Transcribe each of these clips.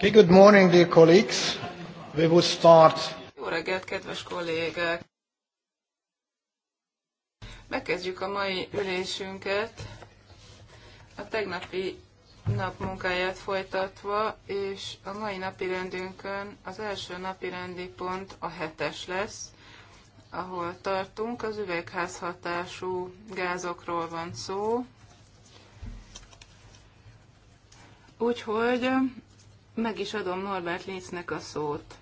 Okay, good morning, dear colleagues. We will start. Jó reggelt, kedves kollégák! Megkezdjük a mai ülésünket. A tegnapi nap munkáját folytatva, és a mai napi rendünkön az első napi rendi pont a hetes lesz, ahol tartunk, az üvegházhatású gázokról van szó. Úgyhogy meg is adom Norbert Linznek a szót.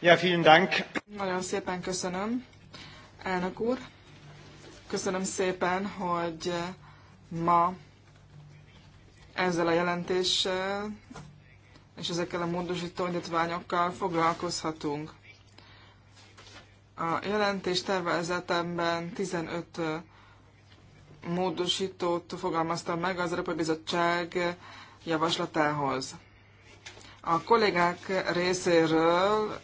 Ja, vielen Dank. Nagyon szépen köszönöm, elnök úr. Köszönöm szépen, hogy ma ezzel a jelentéssel és ezekkel a módosító nyitványokkal foglalkozhatunk. A jelentés tervezetemben 15 módosítót fogalmazta meg az Európai Bizottság javaslatához. A kollégák részéről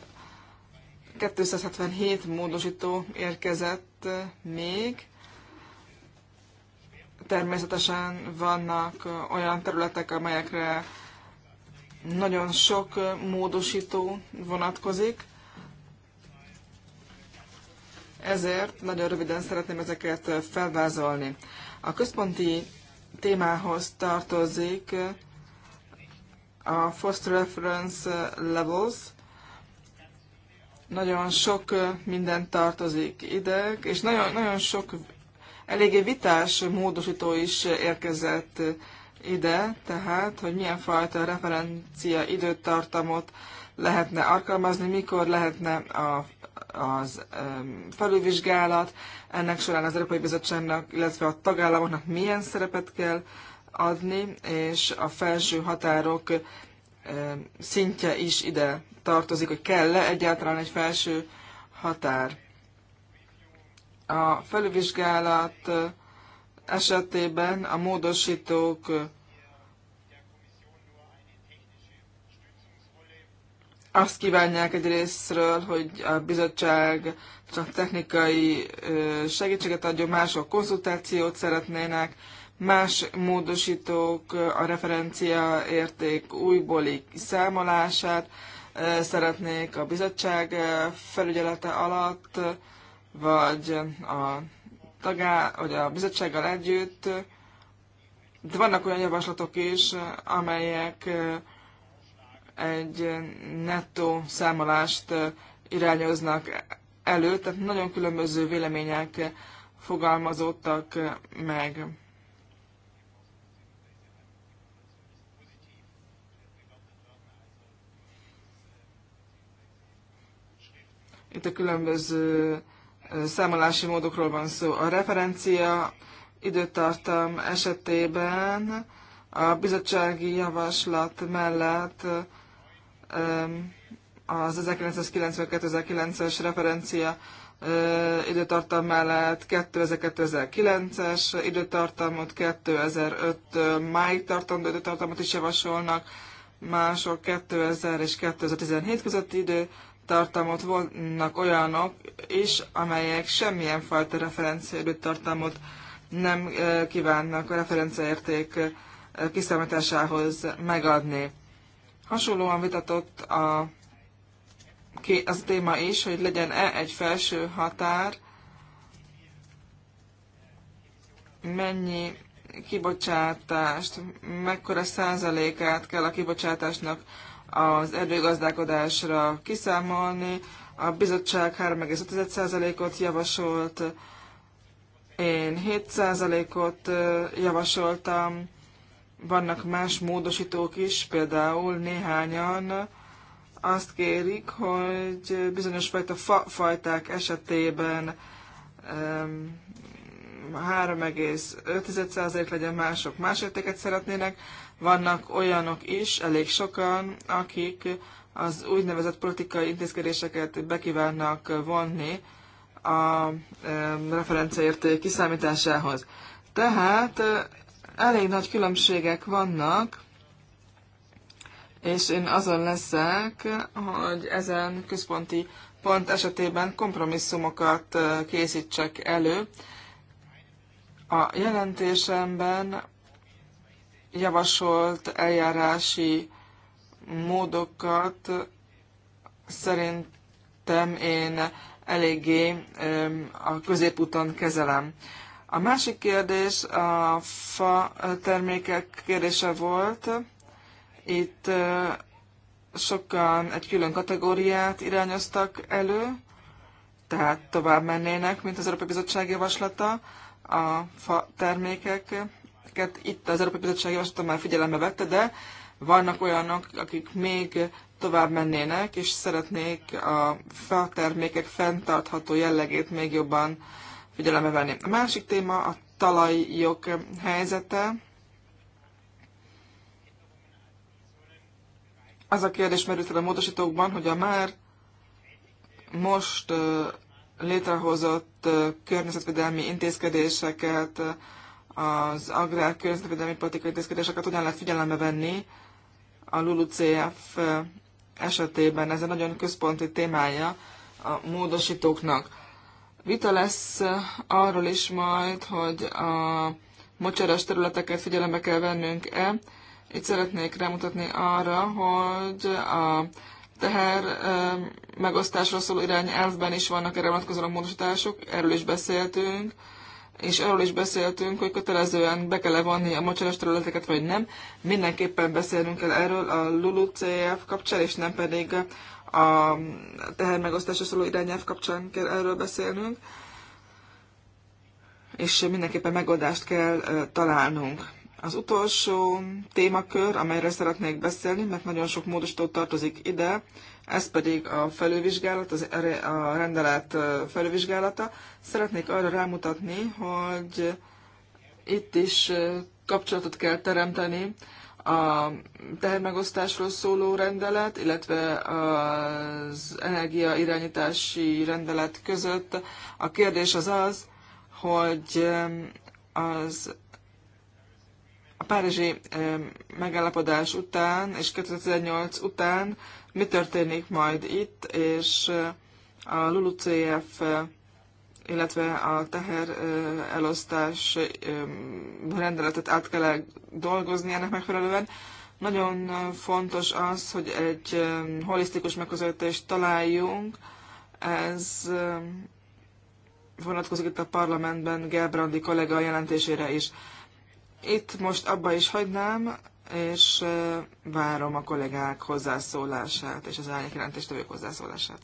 277 módosító érkezett még. Természetesen vannak olyan területek, amelyekre nagyon sok módosító vonatkozik. Ezért nagyon röviden szeretném ezeket felvázolni. A központi témához tartozik a First Reference Levels. Nagyon sok minden tartozik ide, és nagyon, nagyon sok eléggé vitás módosító is érkezett ide, tehát, hogy milyen fajta referencia időtartamot lehetne alkalmazni, mikor lehetne a az felülvizsgálat, ennek során az Európai Bizottságnak, illetve a tagállamoknak milyen szerepet kell adni, és a felső határok szintje is ide tartozik, hogy kell-e egyáltalán egy felső határ. A felülvizsgálat esetében a módosítók azt kívánják egy részről, hogy a bizottság csak technikai segítséget adjon, mások konzultációt szeretnének, más módosítók a referencia érték újbóli számolását szeretnék a bizottság felügyelete alatt, vagy a, tagá, vagy a bizottsággal együtt. De vannak olyan javaslatok is, amelyek egy nettó számolást irányoznak elő, tehát nagyon különböző vélemények fogalmazódtak meg. Itt a különböző számolási módokról van szó. A referencia időtartam esetében a bizottsági javaslat mellett az 1992-2009-es referencia időtartam mellett 2009 es időtartamot, 2005 máig tartandó időtartamot is javasolnak, mások 2000 és 2017 közötti időtartamot vannak olyanok is, amelyek semmilyen fajta referencia időtartamot nem kívánnak a referenciaérték kiszámításához megadni. Hasonlóan vitatott a, az a téma is, hogy legyen-e egy felső határ, mennyi kibocsátást, mekkora százalékát kell a kibocsátásnak az erdőgazdálkodásra kiszámolni. A bizottság 3,5%-ot javasolt, én 7%-ot javasoltam, vannak más módosítók is, például néhányan azt kérik, hogy bizonyos fajta fa, fajták esetében 3,5% legyen mások más értéket szeretnének. Vannak olyanok is, elég sokan, akik az úgynevezett politikai intézkedéseket bekívánnak vonni a referenciaérték kiszámításához. Tehát elég nagy különbségek vannak, és én azon leszek, hogy ezen központi pont esetében kompromisszumokat készítsek elő. A jelentésemben javasolt eljárási módokat szerintem én eléggé a középuton kezelem. A másik kérdés a fa termékek kérdése volt. Itt sokan egy külön kategóriát irányoztak elő, tehát tovább mennének, mint az Európai Bizottság javaslata a fa termékeket. Itt az Európai Bizottság javaslata már figyelembe vette, de vannak olyanok, akik még tovább mennének, és szeretnék a fa termékek fenntartható jellegét még jobban figyelembe venni. A másik téma a talajjog helyzete. Az a kérdés merült fel a módosítókban, hogy a már most létrehozott környezetvédelmi intézkedéseket, az agrár környezetvédelmi politikai intézkedéseket hogyan lehet figyelembe venni a LULUCF esetében. Ez egy nagyon központi témája a módosítóknak. Vita lesz eh, arról is majd, hogy a mocsaras területeket figyelembe kell vennünk-e. Itt szeretnék rámutatni arra, hogy a teher eh, megosztásról szóló irányelvben is vannak erre vonatkozó módosítások, erről is beszéltünk, és arról is beszéltünk, hogy kötelezően be kell -e vonni a mocsaras területeket, vagy nem. Mindenképpen beszélünk el erről a LULU-CF kapcsán, és nem pedig a tehermegosztásra szóló irányelv kapcsán kell erről beszélnünk, és mindenképpen megoldást kell találnunk. Az utolsó témakör, amelyre szeretnék beszélni, mert nagyon sok módosító tartozik ide, ez pedig a felővizsgálat, az, a rendelet felővizsgálata. Szeretnék arra rámutatni, hogy itt is kapcsolatot kell teremteni a tehermegosztásról szóló rendelet, illetve az energiairányítási rendelet között. A kérdés az az, hogy az a párizsi megállapodás után és 2018 után mi történik majd itt, és a LULUCF illetve a teher elosztás rendeletet át kell dolgozni ennek megfelelően. Nagyon fontos az, hogy egy holisztikus megközelítést találjunk. Ez vonatkozik itt a parlamentben Gelbrandi kollega jelentésére is. Itt most abba is hagynám, és várom a kollégák hozzászólását, és az árnyék jelentéstevők hozzászólását.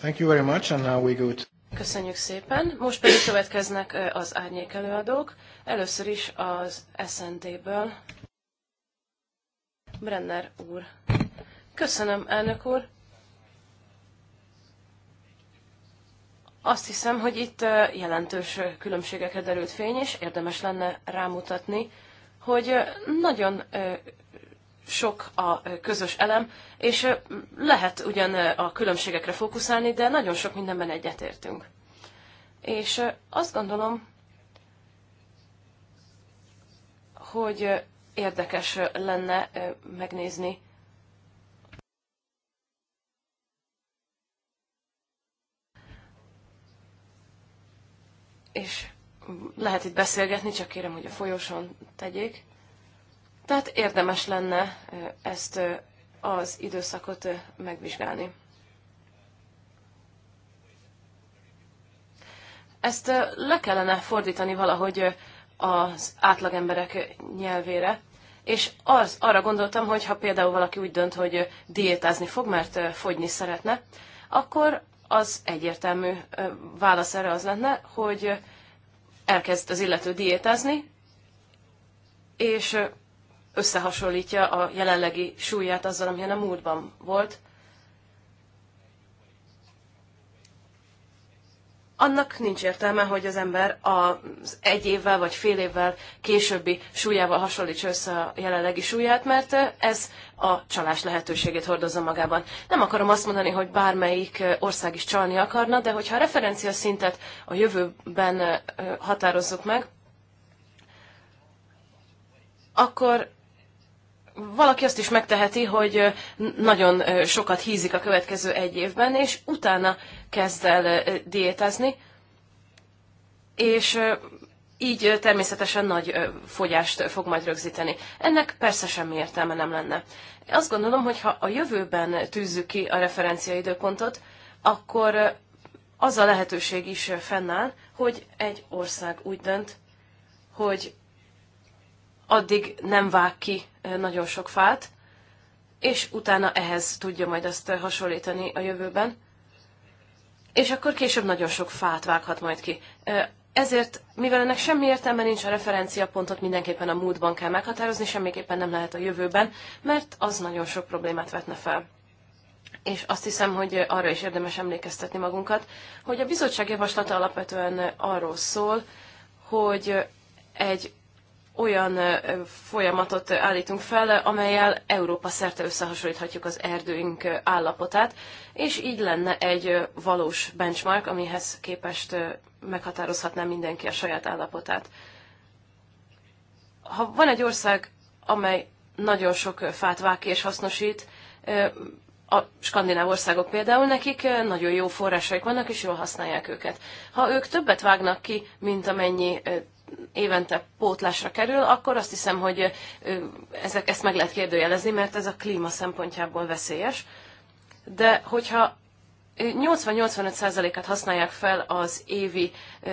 Thank you very much, and now we go to... Köszönjük szépen. Most pedig következnek az árnyék előadók. Először is az SND-ből. Brenner úr. Köszönöm, elnök úr. Azt hiszem, hogy itt jelentős különbségekre derült fény, és érdemes lenne rámutatni, hogy nagyon sok a közös elem, és lehet ugyan a különbségekre fókuszálni, de nagyon sok mindenben egyetértünk. És azt gondolom, hogy érdekes lenne megnézni és lehet itt beszélgetni, csak kérem, hogy a folyosón tegyék. Tehát érdemes lenne ezt az időszakot megvizsgálni. Ezt le kellene fordítani valahogy az átlagemberek nyelvére, és az, arra gondoltam, hogy ha például valaki úgy dönt, hogy diétázni fog, mert fogyni szeretne, akkor az egyértelmű válasz erre az lenne, hogy elkezd az illető diétázni, és összehasonlítja a jelenlegi súlyát azzal, amilyen a múltban volt, annak nincs értelme, hogy az ember az egy évvel vagy fél évvel későbbi súlyával hasonlítsa össze a jelenlegi súlyát, mert ez a csalás lehetőségét hordozza magában. Nem akarom azt mondani, hogy bármelyik ország is csalni akarna, de hogyha a referencia szintet a jövőben határozzuk meg, akkor valaki azt is megteheti, hogy nagyon sokat hízik a következő egy évben, és utána kezd el diétázni, és így természetesen nagy fogyást fog majd rögzíteni. Ennek persze semmi értelme nem lenne. Azt gondolom, hogy ha a jövőben tűzzük ki a referenciaidőpontot, akkor az a lehetőség is fennáll, hogy egy ország úgy dönt, hogy addig nem vág ki nagyon sok fát, és utána ehhez tudja majd azt hasonlítani a jövőben. És akkor később nagyon sok fát vághat majd ki. Ezért, mivel ennek semmi értelme nincs a referenciapontot, mindenképpen a múltban kell meghatározni, semmiképpen nem lehet a jövőben, mert az nagyon sok problémát vetne fel. És azt hiszem, hogy arra is érdemes emlékeztetni magunkat, hogy a bizottság javaslata alapvetően arról szól, hogy egy olyan folyamatot állítunk fel, amelyel Európa szerte összehasonlíthatjuk az erdőink állapotát, és így lenne egy valós benchmark, amihez képest meghatározhatná mindenki a saját állapotát. Ha van egy ország, amely nagyon sok fát vág és hasznosít, a skandináv országok például, nekik nagyon jó forrásaik vannak, és jól használják őket. Ha ők többet vágnak ki, mint amennyi évente pótlásra kerül, akkor azt hiszem, hogy ezek, ezt meg lehet kérdőjelezni, mert ez a klíma szempontjából veszélyes. De hogyha 80-85%-át használják fel az évi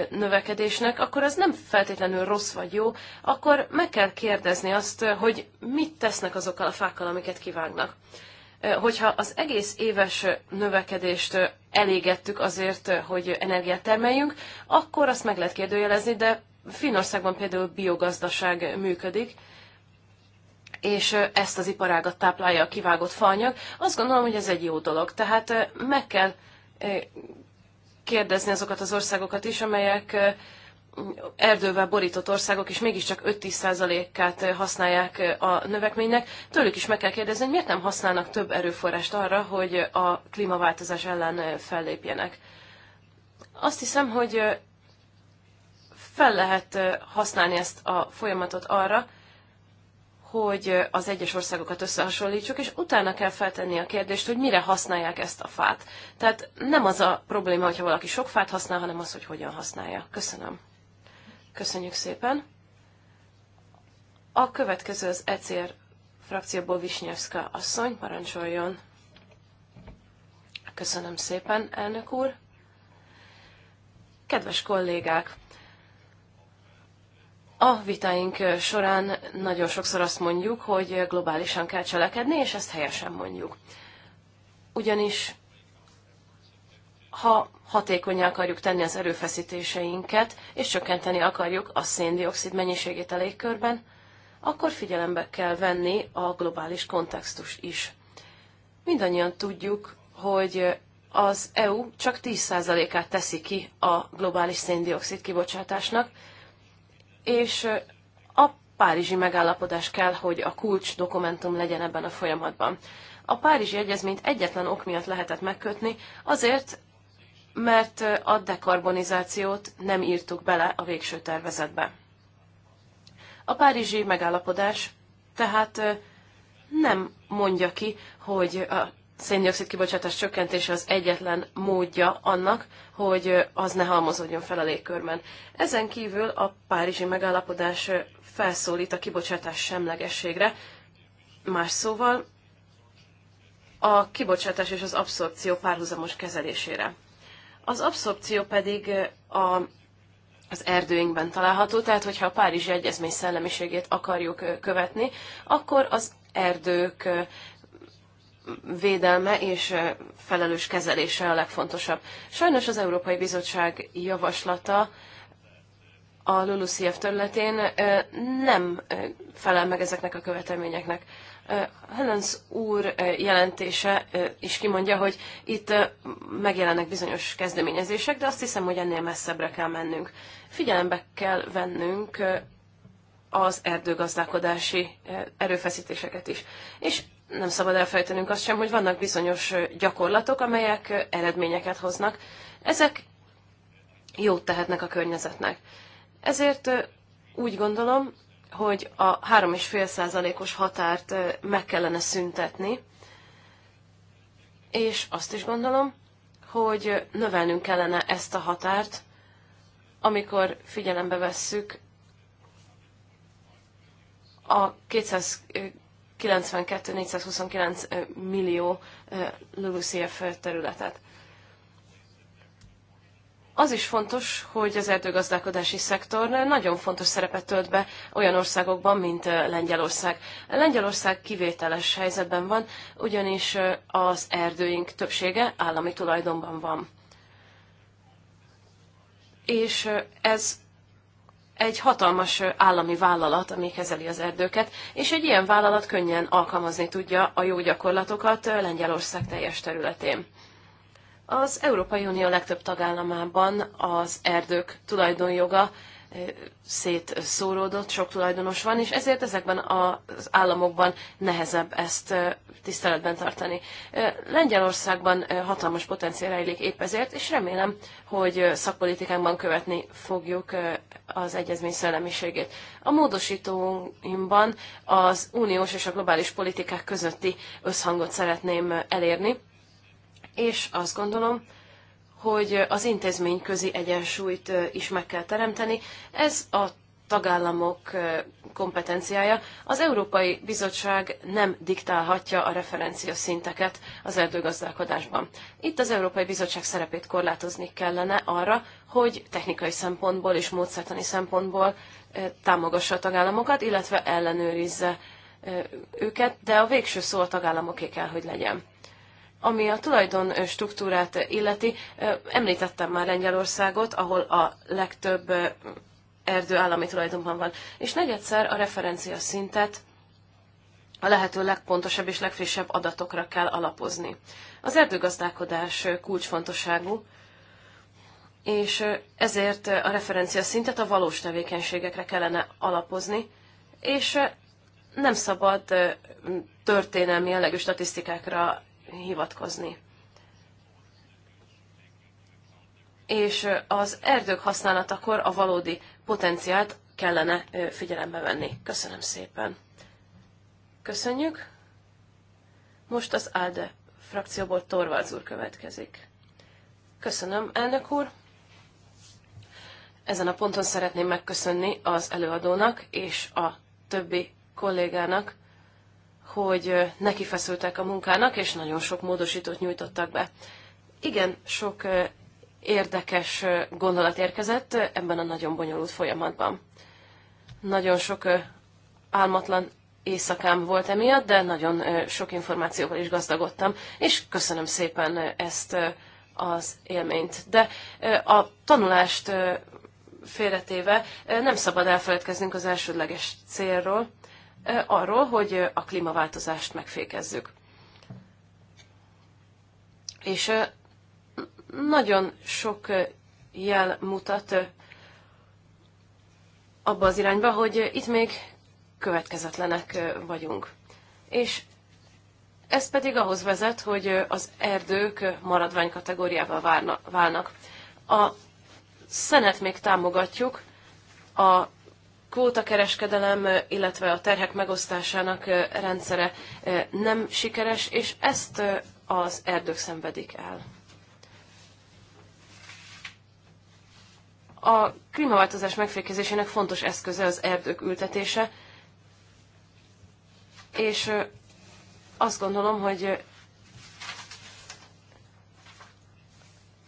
növekedésnek, akkor ez nem feltétlenül rossz vagy jó, akkor meg kell kérdezni azt, hogy mit tesznek azokkal a fákkal, amiket kivágnak. Hogyha az egész éves növekedést elégettük azért, hogy energiát termeljünk, akkor azt meg lehet kérdőjelezni, de Finnországban például biogazdaság működik, és ezt az iparágat táplálja a kivágott faanyag. Azt gondolom, hogy ez egy jó dolog. Tehát meg kell kérdezni azokat az országokat is, amelyek erdővel borított országok, és mégiscsak 5-10%-át használják a növekménynek. Tőlük is meg kell kérdezni, hogy miért nem használnak több erőforrást arra, hogy a klímaváltozás ellen fellépjenek. Azt hiszem, hogy fel lehet használni ezt a folyamatot arra, hogy az egyes országokat összehasonlítsuk, és utána kell feltenni a kérdést, hogy mire használják ezt a fát. Tehát nem az a probléma, hogyha valaki sok fát használ, hanem az, hogy hogyan használja. Köszönöm. Köszönjük szépen. A következő az ECR frakcióból Visnyevska asszony, parancsoljon. Köszönöm szépen, elnök úr. Kedves kollégák! A vitáink során nagyon sokszor azt mondjuk, hogy globálisan kell cselekedni, és ezt helyesen mondjuk. Ugyanis ha hatékonyá akarjuk tenni az erőfeszítéseinket, és csökkenteni akarjuk a széndiokszid mennyiségét a légkörben, akkor figyelembe kell venni a globális kontextus is. Mindannyian tudjuk, hogy az EU csak 10%-át teszi ki a globális széndiokszid kibocsátásnak, és a párizsi megállapodás kell, hogy a kulcs dokumentum legyen ebben a folyamatban. A párizsi egyezményt egyetlen ok miatt lehetett megkötni, azért, mert a dekarbonizációt nem írtuk bele a végső tervezetbe. A párizsi megállapodás tehát nem mondja ki, hogy a széndiokszid kibocsátás csökkentése az egyetlen módja annak, hogy az ne halmozódjon fel a légkörben. Ezen kívül a párizsi megállapodás felszólít a kibocsátás semlegességre. Más szóval a kibocsátás és az abszorpció párhuzamos kezelésére. Az abszorpció pedig a, az erdőinkben található, tehát hogyha a Párizsi Egyezmény szellemiségét akarjuk követni, akkor az erdők védelme és felelős kezelése a legfontosabb. Sajnos az Európai Bizottság javaslata a LULUCF területén nem felel meg ezeknek a követelményeknek. Helens úr jelentése is kimondja, hogy itt megjelennek bizonyos kezdeményezések, de azt hiszem, hogy ennél messzebbre kell mennünk. Figyelembe kell vennünk az erdőgazdálkodási erőfeszítéseket is. És nem szabad elfejtenünk azt sem, hogy vannak bizonyos gyakorlatok, amelyek eredményeket hoznak. Ezek jót tehetnek a környezetnek. Ezért úgy gondolom, hogy a 3,5%-os határt meg kellene szüntetni, és azt is gondolom, hogy növelnünk kellene ezt a határt, amikor figyelembe vesszük a 200 92-429 millió LULUCF területet. Az is fontos, hogy az erdőgazdálkodási szektor nagyon fontos szerepet tölt be olyan országokban, mint Lengyelország. Lengyelország kivételes helyzetben van, ugyanis az erdőink többsége állami tulajdonban van. És ez egy hatalmas állami vállalat, ami kezeli az erdőket, és egy ilyen vállalat könnyen alkalmazni tudja a jó gyakorlatokat Lengyelország teljes területén. Az Európai Unió legtöbb tagállamában az erdők tulajdonjoga szétszóródott, sok tulajdonos van, és ezért ezekben az államokban nehezebb ezt tiszteletben tartani. Lengyelországban hatalmas potenciál rejlik épp ezért, és remélem, hogy szakpolitikánkban követni fogjuk az egyezmény szellemiségét. A módosítóimban az uniós és a globális politikák közötti összhangot szeretném elérni, és azt gondolom, hogy az intézményközi egyensúlyt is meg kell teremteni. Ez a tagállamok kompetenciája. Az Európai Bizottság nem diktálhatja a referencia szinteket az erdőgazdálkodásban. Itt az Európai Bizottság szerepét korlátozni kellene arra, hogy technikai szempontból és módszertani szempontból támogassa a tagállamokat, illetve ellenőrizze őket, de a végső szó a tagállamoké kell, hogy legyen. Ami a tulajdon struktúrát illeti, említettem már Lengyelországot, ahol a legtöbb erdő állami tulajdonban van. És negyedszer a referencia szintet a lehető legpontosabb és legfrissebb adatokra kell alapozni. Az erdőgazdálkodás kulcsfontosságú, és ezért a referencia szintet a valós tevékenységekre kellene alapozni, és nem szabad történelmi jellegű statisztikákra hivatkozni. És az erdők használatakor a valódi potenciált kellene figyelembe venni. Köszönöm szépen. Köszönjük. Most az ALDE frakcióból Torvalds úr következik. Köszönöm, elnök úr. Ezen a ponton szeretném megköszönni az előadónak és a többi kollégának hogy nekifeszültek a munkának, és nagyon sok módosítót nyújtottak be. Igen, sok érdekes gondolat érkezett ebben a nagyon bonyolult folyamatban. Nagyon sok álmatlan éjszakám volt emiatt, de nagyon sok információval is gazdagodtam, és köszönöm szépen ezt az élményt. De a tanulást félretéve nem szabad elfeledkeznünk az elsődleges célról, arról, hogy a klímaváltozást megfékezzük. És nagyon sok jel mutat abba az irányba, hogy itt még következetlenek vagyunk. És ez pedig ahhoz vezet, hogy az erdők maradvány kategóriával válnak. A szenet még támogatjuk, a kvótakereskedelem, illetve a terhek megosztásának rendszere nem sikeres, és ezt az erdők szenvedik el. A klímaváltozás megfékezésének fontos eszköze az erdők ültetése, és azt gondolom, hogy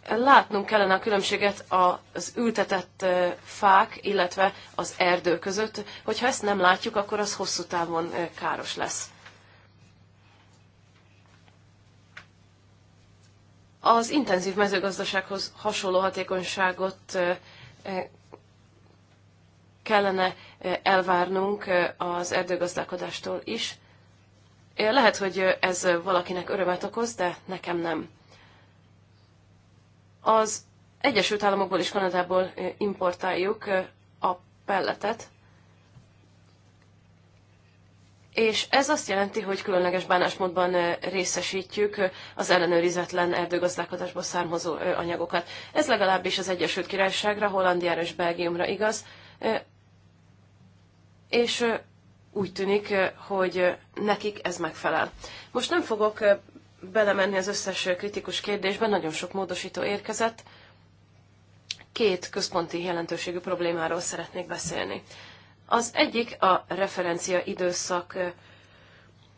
látnunk kellene a különbséget az ültetett fák, illetve az erdő között. Hogyha ezt nem látjuk, akkor az hosszú távon káros lesz. Az intenzív mezőgazdasághoz hasonló hatékonyságot kellene elvárnunk az erdőgazdálkodástól is. Lehet, hogy ez valakinek örömet okoz, de nekem nem. Az Egyesült Államokból és Kanadából importáljuk a pelletet, és ez azt jelenti, hogy különleges bánásmódban részesítjük az ellenőrizetlen erdőgazdálkodásból származó anyagokat. Ez legalábbis az Egyesült Királyságra, Hollandiára és Belgiumra igaz. És úgy tűnik, hogy nekik ez megfelel. Most nem fogok belemenni az összes kritikus kérdésbe, nagyon sok módosító érkezett. Két központi jelentőségű problémáról szeretnék beszélni. Az egyik a referencia időszak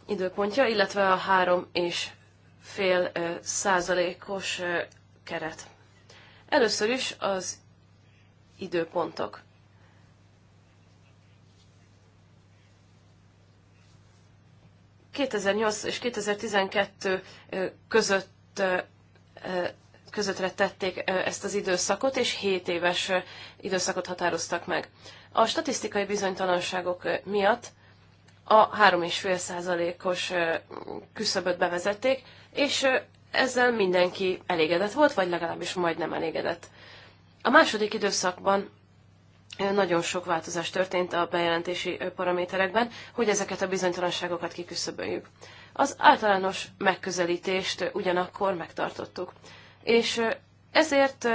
időpontja, illetve a három és fél százalékos keret. Először is az időpontok. 2008 és 2012 között közöttre tették ezt az időszakot, és 7 éves időszakot határoztak meg. A statisztikai bizonytalanságok miatt a 3,5%-os küszöböt bevezették, és ezzel mindenki elégedett volt, vagy legalábbis majdnem elégedett. A második időszakban nagyon sok változás történt a bejelentési paraméterekben, hogy ezeket a bizonytalanságokat kiküszöböljük. Az általános megközelítést ugyanakkor megtartottuk. És ezért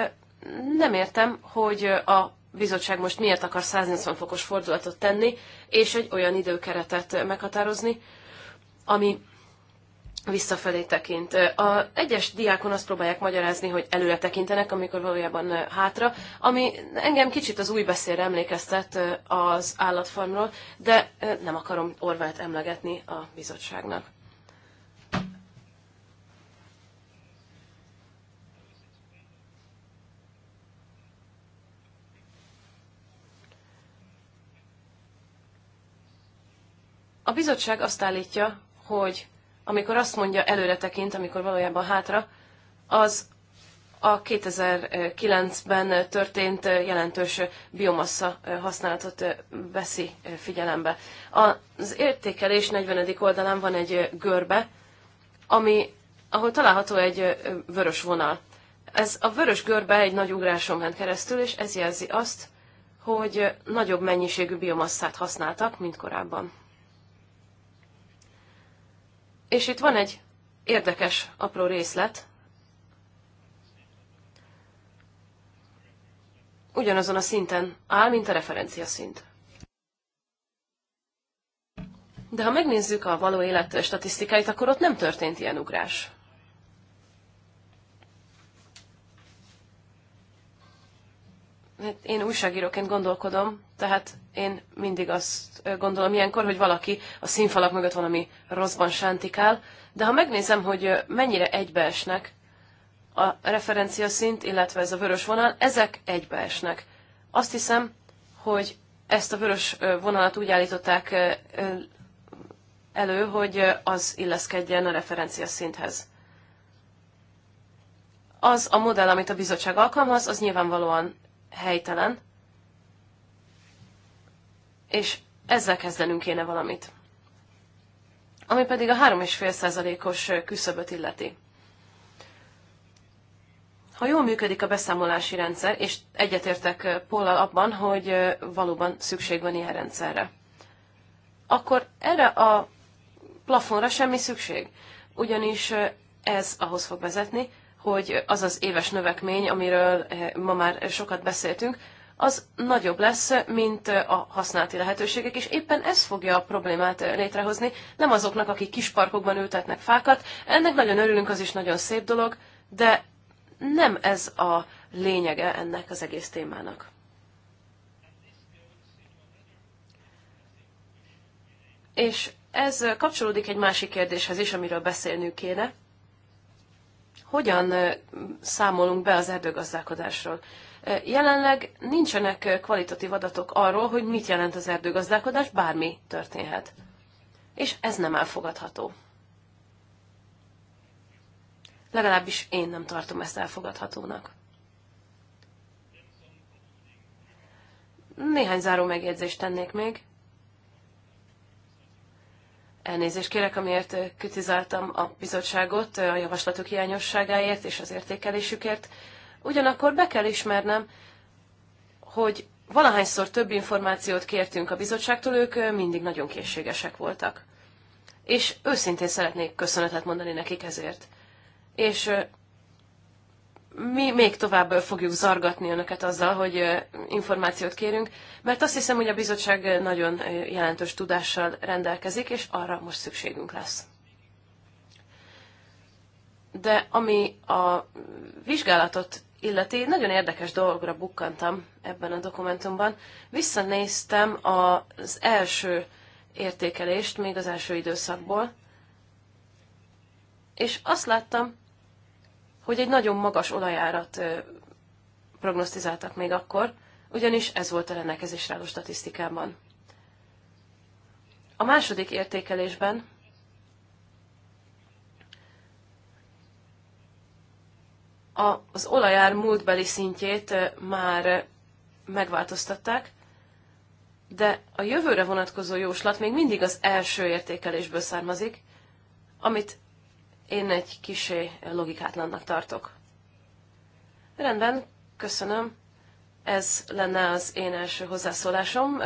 nem értem, hogy a bizottság most miért akar 180 fokos fordulatot tenni, és egy olyan időkeretet meghatározni, ami visszafelé tekint. A egyes diákon azt próbálják magyarázni, hogy előre tekintenek, amikor valójában hátra, ami engem kicsit az új beszélre emlékeztet az állatfarmról, de nem akarom Orvát emlegetni a bizottságnak. A bizottság azt állítja, hogy amikor azt mondja előre tekint, amikor valójában hátra, az a 2009-ben történt jelentős biomassa használatot veszi figyelembe. Az értékelés 40. oldalán van egy görbe, ami, ahol található egy vörös vonal. Ez a vörös görbe egy nagy ugráson ment keresztül, és ez jelzi azt, hogy nagyobb mennyiségű biomasszát használtak, mint korábban. És itt van egy érdekes apró részlet. Ugyanazon a szinten áll, mint a referencia szint. De ha megnézzük a való élet statisztikáit, akkor ott nem történt ilyen ugrás. Hát én újságíróként gondolkodom, tehát én mindig azt gondolom ilyenkor, hogy valaki a színfalak mögött valami rosszban sántikál, de ha megnézem, hogy mennyire egybeesnek a referencia szint, illetve ez a vörös vonal, ezek egybeesnek. Azt hiszem, hogy ezt a vörös vonalat úgy állították elő, hogy az illeszkedjen a referencia szinthez. Az a modell, amit a bizottság alkalmaz, az nyilvánvalóan helytelen, és ezzel kezdenünk kéne valamit. Ami pedig a 3,5%-os küszöböt illeti. Ha jól működik a beszámolási rendszer, és egyetértek Pollal abban, hogy valóban szükség van ilyen rendszerre, akkor erre a plafonra semmi szükség, ugyanis ez ahhoz fog vezetni, hogy az az éves növekmény, amiről eh, ma már sokat beszéltünk, az nagyobb lesz, mint eh, a használati lehetőségek, és éppen ez fogja a problémát eh, létrehozni, nem azoknak, akik kis parkokban ültetnek fákat. Ennek nagyon örülünk, az is nagyon szép dolog, de nem ez a lényege ennek az egész témának. És ez kapcsolódik egy másik kérdéshez is, amiről beszélnünk kéne hogyan számolunk be az erdőgazdálkodásról. Jelenleg nincsenek kvalitatív adatok arról, hogy mit jelent az erdőgazdálkodás, bármi történhet. És ez nem elfogadható. Legalábbis én nem tartom ezt elfogadhatónak. Néhány záró megjegyzést tennék még. Elnézést kérek, amiért kritizáltam a bizottságot a javaslatok hiányosságáért és az értékelésükért. Ugyanakkor be kell ismernem, hogy valahányszor több információt kértünk a bizottságtól, ők mindig nagyon készségesek voltak. És őszintén szeretnék köszönetet mondani nekik ezért. És mi még tovább fogjuk zargatni önöket azzal, hogy információt kérünk, mert azt hiszem, hogy a bizottság nagyon jelentős tudással rendelkezik, és arra most szükségünk lesz. De ami a vizsgálatot illeti, nagyon érdekes dologra bukkantam ebben a dokumentumban. Visszanéztem az első értékelést, még az első időszakból, és azt láttam, hogy egy nagyon magas olajárat prognosztizáltak még akkor, ugyanis ez volt a rendelkezésre álló statisztikában. A második értékelésben az olajár múltbeli szintjét már megváltoztatták, de a jövőre vonatkozó jóslat még mindig az első értékelésből származik, amit én egy kisé logikátlannak tartok. Rendben, köszönöm. Ez lenne az én első hozzászólásom,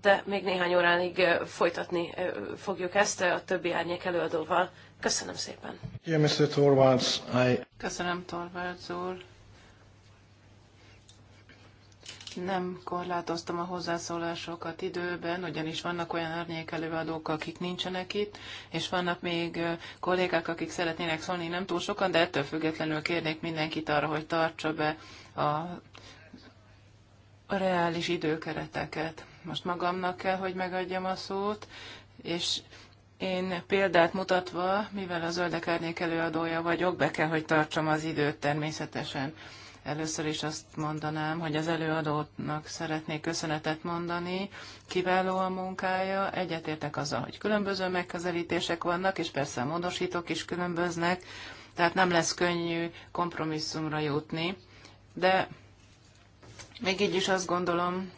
de még néhány óránig folytatni fogjuk ezt a többi árnyék előadóval. Köszönöm szépen. Mr. Köszönöm, Torvalds úr nem korlátoztam a hozzászólásokat időben, ugyanis vannak olyan árnyékelőadók, akik nincsenek itt, és vannak még kollégák, akik szeretnének szólni, nem túl sokan, de ettől függetlenül kérnék mindenkit arra, hogy tartsa be a reális időkereteket. Most magamnak kell, hogy megadjam a szót, és én példát mutatva, mivel a zöldek árnyékelőadója vagyok, be kell, hogy tartsam az időt természetesen. Először is azt mondanám, hogy az előadónak szeretnék köszönetet mondani. Kiváló a munkája, egyetértek azzal, hogy különböző megközelítések vannak, és persze a módosítók is különböznek, tehát nem lesz könnyű kompromisszumra jutni. De még így is azt gondolom,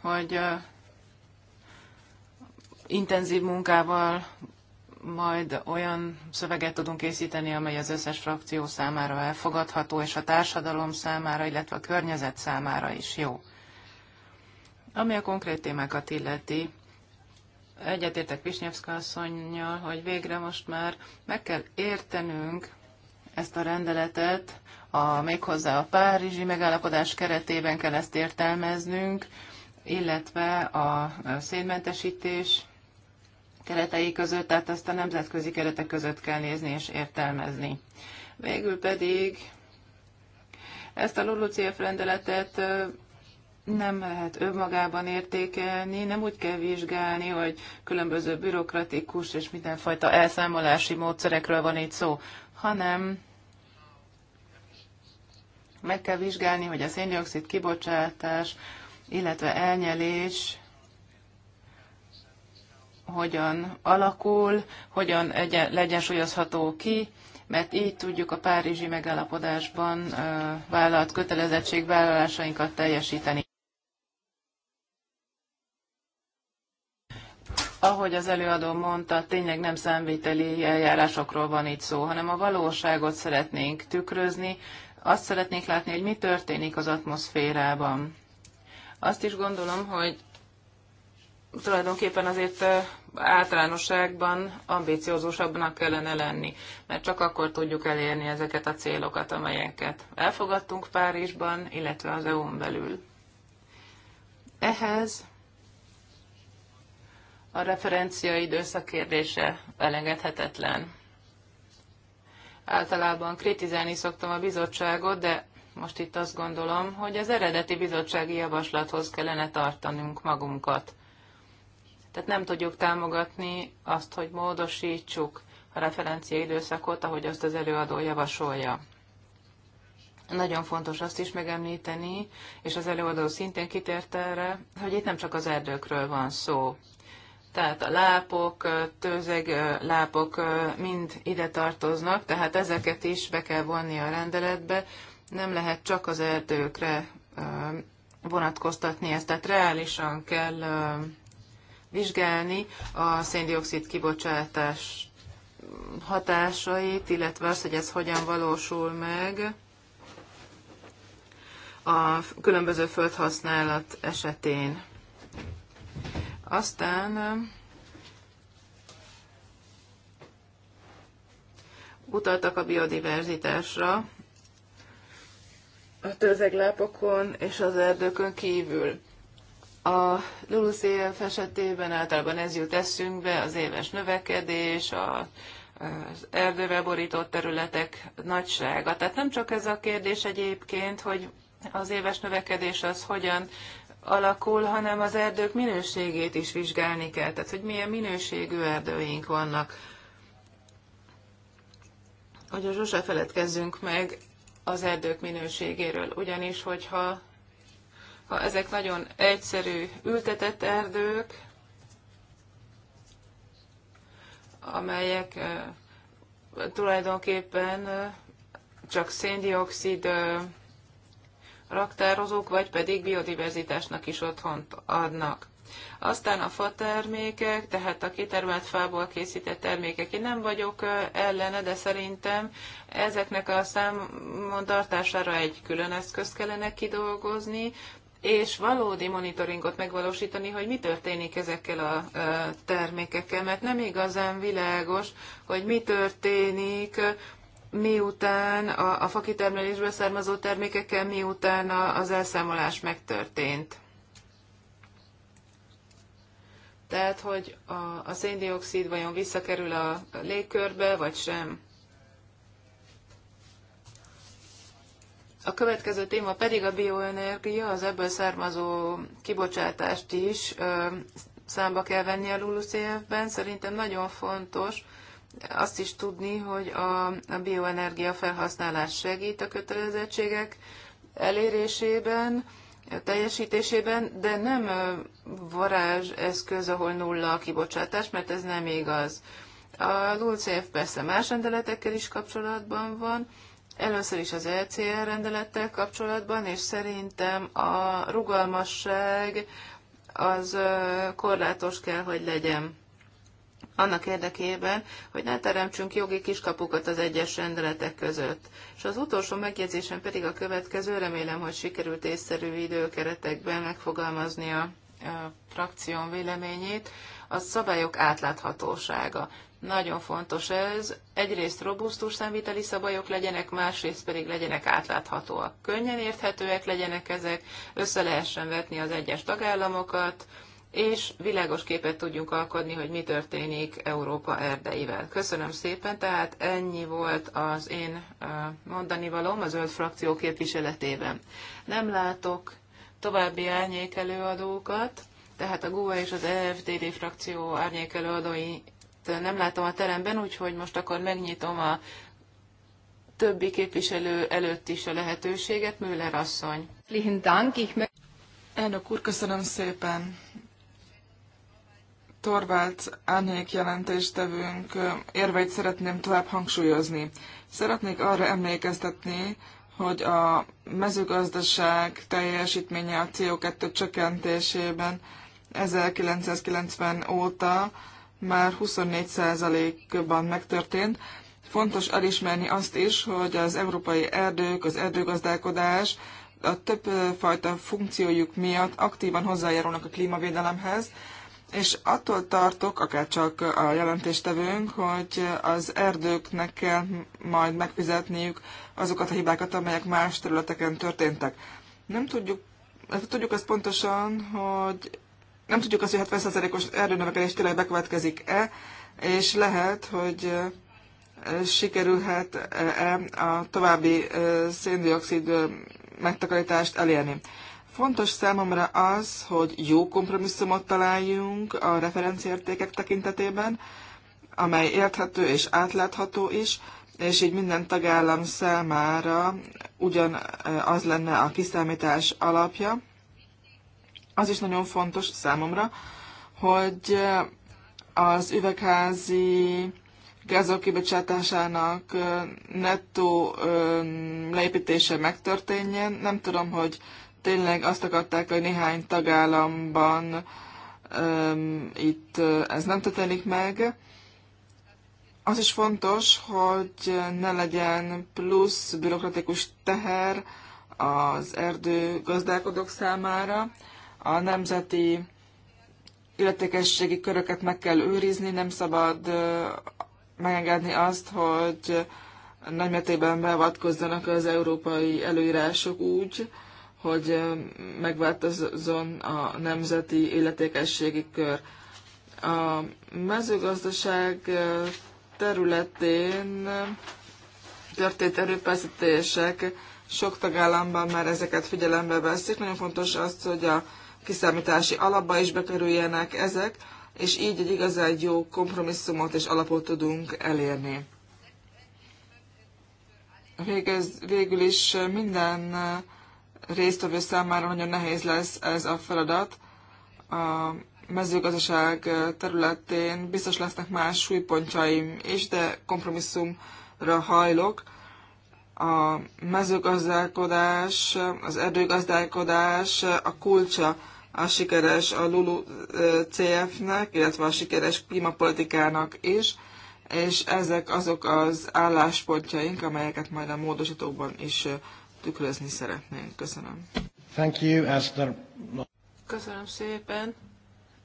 hogy intenzív munkával majd olyan szöveget tudunk készíteni, amely az összes frakció számára elfogadható, és a társadalom számára, illetve a környezet számára is jó. Ami a konkrét témákat illeti, egyetértek Visnyevszka asszonynal, hogy végre most már meg kell értenünk ezt a rendeletet, a, méghozzá a Párizsi megállapodás keretében kell ezt értelmeznünk, illetve a szénmentesítés keretei között, tehát ezt a nemzetközi keretek között kell nézni és értelmezni. Végül pedig ezt a LULUCF rendeletet nem lehet önmagában értékelni, nem úgy kell vizsgálni, hogy különböző bürokratikus és mindenfajta elszámolási módszerekről van itt szó, hanem meg kell vizsgálni, hogy a széndiokszid kibocsátás, illetve elnyelés hogyan alakul, hogyan legyensúlyozható ki, mert így tudjuk a Párizsi megállapodásban vállalt kötelezettségvállalásainkat teljesíteni. ahogy az előadó mondta, tényleg nem számviteli eljárásokról van itt szó, hanem a valóságot szeretnénk tükrözni, azt szeretnénk látni, hogy mi történik az atmoszférában. Azt is gondolom, hogy tulajdonképpen azért általánosságban ambíciózusabbnak kellene lenni, mert csak akkor tudjuk elérni ezeket a célokat, amelyeket elfogadtunk Párizsban, illetve az EU-n belül. Ehhez a referencia időszak kérdése elengedhetetlen. Általában kritizálni szoktam a bizottságot, de most itt azt gondolom, hogy az eredeti bizottsági javaslathoz kellene tartanunk magunkat – tehát nem tudjuk támogatni azt, hogy módosítsuk a referencia időszakot, ahogy azt az előadó javasolja. Nagyon fontos azt is megemlíteni, és az előadó szintén kitért erre, hogy itt nem csak az erdőkről van szó. Tehát a lápok, tőzeg lápok mind ide tartoznak, tehát ezeket is be kell vonni a rendeletbe. Nem lehet csak az erdőkre vonatkoztatni ezt, tehát reálisan kell vizsgálni a széndiokszid kibocsátás hatásait, illetve az, hogy ez hogyan valósul meg a különböző földhasználat esetén. Aztán um, utaltak a biodiverzitásra, a törzeglápokon és az erdőkön kívül. A LULUCF esetében általában ez jut eszünkbe, az éves növekedés, a, az erdővel borított területek nagysága. Tehát nem csak ez a kérdés egyébként, hogy az éves növekedés az hogyan alakul, hanem az erdők minőségét is vizsgálni kell, tehát hogy milyen minőségű erdőink vannak. Hogy a sose feledkezzünk meg az erdők minőségéről, ugyanis hogyha ha ezek nagyon egyszerű ültetett erdők, amelyek tulajdonképpen csak széndiokszid raktározók, vagy pedig biodiverzitásnak is otthont adnak. Aztán a fa termékek, tehát a kitermelt fából készített termékek. Én nem vagyok ellene, de szerintem ezeknek a számon tartására egy külön eszközt kellene kidolgozni, és valódi monitoringot megvalósítani, hogy mi történik ezekkel a termékekkel, mert nem igazán világos, hogy mi történik, miután a, a fakitermelésből származó termékekkel, miután a, az elszámolás megtörtént. Tehát, hogy a, a széndiokszid vajon visszakerül a légkörbe, vagy sem. A következő téma pedig a bioenergia, az ebből származó kibocsátást is számba kell venni a LULUCF-ben. Szerintem nagyon fontos azt is tudni, hogy a, a bioenergia felhasználás segít a kötelezettségek elérésében, teljesítésében, de nem varázseszköz, ahol nulla a kibocsátás, mert ez nem igaz. A LULCF persze más rendeletekkel is kapcsolatban van, Először is az ECR rendelettel kapcsolatban, és szerintem a rugalmasság az korlátos kell, hogy legyen. Annak érdekében, hogy ne teremtsünk jogi kiskapukat az egyes rendeletek között. És az utolsó megjegyzésem pedig a következő, remélem, hogy sikerült észszerű időkeretekben megfogalmazni a frakción véleményét, a szabályok átláthatósága. Nagyon fontos ez. Egyrészt robusztus számviteli szabályok legyenek, másrészt pedig legyenek átláthatóak. Könnyen érthetőek legyenek ezek, össze lehessen vetni az egyes tagállamokat, és világos képet tudjunk alkotni, hogy mi történik Európa erdeivel. Köszönöm szépen, tehát ennyi volt az én mondani valóm a zöld frakció képviseletében. Nem látok további árnyékelőadókat, tehát a GUA e és az EFDD frakció árnyékelőadói nem látom a teremben, úgyhogy most akkor megnyitom a többi képviselő előtt is a lehetőséget. Müller asszony. Elnök úr, köszönöm szépen. torvált Árnyék jelentéstevőnk érveit szeretném tovább hangsúlyozni. Szeretnék arra emlékeztetni, hogy a mezőgazdaság teljesítménye a CO2 csökkentésében 1990 óta már 24%-ban megtörtént. Fontos elismerni azt is, hogy az európai erdők, az erdőgazdálkodás a több fajta funkciójuk miatt aktívan hozzájárulnak a klímavédelemhez, és attól tartok, akár csak a jelentéstevőnk, hogy az erdőknek kell majd megfizetniük azokat a hibákat, amelyek más területeken történtek. Nem tudjuk, tudjuk azt pontosan, hogy nem tudjuk azt, hogy 70%-os erőnövekedés tényleg bekövetkezik-e, és lehet, hogy sikerülhet-e a további széndiokszid megtakarítást elérni. Fontos számomra az, hogy jó kompromisszumot találjunk a referenciértékek tekintetében, amely érthető és átlátható is, és így minden tagállam számára ugyan az lenne a kiszámítás alapja, az is nagyon fontos számomra, hogy eh, az üvegházi gázok kibocsátásának eh, nettó eh, leépítése megtörténjen. Nem tudom, hogy tényleg azt akarták, hogy néhány tagállamban itt ez nem történik meg. Az is fontos, hogy ne legyen plusz bürokratikus teher az erdő gazdálkodók számára a nemzeti illetékességi köröket meg kell őrizni, nem szabad megengedni azt, hogy nagymértékben beavatkozzanak az európai előírások úgy, hogy megváltozzon a nemzeti illetékességi kör. A mezőgazdaság területén történt erőpeszítések sok tagállamban már ezeket figyelembe veszik. Nagyon fontos az, hogy a kiszámítási alapba is bekerüljenek ezek, és így egy igazán jó kompromisszumot és alapot tudunk elérni. Végez, végül is minden résztvevő számára nagyon nehéz lesz ez a feladat. A mezőgazdaság területén biztos lesznek más súlypontjaim is, de kompromisszumra hajlok. A mezőgazdálkodás, az erdőgazdálkodás a kulcsa a sikeres a Lulu CF-nek, illetve a sikeres klímapolitikának is, és ezek azok az álláspontjaink, amelyeket majd a módosítókban is tükrözni szeretnénk. Köszönöm. Thank you, Esther. Köszönöm szépen.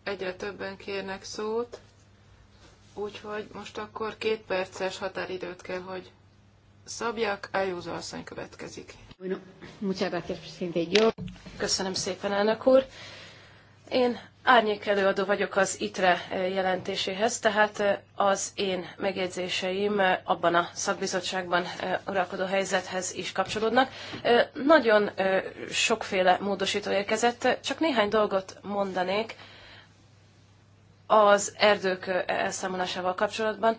Egyre többen kérnek szót, úgyhogy most akkor két perces határidőt kell, hogy szabjak. Ájúza asszony következik. Köszönöm szépen, elnök úr. Én árnyék előadó vagyok az ITRE eh, jelentéséhez, tehát eh, az én megjegyzéseim eh, abban a szakbizottságban uralkodó helyzethez is kapcsolódnak. Nagyon sokféle módosító érkezett, csak néhány dolgot mondanék az erdők elszámolásával kapcsolatban.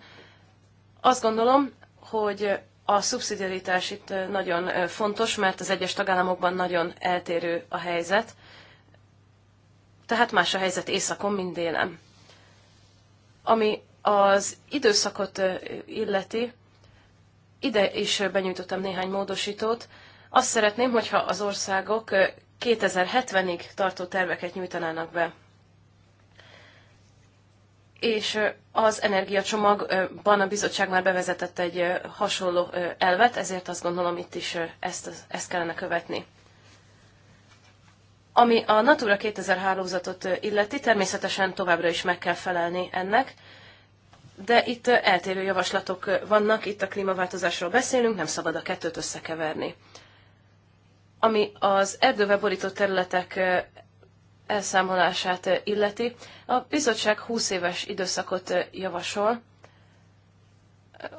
Azt gondolom, hogy a szubszidiaritás itt nagyon fontos, mert az egyes tagállamokban nagyon eltérő a helyzet tehát más a helyzet északon, mint délen. Ami az időszakot illeti, ide is benyújtottam néhány módosítót. Azt szeretném, hogyha az országok 2070-ig tartó terveket nyújtanának be. És az energiacsomagban a bizottság már bevezetett egy hasonló elvet, ezért azt gondolom itt is ezt, ezt kellene követni. Ami a Natura 2000 hálózatot illeti, természetesen továbbra is meg kell felelni ennek, de itt eltérő javaslatok vannak, itt a klímaváltozásról beszélünk, nem szabad a kettőt összekeverni. Ami az erdővel borított területek elszámolását illeti, a bizottság 20 éves időszakot javasol,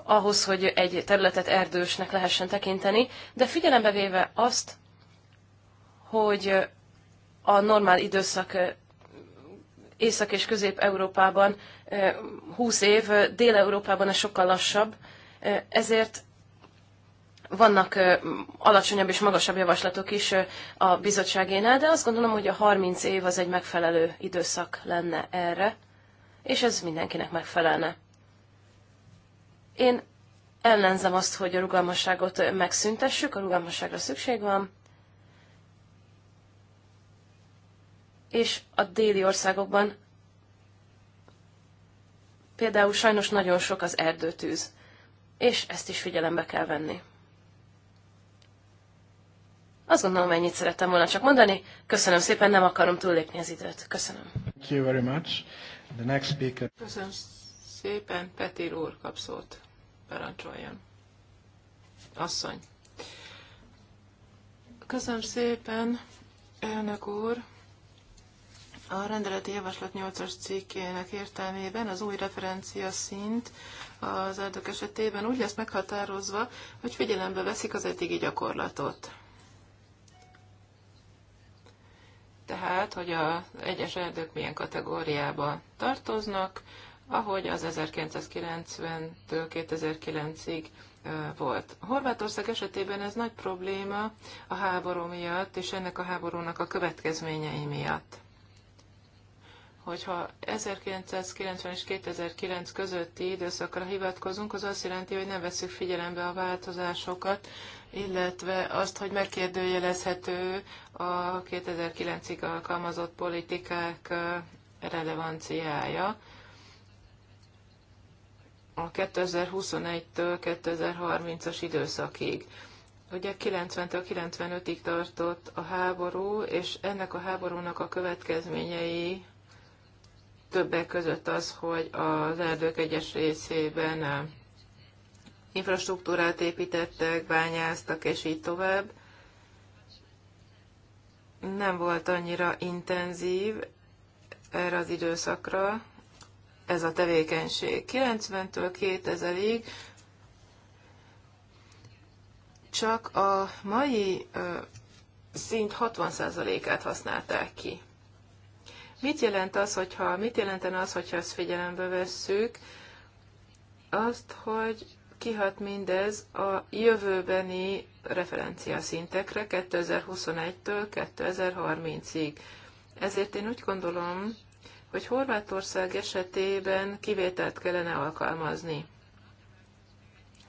ahhoz, hogy egy területet erdősnek lehessen tekinteni, de figyelembe véve azt, hogy a normál időszak Észak- és Közép-Európában 20 év, Dél-Európában ez sokkal lassabb, ezért vannak alacsonyabb és magasabb javaslatok is a bizottságénál, de azt gondolom, hogy a 30 év az egy megfelelő időszak lenne erre, és ez mindenkinek megfelelne. Én ellenzem azt, hogy a rugalmasságot megszüntessük, a rugalmasságra szükség van, és a déli országokban például sajnos nagyon sok az erdőtűz, és ezt is figyelembe kell venni. Azt gondolom, ennyit szerettem volna csak mondani. Köszönöm szépen, nem akarom túllépni az időt. Köszönöm. Thank you very much. The next speaker... Köszönöm szépen, Petir úr kap szót. Parancsoljon. Asszony. Köszönöm szépen, elnök úr. A rendeleti javaslat 8-as cikkének értelmében az új referencia szint az erdők esetében úgy lesz meghatározva, hogy figyelembe veszik az eddigi gyakorlatot. Tehát, hogy a egyes erdők milyen kategóriába tartoznak, ahogy az 1990-től 2009-ig volt. Horvátország esetében ez nagy probléma a háború miatt, és ennek a háborúnak a következményei miatt hogyha 1990 és 2009 közötti időszakra hivatkozunk, az azt jelenti, hogy nem veszük figyelembe a változásokat, illetve azt, hogy megkérdőjelezhető a 2009-ig alkalmazott politikák relevanciája. A 2021-től 2030-as időszakig ugye 90-től 95-ig tartott a háború, és ennek a háborúnak a következményei többek között az, hogy az erdők egyes részében eh, infrastruktúrát építettek, bányáztak, és így tovább. Nem volt annyira intenzív erre az időszakra ez a tevékenység. 90-től 2000-ig csak a mai eh, szint 60%-át használták ki Mit jelent az, hogyha, mit jelenten az, hogyha ezt figyelembe vesszük? Azt, hogy kihat mindez a jövőbeni referencia szintekre 2021-től 2030-ig. Ezért én úgy gondolom, hogy Horvátország esetében kivételt kellene alkalmazni.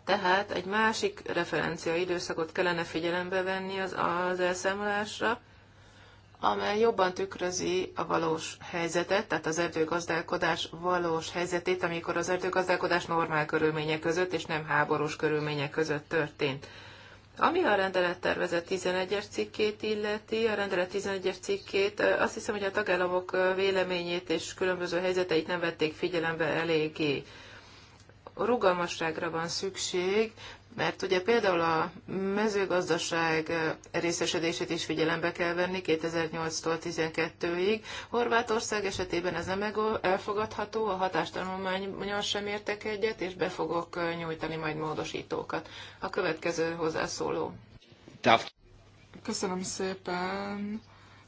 Tehát egy másik referencia időszakot kellene figyelembe venni az, az elszámolásra, amely jobban tükrözi a valós helyzetet, tehát az erdőgazdálkodás valós helyzetét, amikor az erdőgazdálkodás normál körülmények között és nem háborús körülmények között történt. Ami a rendelettervezet 11-es cikkét illeti, a rendelet 11-es cikkét, azt hiszem, hogy a tagállamok véleményét és különböző helyzeteit nem vették figyelembe eléggé. rugalmasságra van szükség, mert ugye például a mezőgazdaság eh, részesedését is figyelembe kell venni 2008-tól 2012 ig Horvátország esetében ez nem elfogadható, a hatástanulmányon sem értek egyet, és be fogok eh, nyújtani majd módosítókat. A következő hozzászóló. Köszönöm szépen.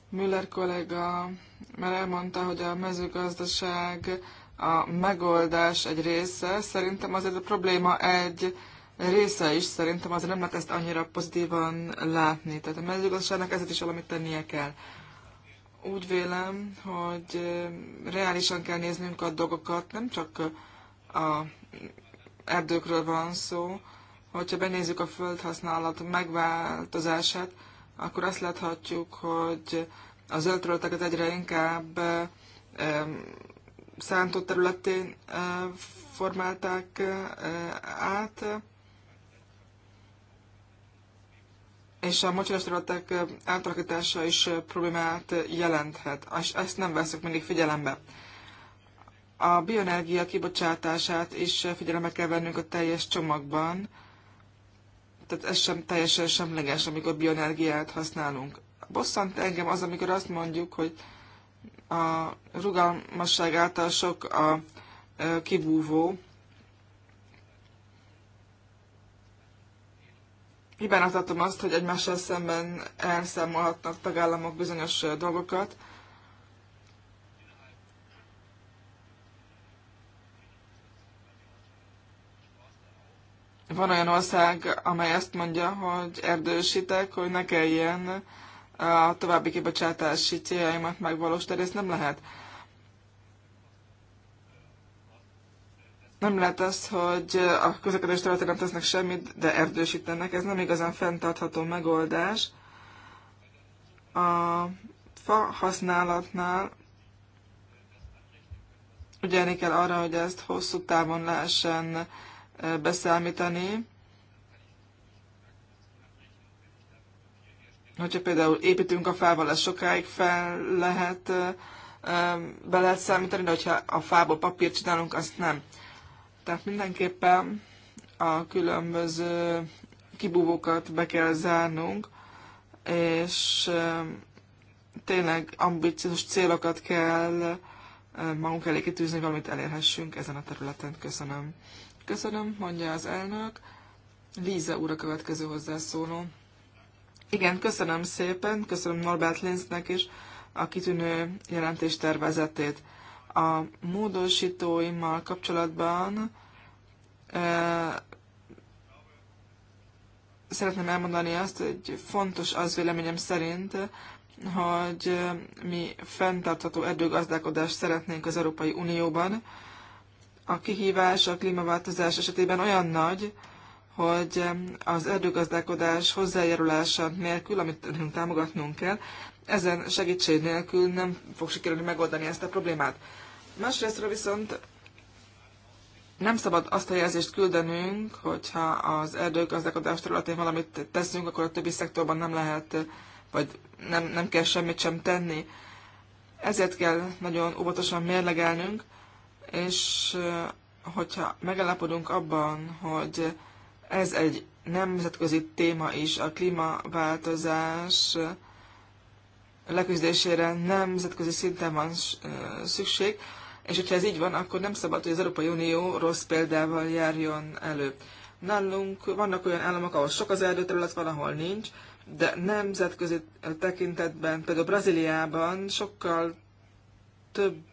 Müller kollega mert elmondta, hogy a mezőgazdaság a megoldás egy része. Szerintem azért a probléma egy része is szerintem azért nem lehet ezt annyira pozitívan látni. Tehát a mezőgazdaságnak ezért is valamit tennie kell. Úgy vélem, hogy reálisan kell néznünk a dolgokat, nem csak a erdőkről van szó. Hogyha benézzük a földhasználat megváltozását, akkor azt láthatjuk, hogy a zöld területeket egyre inkább szántó területén formálták át, és a mocsaras területek átalakítása is problémát jelenthet, és ezt nem veszük mindig figyelembe. A bioenergia kibocsátását is figyelembe kell vennünk a teljes csomagban, tehát ez sem teljesen semleges, amikor bioenergiát használunk. Bosszant engem az, amikor azt mondjuk, hogy a rugalmasság által sok a kibúvó, hibának tartom azt, hogy egymással szemben elszámolhatnak tagállamok bizonyos dolgokat. Van olyan ország, amely ezt mondja, hogy erdősítek, hogy ne kelljen a további kibocsátási céljaimat megvalósítani, ezt nem lehet. nem lehet az, hogy a közlekedés területek nem tesznek semmit, de erdősítenek. Ez nem igazán fenntartható megoldás. A fa használatnál ugyanígy kell arra, hogy ezt hosszú távon lehessen e, beszámítani. Hogyha például építünk a fával, ez sokáig fel lehet, e, e, be lehet számítani, de hogyha a fából papírt csinálunk, azt nem. Tehát mindenképpen a különböző kibúvókat be kell zárnunk, és um, tényleg ambiciós célokat kell um, magunk elé kitűzni, valamit elérhessünk ezen a területen. Köszönöm. Köszönöm, mondja az elnök. Líza úr a következő hozzászóló. Igen, köszönöm szépen, köszönöm Norbert Linznek is a kitűnő jelentés tervezetét a módosítóimmal kapcsolatban szeretném elmondani azt, hogy fontos az véleményem szerint, hogy mi fenntartható erdőgazdálkodást szeretnénk az Európai Unióban. A kihívás a klímaváltozás esetében olyan nagy, hogy az erdőgazdálkodás hozzájárulása nélkül, amit nekünk támogatnunk kell, ezen segítség nélkül nem fog sikerülni megoldani ezt a problémát. Másrésztről viszont nem szabad azt a jelzést küldenünk, hogyha az erdőgazdálkodás területén valamit teszünk, akkor a többi szektorban nem lehet, vagy nem, nem kell semmit sem tenni. Ezért kell nagyon óvatosan mérlegelnünk, és eh, hogyha megállapodunk abban, hogy ez egy nemzetközi téma is, a klímaváltozás leküzdésére nemzetközi szinten van eh, szükség, és hogyha ez így van, akkor nem szabad, hogy az Európai Unió rossz példával járjon elő. Nálunk vannak olyan államok, ahol sok az erdőterület, van, ahol nincs, de nemzetközi tekintetben, például Brazíliában sokkal több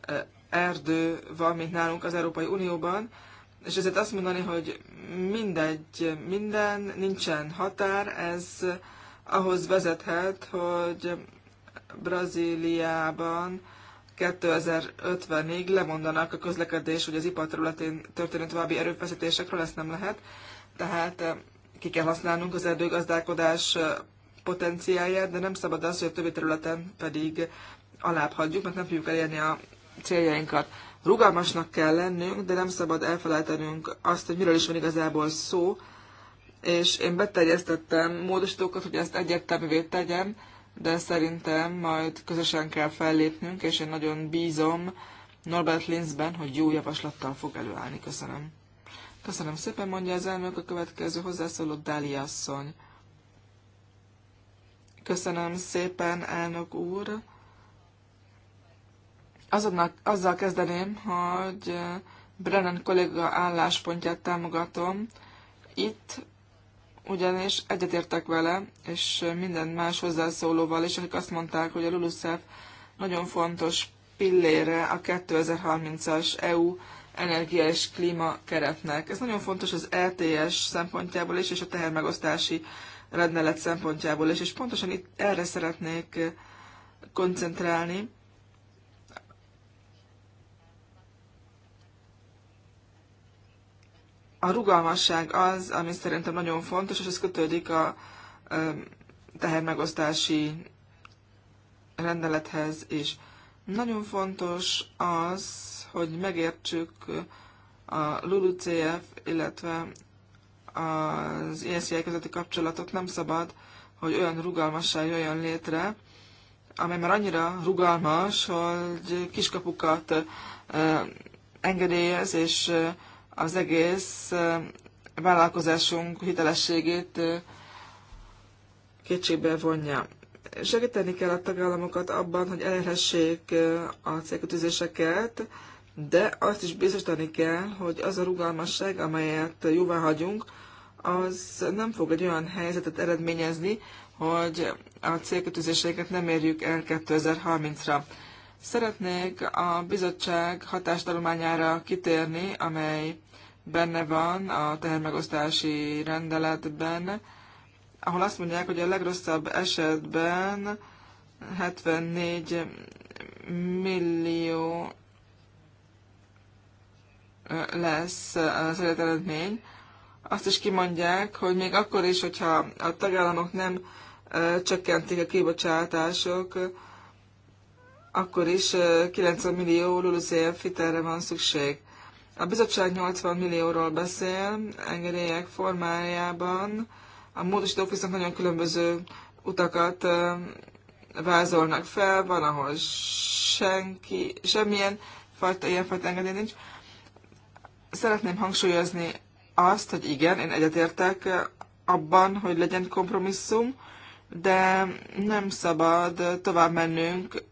eh, erdő van, mint nálunk az Európai Unióban, és ezért azt mondani, hogy mindegy, minden, nincsen határ, ez ahhoz vezethet, hogy Brazíliában 2050-ig lemondanak a közlekedés, hogy az ipar területén történő további erőfeszítésekről, ezt nem lehet. Tehát eh, ki kell használnunk az erdőgazdálkodás eh, potenciáját, de nem szabad az, hogy a többi területen pedig alább hagyjuk, mert nem fogjuk elérni a céljainkat. Rugalmasnak kell lennünk, de nem szabad elfelejtenünk azt, hogy miről is van igazából szó, és én beterjesztettem módosítókat, hogy ezt egyértelművé tegyem, de szerintem majd közösen kell fellépnünk, és én nagyon bízom Norbert Linzben, hogy jó javaslattal fog előállni. Köszönöm. Köszönöm szépen, mondja az elnök a következő hozzászóló Dáli asszony. Köszönöm szépen, elnök úr. Azonnal, azzal kezdeném, hogy Brennan kolléga álláspontját támogatom. Itt ugyanis egyetértek vele, és minden más hozzászólóval is, akik azt mondták, hogy a LULUSZEF nagyon fontos pillére a 2030-as EU energia és klíma keretnek. Ez nagyon fontos az LTS e szempontjából is, és a tehermegosztási rendelet szempontjából is, és pontosan itt erre szeretnék koncentrálni, A rugalmasság az, ami szerintem nagyon fontos, és ez kötődik a tehermegosztási rendelethez is. Nagyon fontos az, hogy megértsük a LULUCF, illetve az ISZI közötti kapcsolatot nem szabad, hogy olyan rugalmasság jöjjön létre, amely már annyira rugalmas, hogy kiskapukat engedélyez, és az egész vállalkozásunk hitelességét kétségbe vonja. Segíteni kell a tagállamokat abban, hogy elérhessék a célkötőzéseket, de azt is biztosítani kell, hogy az a rugalmasság, amelyet jóvá hagyunk, az nem fog egy olyan helyzetet eredményezni, hogy a célkötőzéseket nem érjük el 2030-ra. Szeretnék a bizottság hatástalományára kitérni, amely benne van a tehermegosztási rendeletben, ahol azt mondják, hogy a legrosszabb esetben 74 millió lesz az eredmény. Azt is kimondják, hogy még akkor is, hogyha a tagállamok nem csökkentik a kibocsátások, akkor is 90 millió LULUCF hitelre van szükség. A bizottság 80 millióról beszél engedélyek formájában. A módosítók viszont nagyon különböző utakat vázolnak fel, van, ahol senki, semmilyen fajta, ilyenfajta engedély nincs. Szeretném hangsúlyozni azt, hogy igen, én egyetértek abban, hogy legyen kompromisszum, de nem szabad tovább mennünk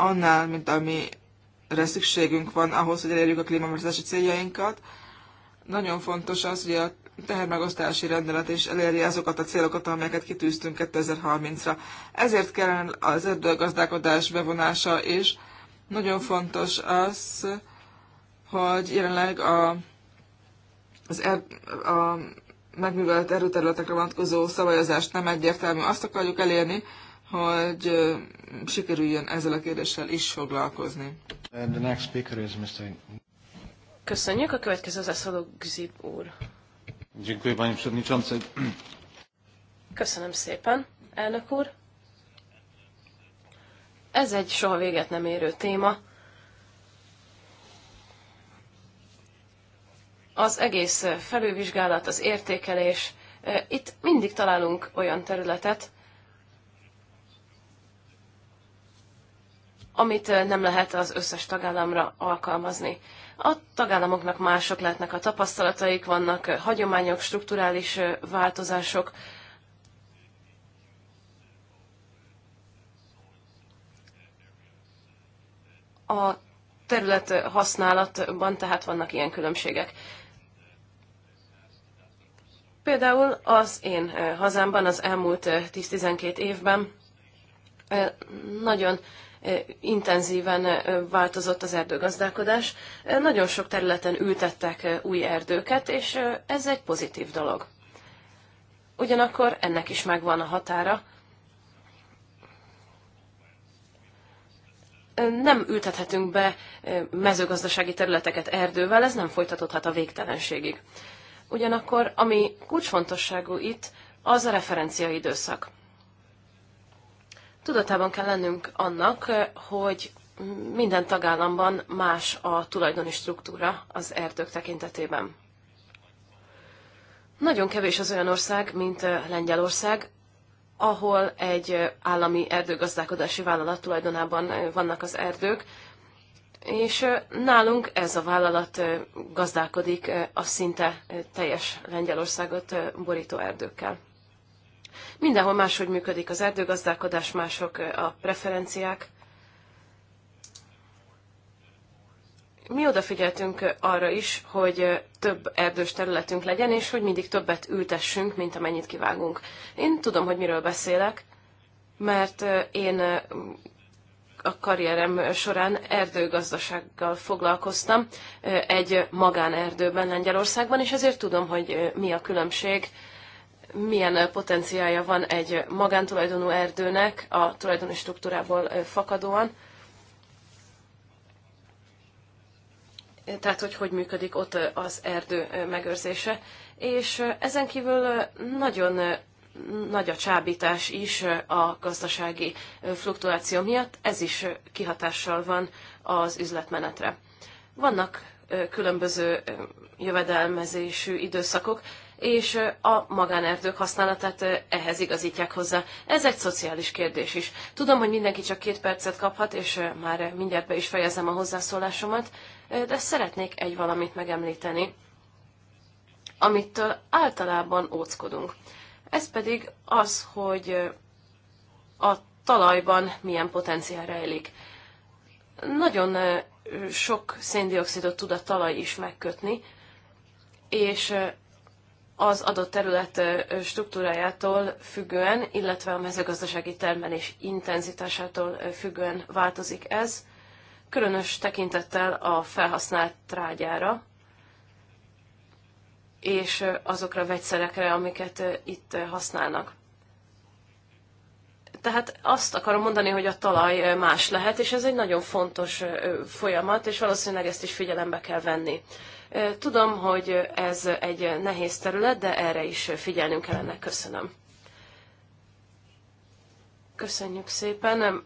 annál, mint amire szükségünk van ahhoz, hogy elérjük a klímaváltozási céljainkat. Nagyon fontos az, hogy a tehermegosztási rendelet is eléri azokat a célokat, amelyeket kitűztünk 2030-ra. Ezért kell az erdőgazdálkodás bevonása is. Nagyon fontos az, hogy jelenleg a, az er, a megművelt erőterületekre vonatkozó szabályozást nem egyértelmű. Azt akarjuk elérni, hogy sikerüljön ezzel a kérdéssel is foglalkozni. The next speaker is Mr. Köszönjük. A következő zászoló Gzib úr. Dziękuję, panie Köszönöm szépen, elnök úr. Ez egy soha véget nem érő téma. Az egész felülvizsgálat, az értékelés, itt mindig találunk olyan területet, amit nem lehet az összes tagállamra alkalmazni. A tagállamoknak mások lehetnek a tapasztalataik, vannak hagyományok, strukturális változások. A terület használatban tehát vannak ilyen különbségek. Például az én hazámban az elmúlt 10-12 évben nagyon intenzíven változott az erdőgazdálkodás. Nagyon sok területen ültettek új erdőket, és ez egy pozitív dolog. Ugyanakkor ennek is megvan a határa. Nem ültethetünk be mezőgazdasági területeket erdővel, ez nem folytatódhat a végtelenségig. Ugyanakkor, ami kulcsfontosságú itt, az a referencia időszak. Tudatában kell lennünk annak, hogy minden tagállamban más a tulajdoni struktúra az erdők tekintetében. Nagyon kevés az olyan ország, mint Lengyelország, ahol egy állami erdőgazdálkodási vállalat tulajdonában vannak az erdők, és nálunk ez a vállalat gazdálkodik a szinte teljes Lengyelországot borító erdőkkel. Mindenhol máshogy működik az erdőgazdálkodás, mások a preferenciák. Mi odafigyeltünk arra is, hogy több erdős területünk legyen, és hogy mindig többet ültessünk, mint amennyit kivágunk. Én tudom, hogy miről beszélek, mert én a karrierem során erdőgazdasággal foglalkoztam egy magánerdőben Lengyelországban, és ezért tudom, hogy mi a különbség milyen potenciálja van egy magántulajdonú erdőnek a tulajdoni struktúrából fakadóan. Tehát, hogy hogy működik ott az erdő megőrzése. És ezen kívül nagyon nagy a csábítás is a gazdasági fluktuáció miatt, ez is kihatással van az üzletmenetre. Vannak különböző jövedelmezésű időszakok, és a magánerdők használatát ehhez igazítják hozzá. Ez egy szociális kérdés is. Tudom, hogy mindenki csak két percet kaphat, és már mindjárt be is fejezem a hozzászólásomat, de szeretnék egy valamit megemlíteni, amitől általában óckodunk. Ez pedig az, hogy a talajban milyen potenciál rejlik. Nagyon sok széndiokszidot tud a talaj is megkötni, és az adott terület struktúrájától függően, illetve a mezőgazdasági termelés intenzitásától függően változik ez, különös tekintettel a felhasznált trágyára és azokra a vegyszerekre, amiket itt használnak. Tehát azt akarom mondani, hogy a talaj más lehet, és ez egy nagyon fontos folyamat, és valószínűleg ezt is figyelembe kell venni. Tudom, hogy ez egy nehéz terület, de erre is figyelnünk kellene. Köszönöm. Köszönjük szépen.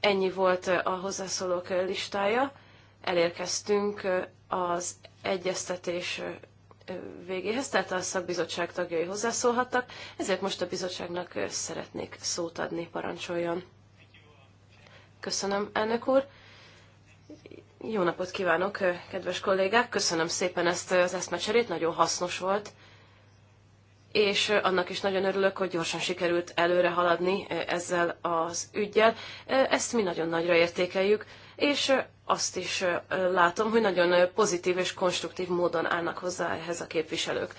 Ennyi volt a hozzászólók listája. Elérkeztünk az egyeztetés végéhez, tehát a szakbizottság tagjai hozzászólhattak, ezért most a bizottságnak szeretnék szót adni, parancsoljon. Köszönöm, elnök úr. Jó napot kívánok, kedves kollégák! Köszönöm szépen ezt az eszmecserét, nagyon hasznos volt. És annak is nagyon örülök, hogy gyorsan sikerült előre haladni ezzel az ügyel. Ezt mi nagyon nagyra értékeljük, és azt is látom, hogy nagyon pozitív és konstruktív módon állnak hozzá ehhez a képviselők.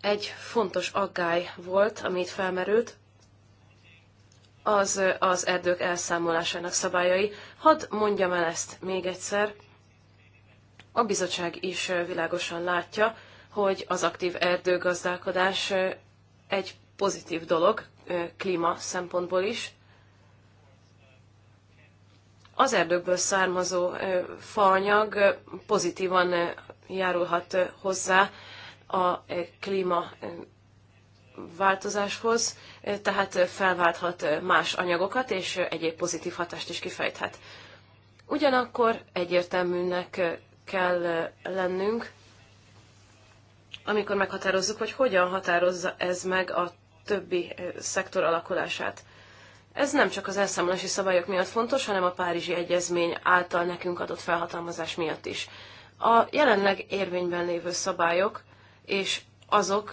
Egy fontos aggály volt, amit felmerült, az az erdők elszámolásának szabályai. Hadd mondjam el ezt még egyszer. A bizottság is világosan látja, hogy az aktív erdőgazdálkodás egy pozitív dolog, klíma szempontból is. Az erdőkből származó faanyag pozitívan járulhat hozzá a klíma változáshoz, tehát felválthat más anyagokat, és egyéb pozitív hatást is kifejthet. Ugyanakkor egyértelműnek kell lennünk, amikor meghatározzuk, hogy hogyan határozza ez meg a többi szektor alakulását. Ez nem csak az elszámolási szabályok miatt fontos, hanem a Párizsi Egyezmény által nekünk adott felhatalmazás miatt is. A jelenleg érvényben lévő szabályok és azok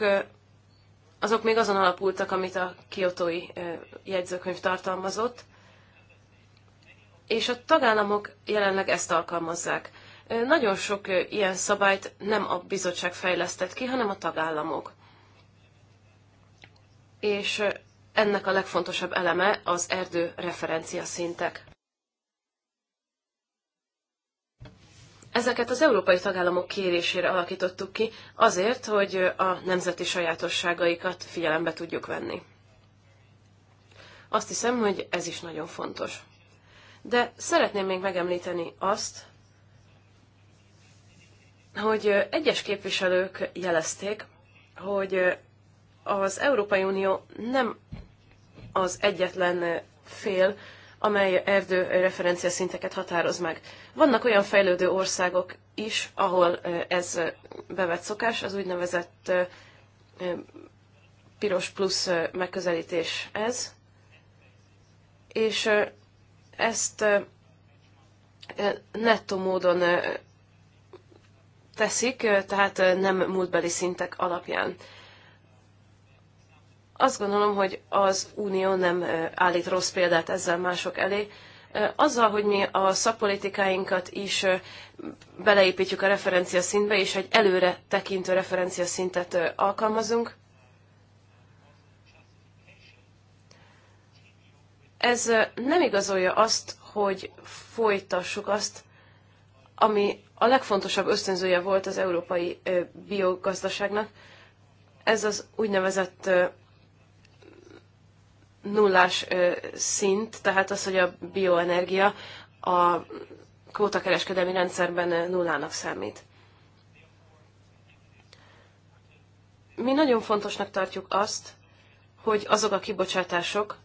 azok még azon alapultak, amit a kiotói jegyzőkönyv tartalmazott, és a tagállamok jelenleg ezt alkalmazzák. Nagyon sok ilyen szabályt nem a bizottság fejlesztett ki, hanem a tagállamok. És ennek a legfontosabb eleme az erdő referencia szintek. Ezeket az európai tagállamok kérésére alakítottuk ki, azért, hogy a nemzeti sajátosságaikat figyelembe tudjuk venni. Azt hiszem, hogy ez is nagyon fontos. De szeretném még megemlíteni azt, hogy egyes képviselők jelezték, hogy az Európai Unió nem az egyetlen fél, amely erdő referencia szinteket határoz meg. Vannak olyan fejlődő országok is, ahol ez bevett szokás, az úgynevezett piros plusz megközelítés ez, és ezt nettó módon teszik, tehát nem múltbeli szintek alapján. Azt gondolom, hogy az Unió nem állít rossz példát ezzel mások elé. Azzal, hogy mi a szakpolitikáinkat is beleépítjük a referencia szintbe, és egy előre tekintő referencia szintet alkalmazunk, ez nem igazolja azt, hogy folytassuk azt, ami a legfontosabb ösztönzője volt az európai biogazdaságnak, ez az úgynevezett nullás szint, tehát az, hogy a bioenergia a kvótakereskedelmi rendszerben nullának számít. Mi nagyon fontosnak tartjuk azt, hogy azok a kibocsátások,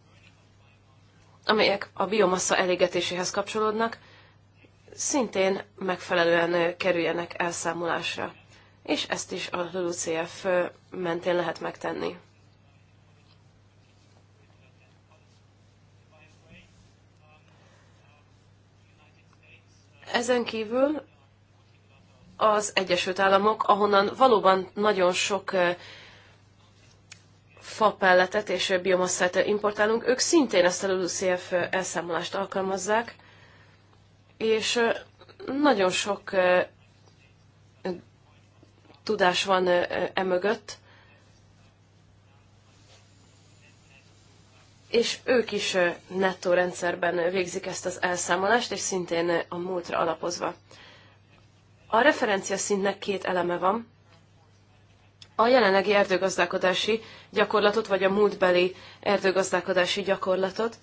amelyek a biomassa elégetéséhez kapcsolódnak, szintén megfelelően kerüljenek elszámolásra. És ezt is a LULUCF mentén lehet megtenni. Ezen kívül az Egyesült Államok, ahonnan valóban nagyon sok fa pelletet és biomasszát importálunk, ők szintén ezt a LULUCF elszámolást alkalmazzák, és nagyon sok tudás van emögött, és ők is nettó rendszerben végzik ezt az elszámolást, és szintén a múltra alapozva. A referencia szintnek két eleme van. A jelenlegi erdőgazdálkodási gyakorlatot, vagy a múltbeli erdőgazdálkodási gyakorlatot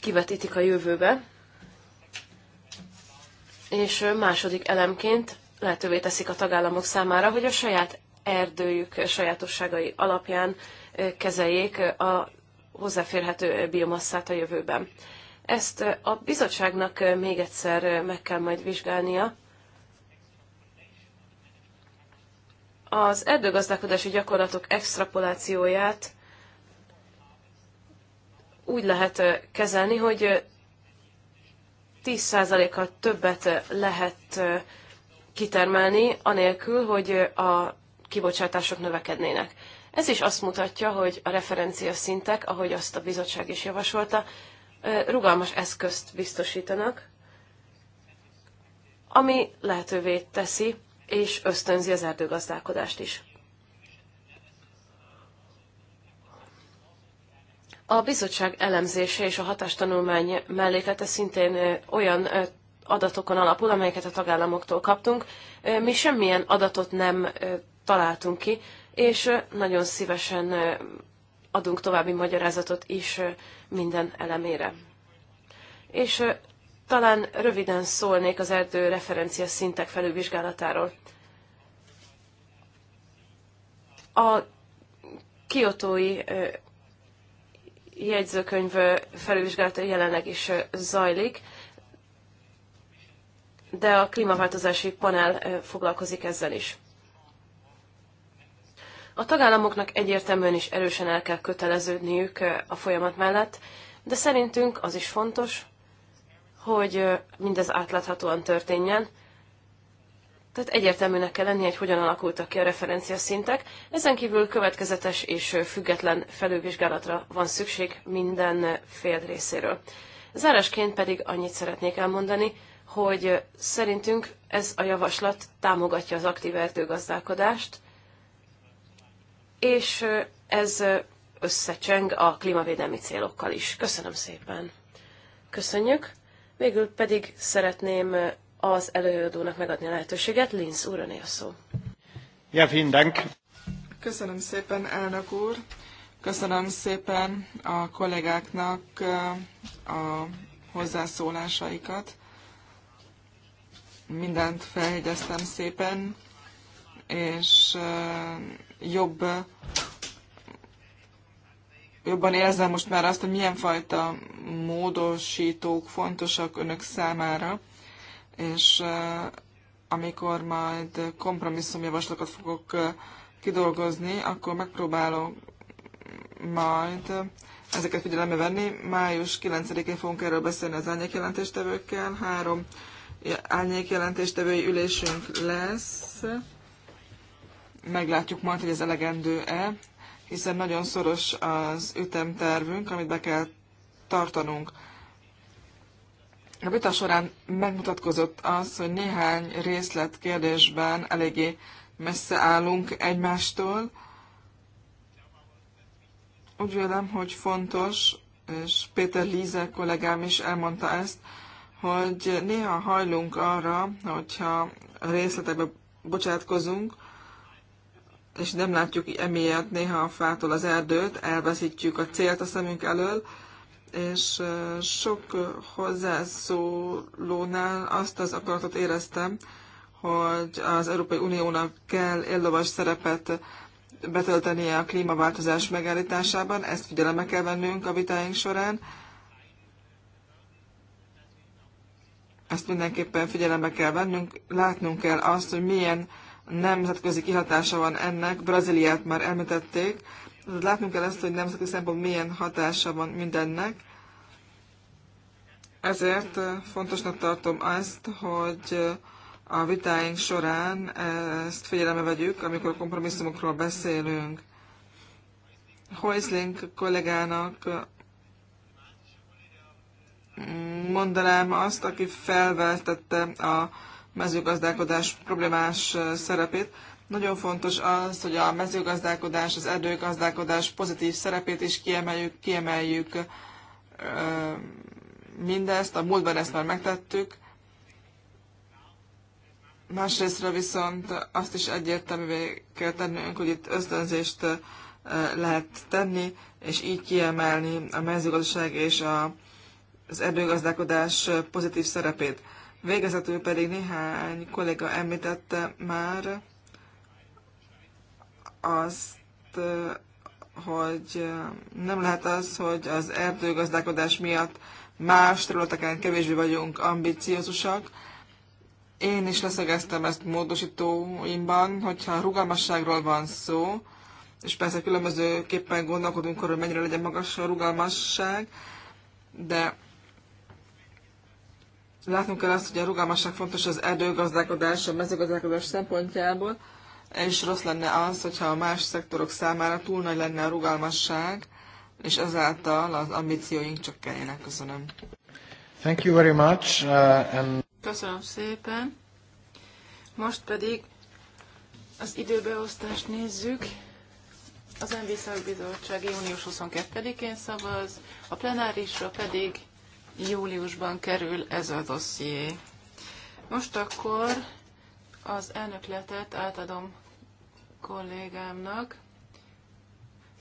kivetítik a jövőbe, és második elemként lehetővé teszik a tagállamok számára, hogy a saját erdőjük sajátosságai alapján kezeljék a hozzáférhető biomasszát a jövőben. Ezt a bizottságnak még egyszer meg kell majd vizsgálnia. Az erdőgazdálkodási gyakorlatok extrapolációját úgy lehet kezelni, hogy 10%-kal többet lehet kitermelni, anélkül, hogy a kibocsátások növekednének. Ez is azt mutatja, hogy a referencia szintek, ahogy azt a bizottság is javasolta, rugalmas eszközt biztosítanak, ami lehetővé teszi és ösztönzi az erdőgazdálkodást is. A bizottság elemzése és a hatástanulmány melléklete szintén olyan adatokon alapul, amelyeket a tagállamoktól kaptunk. Mi semmilyen adatot nem találtunk ki, és nagyon szívesen adunk további magyarázatot is minden elemére. És talán röviden szólnék az erdő referencia szintek felülvizsgálatáról. A kiotói jegyzőkönyv felülvizsgálata jelenleg is zajlik, de a klímaváltozási panel foglalkozik ezzel is. A tagállamoknak egyértelműen is erősen el kell köteleződniük a folyamat mellett, de szerintünk az is fontos, hogy mindez átláthatóan történjen. Tehát egyértelműnek kell lenni, hogy hogyan alakultak ki a referencia szintek. Ezen kívül következetes és független felülvizsgálatra van szükség minden fél részéről. Zárásként pedig annyit szeretnék elmondani, hogy szerintünk ez a javaslat támogatja az aktív erdőgazdálkodást, és ez összecseng a klímavédelmi célokkal is. Köszönöm szépen. Köszönjük. Végül pedig szeretném az előadónak megadni a lehetőséget. Linz úr, a szó. Ja, Dank. Köszönöm szépen, elnök úr. Köszönöm szépen a kollégáknak a hozzászólásaikat. Mindent felhegyeztem szépen és jobb, jobban érzem most már azt, hogy milyen fajta módosítók fontosak önök számára, és amikor majd kompromisszumjavaslatokat fogok kidolgozni, akkor megpróbálok majd ezeket figyelembe venni. Május 9-én fogunk erről beszélni az árnyékjelentéstevőkkel. Három árnyékjelentéstevői ülésünk lesz meglátjuk majd, hogy ez elegendő-e, hiszen nagyon szoros az ütemtervünk, amit be kell tartanunk. A vita során megmutatkozott az, hogy néhány részlet kérdésben eléggé messze állunk egymástól. Úgy vélem, hogy fontos, és Péter Líze kollégám is elmondta ezt, hogy néha hajlunk arra, hogyha részletekbe bocsátkozunk, és nem látjuk emiatt néha a fától az erdőt, elveszítjük a célt a szemünk elől, és sok hozzászólónál azt az akaratot éreztem, hogy az Európai Uniónak kell éllovas szerepet betöltenie a klímaváltozás megállításában, ezt figyelembe kell vennünk a vitáink során. Ezt mindenképpen figyelembe kell vennünk, látnunk kell azt, hogy milyen uh, nemzetközi kihatása van ennek. Brazíliát már említették. Tehát látnunk kell ezt, hogy nemzetközi szempontból milyen hatása van mindennek. Ezért fontosnak tartom azt, hogy a vitáink során ezt figyelembe vegyük, amikor kompromisszumokról beszélünk. Hoisling kollégának mondanám azt, aki felveltette a mezőgazdálkodás problémás szerepét. Nagyon fontos az, hogy a mezőgazdálkodás, az erdőgazdálkodás pozitív szerepét is kiemeljük, kiemeljük mindezt, a múltban ezt már megtettük. Másrésztről viszont azt is egyértelművé kell tennünk, hogy itt ösztönzést lehet tenni, és így kiemelni a mezőgazdaság és a, az erdőgazdálkodás pozitív szerepét. Végezetül pedig néhány kolléga említette már azt, hogy nem lehet az, hogy az erdőgazdálkodás miatt más területeken kevésbé vagyunk ambiciózusak. Én is leszögeztem ezt módosítóimban, hogyha rugalmasságról van szó, és persze különbözőképpen gondolkodunk hogy mennyire legyen magas a rugalmasság, de Látnunk kell azt, hogy a rugalmasság fontos az erdőgazdálkodás, a mezőgazdálkodás szempontjából, és rossz lenne az, hogyha a más szektorok számára túl nagy lenne a rugalmasság, és ezáltal az ambícióink csökkenjenek. Köszönöm. Thank you very much. Uh, and... Köszönöm szépen. Most pedig az időbeosztást nézzük. Az MV Szakbizottság június 22-én szavaz, a plenárisra pedig júliusban kerül ez a dosszié. Most akkor az elnökletet átadom kollégámnak,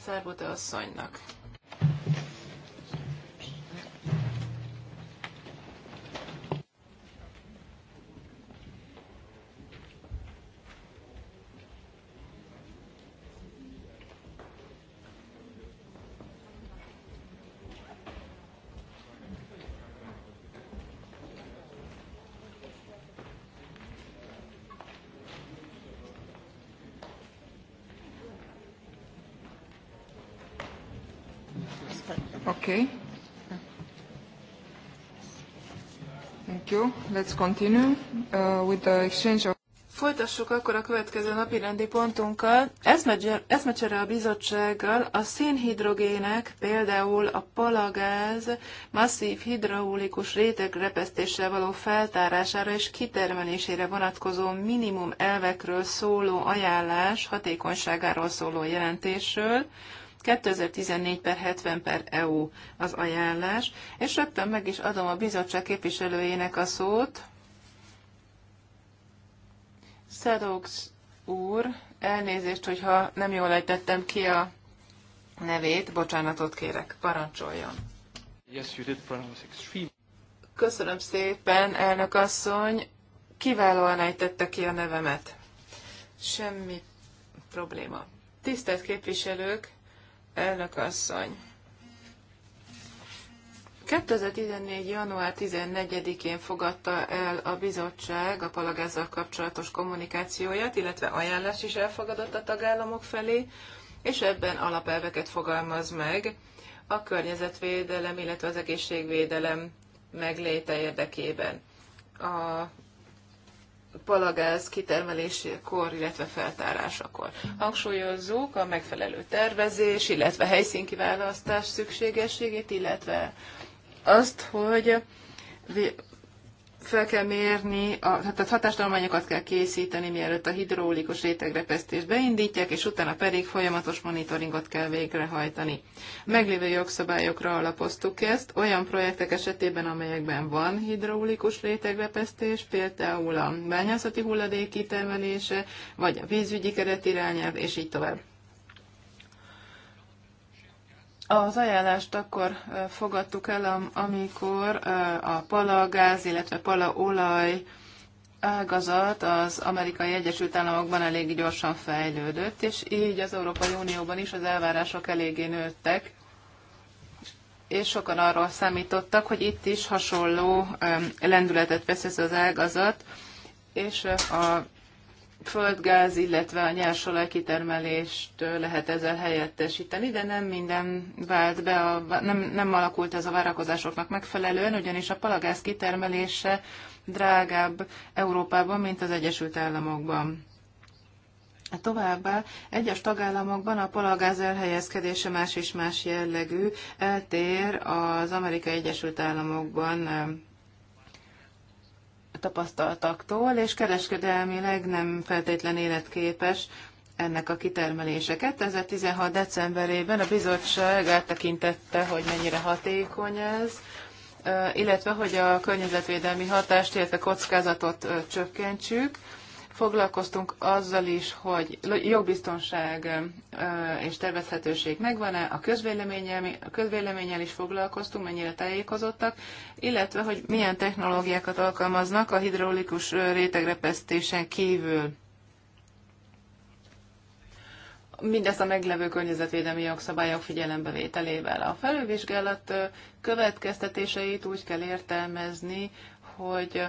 Szárbute asszonynak. let's continue uh, with the exchange of... Folytassuk akkor a következő napi rendi pontunkkal. Eszmecsere a bizottsággal a szénhidrogének, például a palagáz masszív hidraulikus réteg repesztéssel való feltárására és kitermelésére vonatkozó minimum elvekről szóló ajánlás hatékonyságáról szóló jelentésről, 2014 per 70 per EU az ajánlás, és rögtön meg is adom a bizottság képviselőjének a szót. Szedox úr, elnézést, hogyha nem jól ejtettem ki a nevét, bocsánatot kérek, parancsoljon. Yes, you did pronounce extreme. Köszönöm szépen, elnök asszony. Kiválóan ejtette ki a nevemet. Semmi probléma. Tisztelt képviselők, elnök asszony. 2014. január 14-én fogadta el a bizottság a palagázzal kapcsolatos kommunikációját, illetve ajánlás is elfogadott a tagállamok felé, és ebben alapelveket fogalmaz meg a környezetvédelem, illetve az egészségvédelem megléte érdekében. A palagáz kitermelésekor, illetve feltárásakor. Hangsúlyozzuk a megfelelő tervezés, illetve helyszínkiválasztás szükségességét, illetve azt, hogy fel kell mérni, a, tehát hatástanulmányokat kell készíteni, mielőtt a hidraulikus rétegrepesztést beindítják, és utána pedig folyamatos monitoringot kell végrehajtani. Meglévő jogszabályokra alapoztuk ezt, olyan projektek esetében, amelyekben van hidraulikus rétegrepesztés, például a bányászati hulladék kitermelése, vagy a vízügyi keretirányelv, és így tovább. Az ajánlást akkor fogadtuk el, amikor a palagáz, illetve palaolaj ágazat az amerikai Egyesült Államokban elég gyorsan fejlődött, és így az Európai Unióban is az elvárások eléggé nőttek, és sokan arról számítottak, hogy itt is hasonló lendületet vesz ez az ágazat, és a földgáz, illetve a nyersolaj kitermelést lehet ezzel helyettesíteni, de nem minden vált be, a, nem, nem alakult ez a várakozásoknak megfelelően, ugyanis a palagáz kitermelése drágább Európában, mint az Egyesült Államokban. Továbbá egyes tagállamokban a palagáz elhelyezkedése más és más jellegű, eltér az Amerikai Egyesült Államokban tapasztaltaktól, és kereskedelmileg nem feltétlen életképes ennek a kitermelése. 2016. decemberében a bizottság eltekintette, hogy mennyire hatékony ez, illetve hogy a környezetvédelmi hatást, illetve kockázatot csökkentsük, Foglalkoztunk azzal is, hogy jogbiztonság és tervezhetőség megvan-e, a közvéleménnyel, a közvéleménnyel is foglalkoztunk, mennyire tájékozottak, illetve, hogy milyen technológiákat alkalmaznak a hidraulikus rétegrepesztésen kívül mindezt a meglevő környezetvédelmi jogszabályok figyelembevételével. A felülvizsgálat következtetéseit úgy kell értelmezni, hogy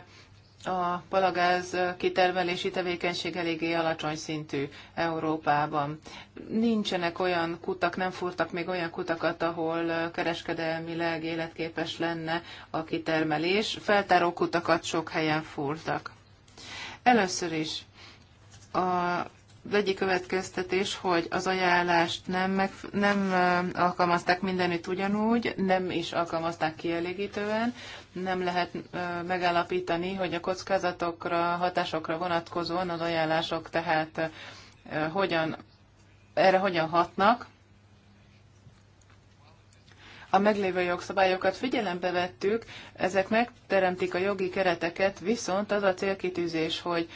a palagáz kitermelési tevékenység eléggé alacsony szintű Európában. Nincsenek olyan kutak, nem furtak még olyan kutakat, ahol kereskedelmileg életképes lenne a kitermelés. Feltáró kutakat sok helyen fúrtak. Először is a vegyi következtetés, hogy az ajánlást nem, meg, nem alkalmazták mindenütt ugyanúgy, nem is alkalmazták kielégítően nem lehet megállapítani, hogy a kockázatokra, hatásokra vonatkozóan az ajánlások tehát hogyan, erre hogyan hatnak. A meglévő jogszabályokat figyelembe vettük, ezek megteremtik a jogi kereteket, viszont az a célkitűzés, hogy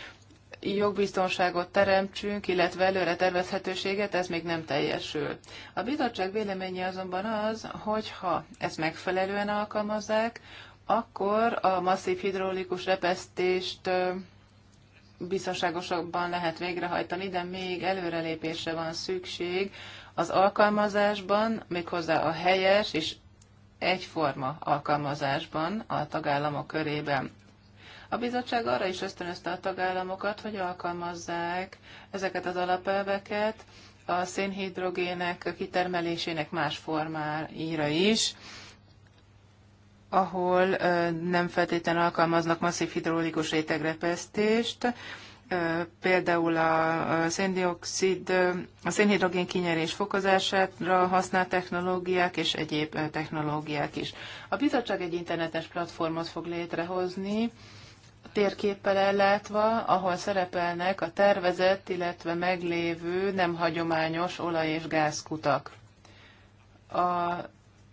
jogbiztonságot teremtsünk, illetve előre tervezhetőséget, ez még nem teljesül. A bizottság véleménye azonban az, hogy ha ezt megfelelően alkalmazzák, akkor a masszív hidraulikus repesztést biztonságosabban lehet végrehajtani, de még előrelépésre van szükség az alkalmazásban, méghozzá a helyes és egyforma alkalmazásban a tagállamok körében. A bizottság arra is ösztönözte a tagállamokat, hogy alkalmazzák ezeket az alapelveket a szénhidrogének kitermelésének más formáira is, ahol nem feltétlenül alkalmaznak masszív hidrolikus rétegrepesztést, például a széndiokszid, a szénhidrogén kinyerés fokozására használt technológiák és egyéb technológiák is. A bizottság egy internetes platformot fog létrehozni, térképpel ellátva, ahol szerepelnek a tervezett, illetve meglévő nem hagyományos olaj- és gázkutak. A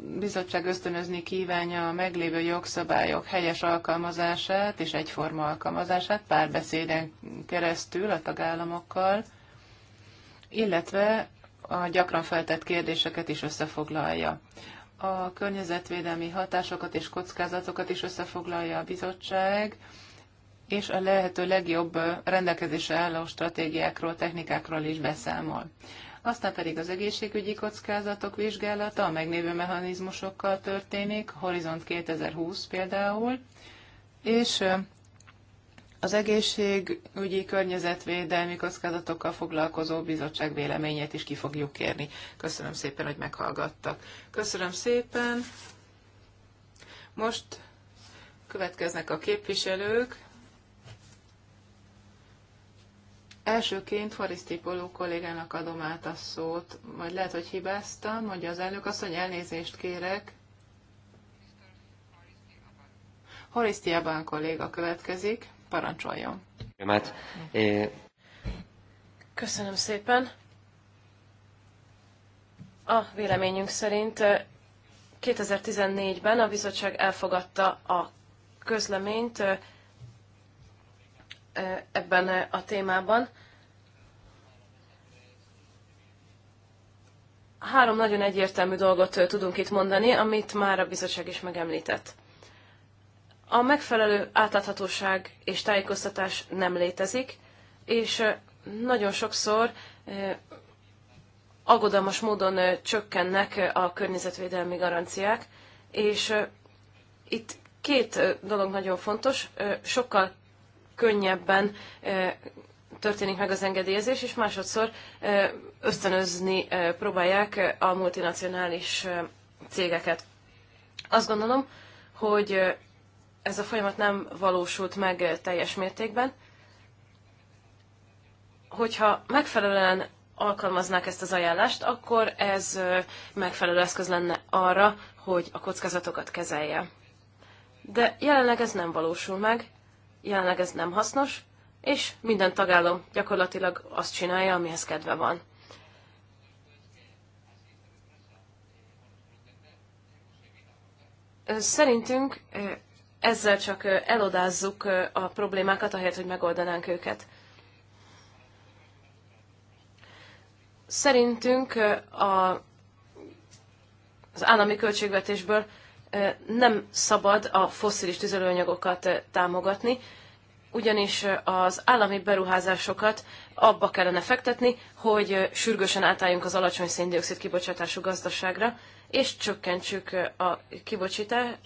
bizottság ösztönözni kívánja a meglévő jogszabályok helyes alkalmazását és egyforma alkalmazását párbeszéden keresztül a tagállamokkal, illetve a gyakran feltett kérdéseket is összefoglalja. A környezetvédelmi hatásokat és kockázatokat is összefoglalja a bizottság, és a lehető legjobb rendelkezésre álló stratégiákról, technikákról is beszámol aztán pedig az egészségügyi kockázatok vizsgálata a megnévő mechanizmusokkal történik, Horizont 2020 például, és az egészségügyi környezetvédelmi kockázatokkal foglalkozó bizottság véleményét is ki fogjuk kérni. Köszönöm szépen, hogy meghallgattak. Köszönöm szépen. Most következnek a képviselők. Elsőként Tipoló kollégának adom át a szót, vagy lehet, hogy hibáztam, mondja az elnök asszony, elnézést kérek. Tiabán kolléga következik, parancsoljon. Eh, Köszönöm szépen. A véleményünk szerint 2014-ben eh, a bizottság elfogadta a közleményt eh, ebben a témában, Három nagyon egyértelmű dolgot tudunk itt mondani, amit már a bizottság is megemlített. A megfelelő átláthatóság és tájékoztatás nem létezik, és nagyon sokszor aggodalmas módon csökkennek a környezetvédelmi garanciák, és itt két dolog nagyon fontos, sokkal könnyebben történik meg az engedélyezés, és másodszor ösztönözni próbálják a multinacionális cégeket. Azt gondolom, hogy ez a folyamat nem valósult meg teljes mértékben. Hogyha megfelelően alkalmaznák ezt az ajánlást, akkor ez megfelelő eszköz lenne arra, hogy a kockázatokat kezelje. De jelenleg ez nem valósul meg, jelenleg ez nem hasznos, és minden tagállam gyakorlatilag azt csinálja, amihez kedve van. Szerintünk ezzel csak elodázzuk a problémákat, ahelyett, hogy megoldanánk őket. Szerintünk a, az állami költségvetésből nem szabad a fosszilis tüzelőanyagokat támogatni, ugyanis az állami beruházásokat abba kellene fektetni, hogy sürgősen átálljunk az alacsony széndiokszid kibocsátású gazdaságra, és csökkentsük a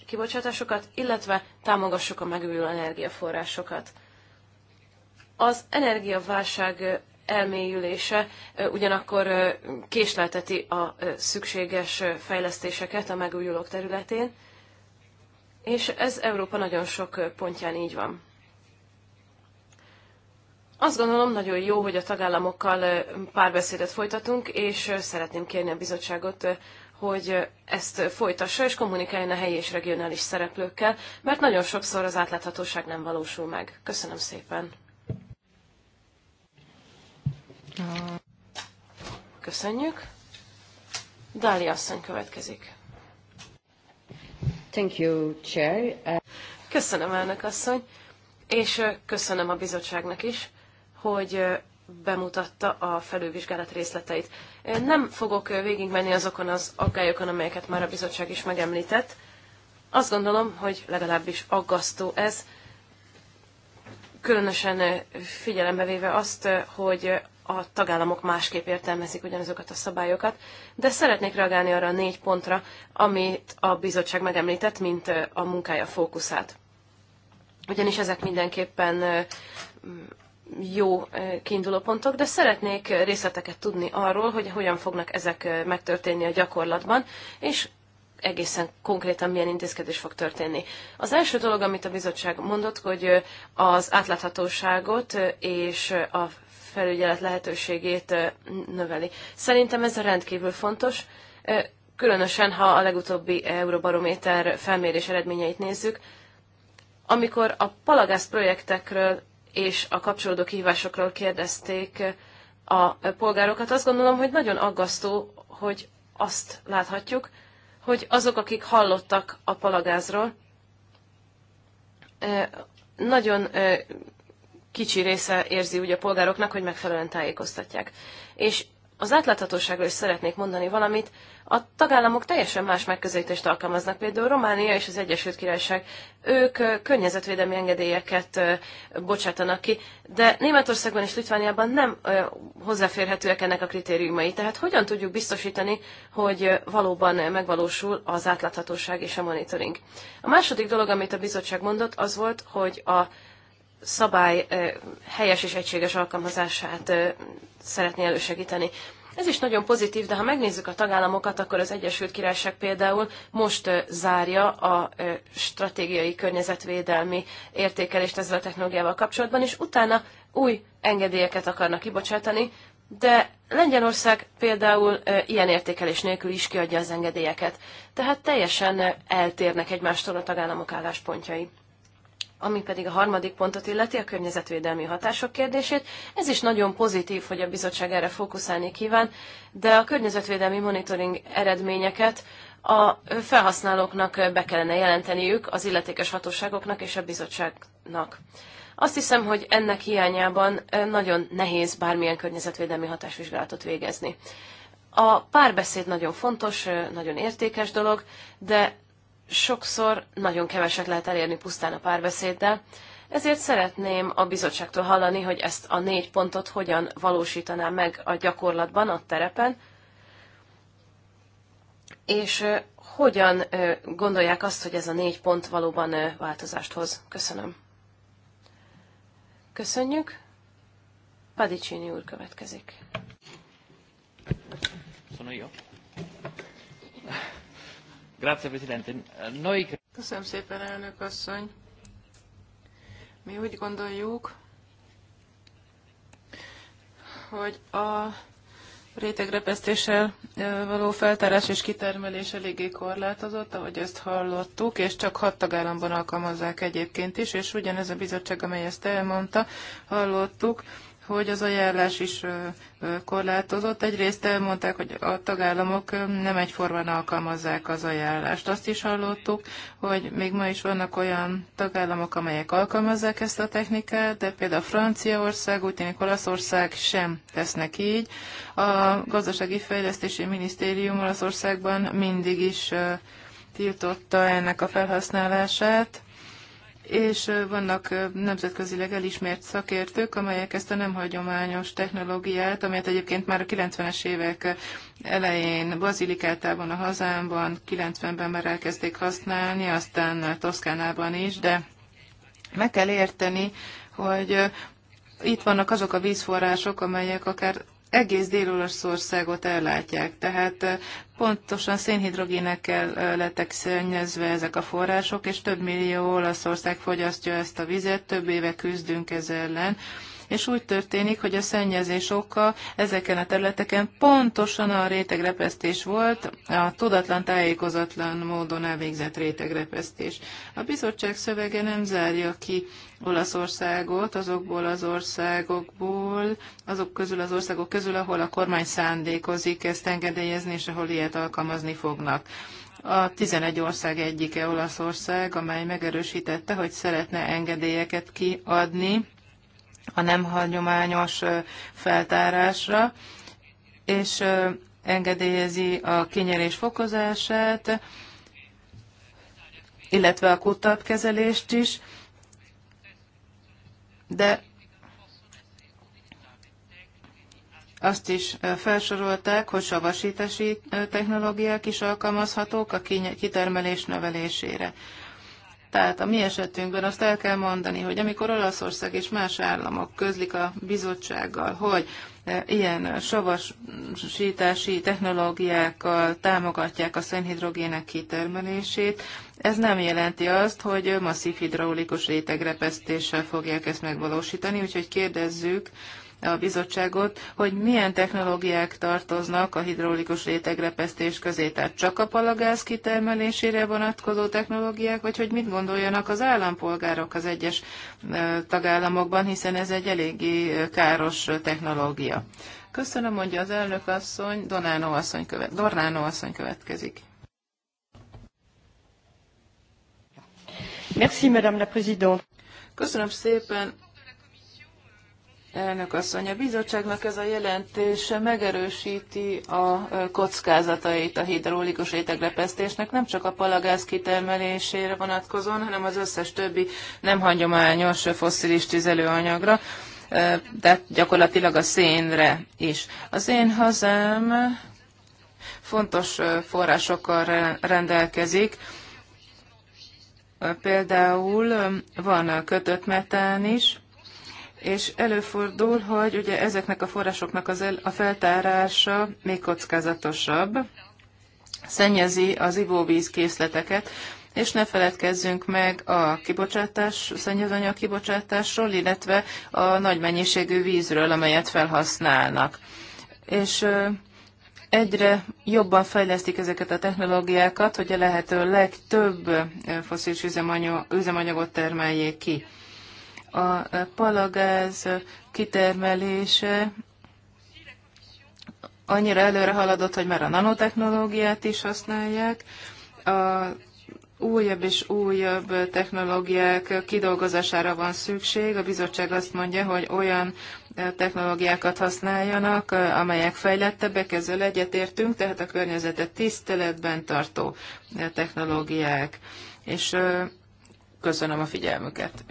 kibocsátásokat, illetve támogassuk a megújuló energiaforrásokat. Az energiaválság elmélyülése ugyanakkor késlelteti a szükséges fejlesztéseket a megújulók területén, és ez Európa nagyon sok pontján így van. Azt gondolom, nagyon jó, hogy a tagállamokkal párbeszédet folytatunk, és szeretném kérni a bizottságot, hogy ezt folytassa és kommunikáljon a helyi és regionális szereplőkkel, mert nagyon sokszor az átláthatóság nem valósul meg. Köszönöm szépen. Köszönjük. Dália asszony következik. Thank you, Chair. Köszönöm, elnök asszony, és köszönöm a bizottságnak is hogy bemutatta a felülvizsgálat részleteit. Nem fogok végigmenni azokon az aggályokon, amelyeket már a bizottság is megemlített. Azt gondolom, hogy legalábbis aggasztó ez, különösen figyelembe véve azt, hogy a tagállamok másképp értelmezik ugyanazokat a szabályokat, de szeretnék reagálni arra a négy pontra, amit a bizottság megemlített, mint a munkája fókuszát. Ugyanis ezek mindenképpen jó kiinduló pontok, de szeretnék részleteket tudni arról, hogy hogyan fognak ezek megtörténni a gyakorlatban, és egészen konkrétan milyen intézkedés fog történni. Az első dolog, amit a bizottság mondott, hogy az átláthatóságot és a felügyelet lehetőségét növeli. Szerintem ez rendkívül fontos, különösen ha a legutóbbi Euróbarométer felmérés eredményeit nézzük, amikor a palagász projektekről és a kapcsolódó kihívásokról kérdezték a polgárokat. Azt gondolom, hogy nagyon aggasztó, hogy azt láthatjuk, hogy azok, akik hallottak a palagázról, eh, nagyon eh, kicsi része érzi úgy a polgároknak, hogy megfelelően tájékoztatják. És az átláthatóságról is szeretnék mondani valamit. A tagállamok teljesen más megközelítést alkalmaznak, például Románia és az Egyesült Királyság. Ők környezetvédelmi engedélyeket bocsátanak ki, de Németországban és Litvániában nem hozzáférhetőek ennek a kritériumai. Tehát hogyan tudjuk biztosítani, hogy valóban megvalósul az átláthatóság és a monitoring? A második dolog, amit a bizottság mondott, az volt, hogy a szabály helyes és egységes alkalmazását szeretné elősegíteni. Ez is nagyon pozitív, de ha megnézzük a tagállamokat, akkor az Egyesült Királyság például most zárja a stratégiai környezetvédelmi értékelést ezzel a technológiával kapcsolatban, és utána új engedélyeket akarnak kibocsátani, de Lengyelország például ilyen értékelés nélkül is kiadja az engedélyeket. Tehát teljesen eltérnek egymástól a tagállamok álláspontjai ami pedig a harmadik pontot illeti, a környezetvédelmi hatások kérdését. Ez is nagyon pozitív, hogy a bizottság erre fókuszálni kíván, de a környezetvédelmi monitoring eredményeket a felhasználóknak be kellene jelenteniük, az illetékes hatóságoknak és a bizottságnak. Azt hiszem, hogy ennek hiányában nagyon nehéz bármilyen környezetvédelmi hatásvizsgálatot végezni. A párbeszéd nagyon fontos, nagyon értékes dolog, de sokszor nagyon keveset lehet elérni pusztán a párbeszéddel, ezért szeretném a bizottságtól hallani, hogy ezt a négy pontot hogyan valósítaná meg a gyakorlatban, a terepen, és hogyan gondolják azt, hogy ez a négy pont valóban változást hoz. Köszönöm. Köszönjük. Padicsini úr következik. Köszönöm, jó. Köszönöm szépen, elnök asszony. Mi úgy gondoljuk, hogy a rétegrepesztéssel való feltárás és kitermelés eléggé korlátozott, ahogy ezt hallottuk, és csak hat tagállamban alkalmazzák egyébként is, és ugyanez a bizottság, amely ezt elmondta, hallottuk, hogy az ajánlás is korlátozott. Egyrészt elmondták, hogy a tagállamok nem egyformán alkalmazzák az ajánlást. Azt is hallottuk, hogy még ma is vannak olyan tagállamok, amelyek alkalmazzák ezt a technikát, de például Franciaország, úgy tűnik Olaszország sem tesznek így. A Gazdasági Fejlesztési Minisztérium Olaszországban mindig is tiltotta ennek a felhasználását és vannak nemzetközileg elismert szakértők, amelyek ezt a nem hagyományos technológiát, amelyet egyébként már a 90-es évek elején Bazilikátában, a hazámban, 90-ben már elkezdték használni, aztán Toszkánában is, de meg kell érteni, hogy itt vannak azok a vízforrások, amelyek akár egész Dél-Olaszországot ellátják, tehát pontosan szénhidrogénekkel lettek szennyezve ezek a források, és több millió Olaszország fogyasztja ezt a vizet, több éve küzdünk ez ellen és úgy történik, hogy a szennyezés oka ezeken a területeken pontosan a rétegrepesztés volt, a tudatlan, tájékozatlan módon elvégzett rétegrepesztés. A bizottság szövege nem zárja ki Olaszországot azokból az országokból, azok közül az országok közül, ahol a kormány szándékozik ezt engedélyezni, és ahol ilyet alkalmazni fognak. A 11 ország egyike Olaszország, amely megerősítette, hogy szeretne engedélyeket kiadni a nem hagyományos feltárásra, és engedélyezi a kinyerés fokozását, illetve a kutatkezelést is, de azt is felsorolták, hogy savasítási technológiák is alkalmazhatók a kitermelés növelésére. Tehát a mi esetünkben azt el kell mondani, hogy amikor Olaszország és más államok közlik a bizottsággal, hogy e, ilyen savasítási technológiákkal támogatják a szénhidrogének kitermelését, ez nem jelenti azt, hogy masszív hidraulikus rétegrepesztéssel fogják ezt megvalósítani, úgyhogy kérdezzük, a bizottságot, hogy milyen technológiák tartoznak a hidraulikus rétegrepesztés közé, tehát csak a palagáz kitermelésére vonatkozó technológiák, vagy hogy mit gondoljanak az állampolgárok az egyes tagállamokban, hiszen ez egy eléggé káros technológia. Köszönöm, mondja az elnök asszony, Donánó asszony, követ, Dornánó asszony következik. Merci, Madame la Présidente. Köszönöm szépen, Elnök asszony, a bizottságnak ez a jelentése megerősíti a kockázatait a hidraulikus réteglepesztésnek, nem csak a palagáz kitermelésére vonatkozóan, hanem az összes többi nem hagyományos fosszilis tüzelőanyagra, tehát gyakorlatilag a szénre is. Az én hazám fontos forrásokkal rendelkezik, például van kötött metán is, és előfordul, hogy ugye ezeknek a forrásoknak az el, a feltárása még kockázatosabb, szennyezi az ivóvíz készleteket, és ne feledkezzünk meg a kibocsátás, szennyezőanyag kibocsátásról, illetve a nagy mennyiségű vízről, amelyet felhasználnak. És egyre jobban fejlesztik ezeket a technológiákat, hogy a lehető legtöbb foszilis üzemanyagot termeljék ki a palagáz kitermelése annyira előre haladott, hogy már a nanotechnológiát is használják. A újabb és újabb technológiák kidolgozására van szükség. A bizottság azt mondja, hogy olyan technológiákat használjanak, amelyek fejlettebbek, ezzel egyetértünk, tehát a környezetet tiszteletben tartó technológiák. És köszönöm a figyelmüket.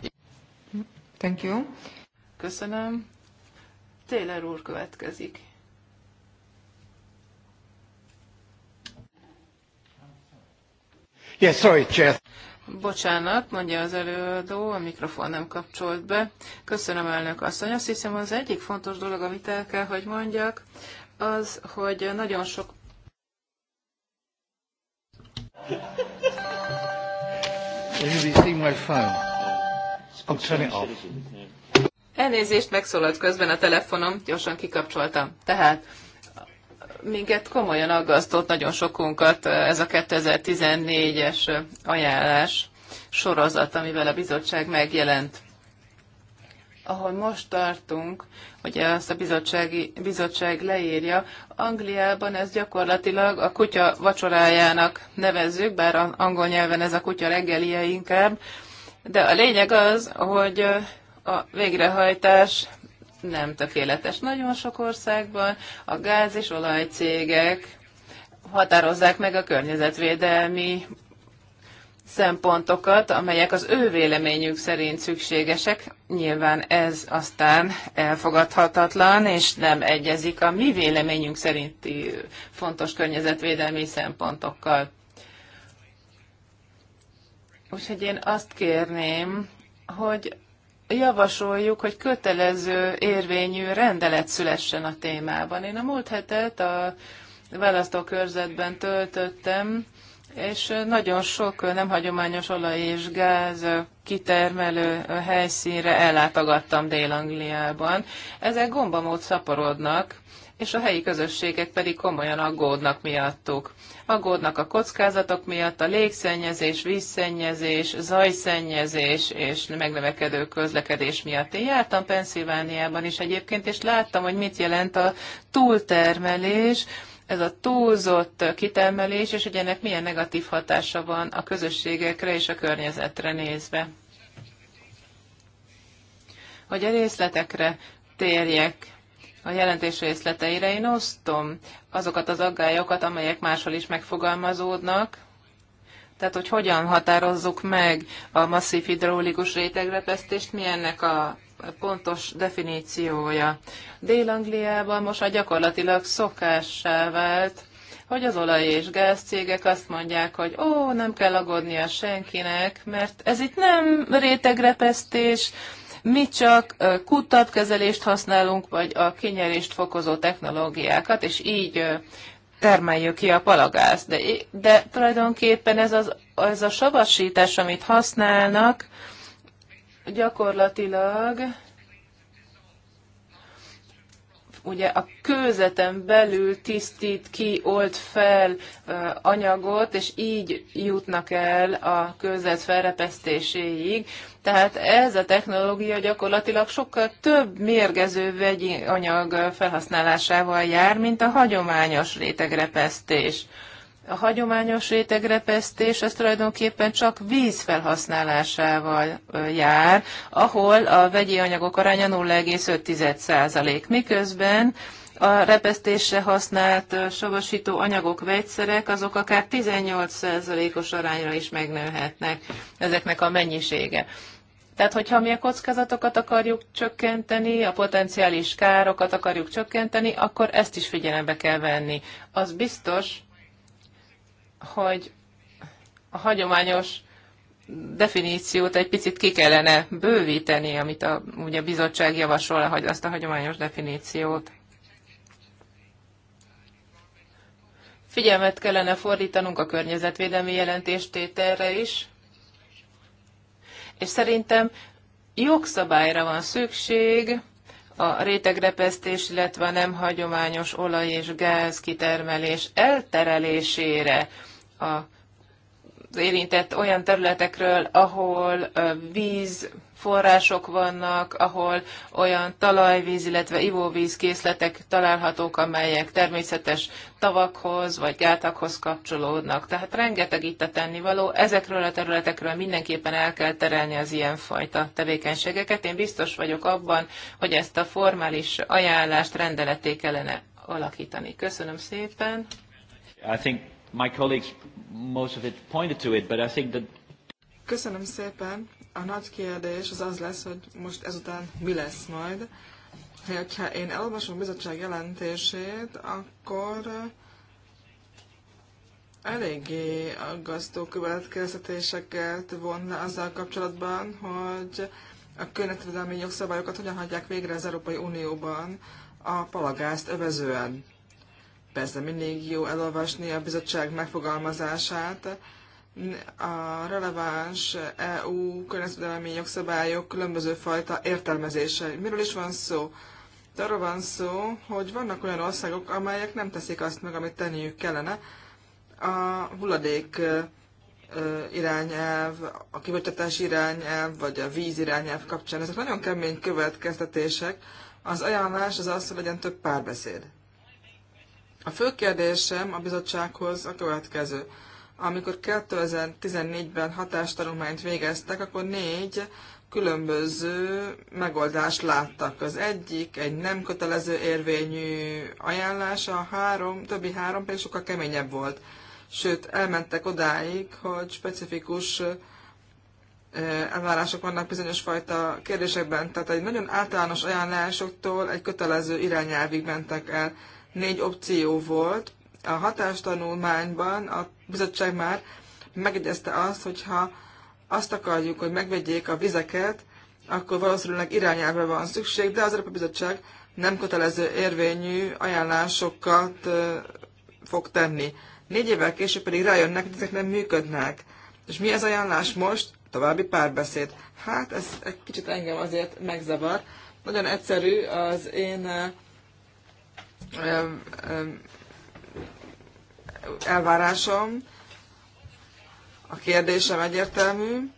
Thank you. Köszönöm. Taylor úr következik. Yes, sorry, Chair. Bocsánat, mondja az előadó, a mikrofon nem kapcsolt be. Köszönöm, elnök asszony. Azt hiszem, az egyik fontos dolog, amit el kell, hogy mondjak, az, hogy nagyon sok... Anybody see my phone? Elnézést, megszólalt közben a telefonom, gyorsan kikapcsoltam. Tehát minket komolyan aggasztott nagyon sokunkat eh, ez a 2014-es ajánlás sorozat, amivel a bizottság megjelent. Ahol most tartunk, hogy ezt a bizottsági, bizottság leírja, Angliában ez gyakorlatilag a kutya vacsorájának nevezzük, bár angol nyelven ez a kutya reggelie inkább, de a lényeg az, hogy a végrehajtás nem tökéletes. Nagyon sok országban a gáz és olajcégek határozzák meg a környezetvédelmi szempontokat, amelyek az ő véleményük szerint szükségesek. Nyilván ez aztán elfogadhatatlan, és nem egyezik a mi véleményünk szerinti fontos környezetvédelmi szempontokkal. Úgyhogy én azt kérném, hogy javasoljuk, hogy kötelező érvényű rendelet szülessen a témában. Én a múlt hetet a választókörzetben töltöttem, és nagyon sok nem hagyományos olaj és gáz kitermelő helyszínre ellátogattam Dél-Angliában. Ezek gombamód szaporodnak, és a helyi közösségek pedig komolyan aggódnak miattuk. Aggódnak a kockázatok miatt, a légszennyezés, vízszennyezés, zajszennyezés és megnövekedő közlekedés miatt. Én jártam Pennsylvániában is egyébként, és láttam, hogy mit jelent a túltermelés, ez a túlzott kitermelés, és hogy ennek milyen negatív hatása van a közösségekre és a környezetre nézve. Hogy a részletekre térjek a jelentés részleteire. Én osztom azokat az aggályokat, amelyek máshol is megfogalmazódnak, tehát, hogy hogyan határozzuk meg a masszív hidraulikus rétegrepesztést, mi ennek a pontos definíciója. Dél-Angliában most a gyakorlatilag szokássá vált, hogy az olaj- és gázcégek azt mondják, hogy ó, nem kell aggódnia senkinek, mert ez itt nem rétegrepesztés, mi csak kutatkezelést használunk, vagy a kinyerést fokozó technológiákat, és így termeljük ki a palagázt. De, de tulajdonképpen ez, az, ez a savasítás, amit használnak, gyakorlatilag ugye a kőzeten belül tisztít ki, old fel anyagot, és így jutnak el a kőzet felrepesztéséig. Tehát ez a technológia gyakorlatilag sokkal több mérgező vegyi anyag felhasználásával jár, mint a hagyományos rétegrepesztés. A hagyományos rétegrepesztés az tulajdonképpen csak víz felhasználásával jár, ahol a vegyi anyagok aránya 0,5%, miközben a repesztésre használt savasító anyagok, vegyszerek, azok akár 18%-os arányra is megnőhetnek ezeknek a mennyisége. Tehát, hogyha mi a kockázatokat akarjuk csökkenteni, a potenciális károkat akarjuk csökkenteni, akkor ezt is figyelembe kell venni. Az biztos, hogy a hagyományos definíciót egy picit ki kellene bővíteni, amit a, ugye a bizottság javasol, hogy azt a hagyományos definíciót. Figyelmet kellene fordítanunk a környezetvédelmi jelentéstételre is, és szerintem jogszabályra van szükség a rétegrepesztés, illetve a nem hagyományos olaj és gáz kitermelés elterelésére a az érintett olyan területekről, ahol víz források vannak, ahol olyan talajvíz, illetve ivóvíz készletek találhatók, amelyek természetes tavakhoz vagy gátakhoz kapcsolódnak. Tehát rengeteg itt a tennivaló. Ezekről a területekről mindenképpen el kell terelni az ilyenfajta tevékenységeket. Én biztos vagyok abban, hogy ezt a formális ajánlást rendeleté kellene alakítani. Köszönöm szépen. I think my colleagues, most of it pointed to it, but I think that... Köszönöm szépen. A nagy kérdés az az lesz, hogy most ezután mi lesz majd. Ha én elolvasom a bizottság jelentését, akkor eléggé aggasztó következtetéseket von le azzal kapcsolatban, hogy a környezetvédelmi jogszabályokat hogyan hagyják végre az Európai Unióban a palagázt övezően. Persze mindig jó elolvasni a bizottság megfogalmazását. A releváns EU környezetvédelmi jogszabályok különböző fajta értelmezése. Miről is van szó? De arról van szó, hogy vannak olyan országok, amelyek nem teszik azt meg, amit tenniük kellene. A hulladék irányelv, a kibocsátás irányelv, vagy a víz irányelv kapcsán. Ezek nagyon kemény következtetések. Az ajánlás az az, hogy legyen több párbeszéd. A fő kérdésem a bizottsághoz a következő. Amikor 2014-ben hatástanulmányt végeztek, akkor négy különböző megoldást láttak. Az egyik egy nem kötelező érvényű ajánlás, a három, többi három pedig sokkal keményebb volt. Sőt, elmentek odáig, hogy specifikus elvárások vannak bizonyos fajta kérdésekben. Tehát egy nagyon általános ajánlásoktól egy kötelező irányelvig mentek el négy opció volt. A hatástanulmányban a bizottság már megegyezte azt, hogyha azt akarjuk, hogy megvegyék a vizeket, akkor valószínűleg irányelve van szükség, de az Európai Bizottság nem kötelező érvényű ajánlásokat fog tenni. Négy évvel később pedig rájönnek, hogy ezek nem működnek. És mi az ajánlás most? További párbeszéd. Hát ez egy kicsit engem azért megzavar. Nagyon egyszerű az én elvárásom, a kérdésem egyértelmű.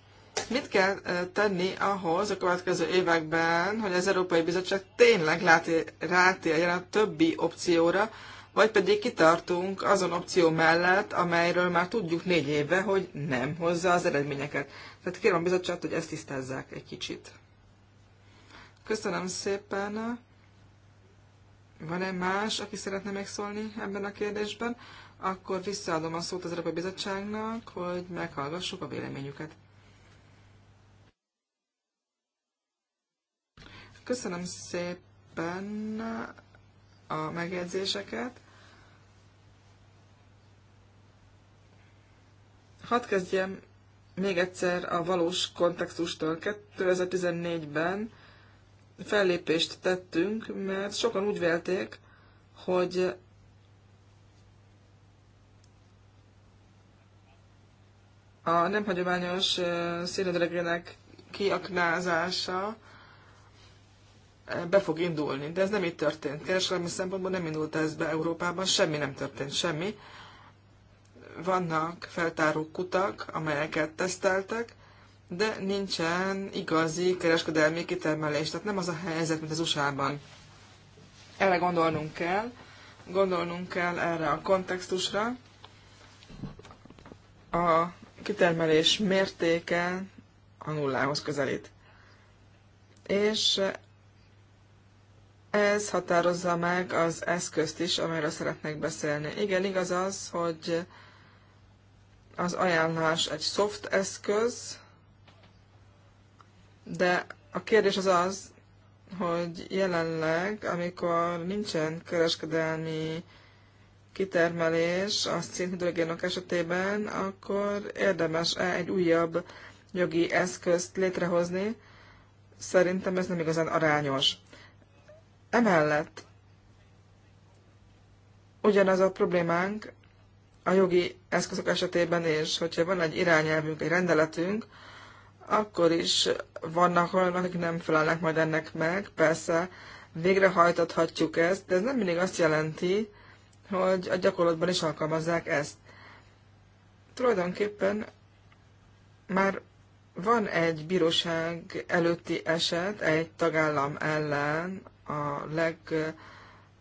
Mit kell tenni ahhoz a következő években, hogy az Európai Bizottság tényleg rátérjen a többi opcióra, vagy pedig kitartunk azon opció mellett, amelyről már tudjuk négy éve, hogy nem hozza az eredményeket. Tehát kérem a bizottságot, hogy ezt tisztázzák egy kicsit. Köszönöm szépen. Van-e más, aki szeretne megszólni ebben a kérdésben? Akkor visszaadom a szót az Európai Bizottságnak, hogy meghallgassuk a véleményüket. Köszönöm szépen a megjegyzéseket. Hadd kezdjem még egyszer a valós kontextustól. 2014-ben fellépést tettünk, mert sokan úgy vélték, hogy a nem hagyományos színedregének kiaknázása be fog indulni, de ez nem így történt. Kereskedelmi szempontból nem indult ez be Európában, semmi nem történt, semmi. Vannak feltáró kutak, amelyeket teszteltek, de nincsen igazi kereskedelmi kitermelés, tehát nem az a helyzet, mint az USA-ban. Erre gondolnunk kell, gondolnunk kell erre a kontextusra, a kitermelés mértéke a nullához közelít. És ez határozza meg az eszközt is, amelyről szeretnék beszélni. Igen, igaz az, hogy az ajánlás egy soft eszköz, de a kérdés az az, hogy jelenleg, amikor nincsen kereskedelmi kitermelés a szénhidrogénok esetében, akkor érdemes-e egy újabb jogi eszközt létrehozni? Szerintem ez nem igazán arányos. Emellett ugyanaz a problémánk a jogi eszközök esetében is, hogyha van egy irányelvünk, egy rendeletünk, akkor is vannak olyanok, akik nem felelnek majd ennek meg. Persze végrehajtathatjuk ezt, de ez nem mindig azt jelenti, hogy a gyakorlatban is alkalmazzák ezt. Tulajdonképpen már van egy bíróság előtti eset egy tagállam ellen a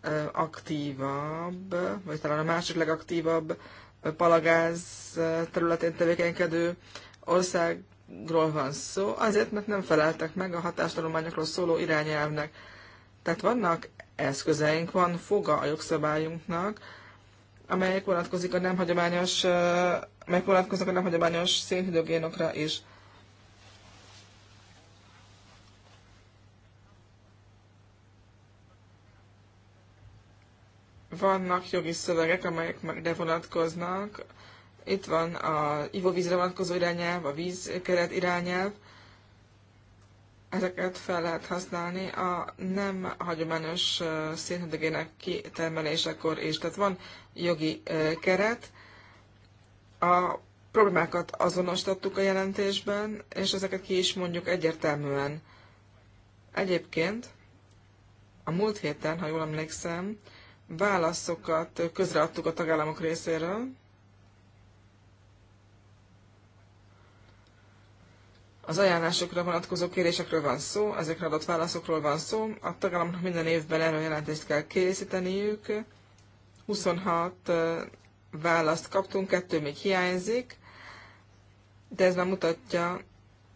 legaktívabb, vagy talán a másik legaktívabb palagáz területén tevékenykedő ország ról van szó, azért, mert nem feleltek meg a hatástanulmányokról szóló irányelvnek. Tehát vannak eszközeink, van foga a jogszabályunknak, amelyek vonatkozik a nem hagyományos, amelyek vonatkoznak a nem hagyományos szénhidrogénokra is. Vannak jogi szövegek, amelyek meg vonatkoznak itt van a ivóvízre vonatkozó irányelv, a vízkeret irányelv. Ezeket fel lehet használni a nem hagyományos szénhidrogének kitermelésekor is. Tehát van jogi keret. A problémákat azonosítottuk a jelentésben, és ezeket ki is mondjuk egyértelműen. Egyébként a múlt héten, ha jól emlékszem, válaszokat közreadtuk a tagállamok részéről, az ajánlásokra vonatkozó kérésekről van szó, ezekre adott válaszokról van szó. A tagállamnak minden évben erről jelentést kell készíteniük. 26 választ kaptunk, kettő még hiányzik, de ez már mutatja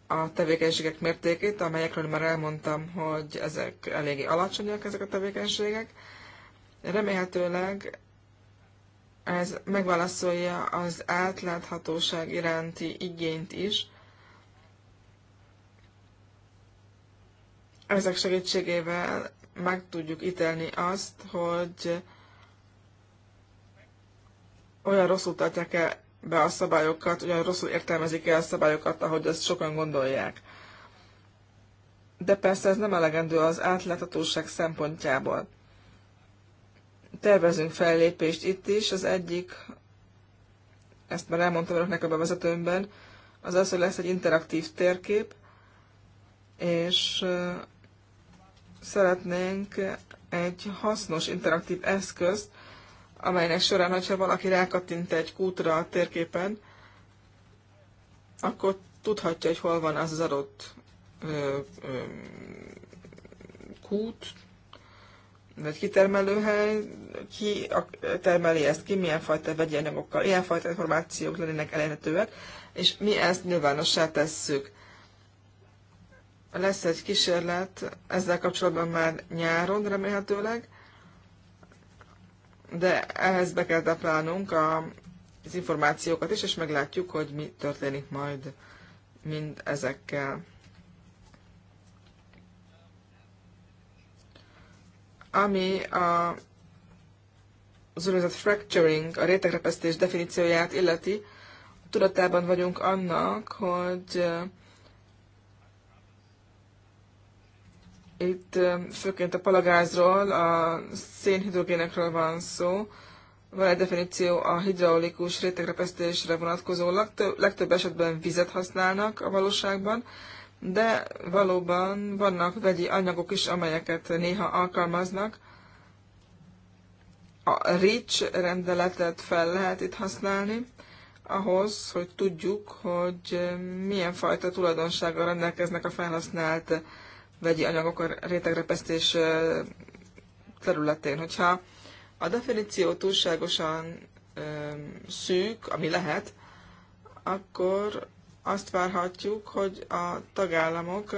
a tevékenységek mértékét, amelyekről már elmondtam, hogy ezek eléggé alacsonyak, ezek a tevékenységek. Remélhetőleg ez megválaszolja az átláthatóság iránti igényt is, ezek segítségével meg tudjuk ítélni azt, hogy olyan rosszul tartják -e be a szabályokat, olyan rosszul értelmezik el a szabályokat, ahogy ezt sokan gondolják. De persze ez nem elegendő az átláthatóság szempontjából. Tervezünk fellépést itt is. Az egyik, ezt már elmondtam önöknek a bevezetőmben, az az, hogy lesz egy interaktív térkép, és szeretnénk egy hasznos interaktív eszközt, amelynek során, hogyha valaki rákattint egy kútra a térképen, akkor tudhatja, hogy hol van az az adott ö, ö, kút, vagy kitermelőhely, ki termeli ezt ki, milyen fajta vegyi anyagokkal, ilyen fajta információk lennének elérhetőek, és mi ezt nyilvánossá tesszük lesz egy kísérlet ezzel kapcsolatban már nyáron remélhetőleg, de ehhez be kell táplálnunk a, az információkat is, és meglátjuk, hogy mi történik majd mind ezekkel. Ami a az úgynevezett fracturing, a rétegrepesztés definícióját illeti, tudatában vagyunk annak, hogy Itt főként a palagázról, a szénhidrogénekről van szó. Van egy definíció a hidraulikus rétegrepesztésre vonatkozólag. Legtöbb esetben vizet használnak a valóságban, de valóban vannak vegyi anyagok is, amelyeket néha alkalmaznak. A RICS rendeletet fel lehet itt használni, ahhoz, hogy tudjuk, hogy milyen fajta tulajdonsággal rendelkeznek a felhasznált vegyi anyagok a rétegrepesztés területén. Hogyha a definíció túlságosan szűk, ami lehet, akkor azt várhatjuk, hogy a tagállamok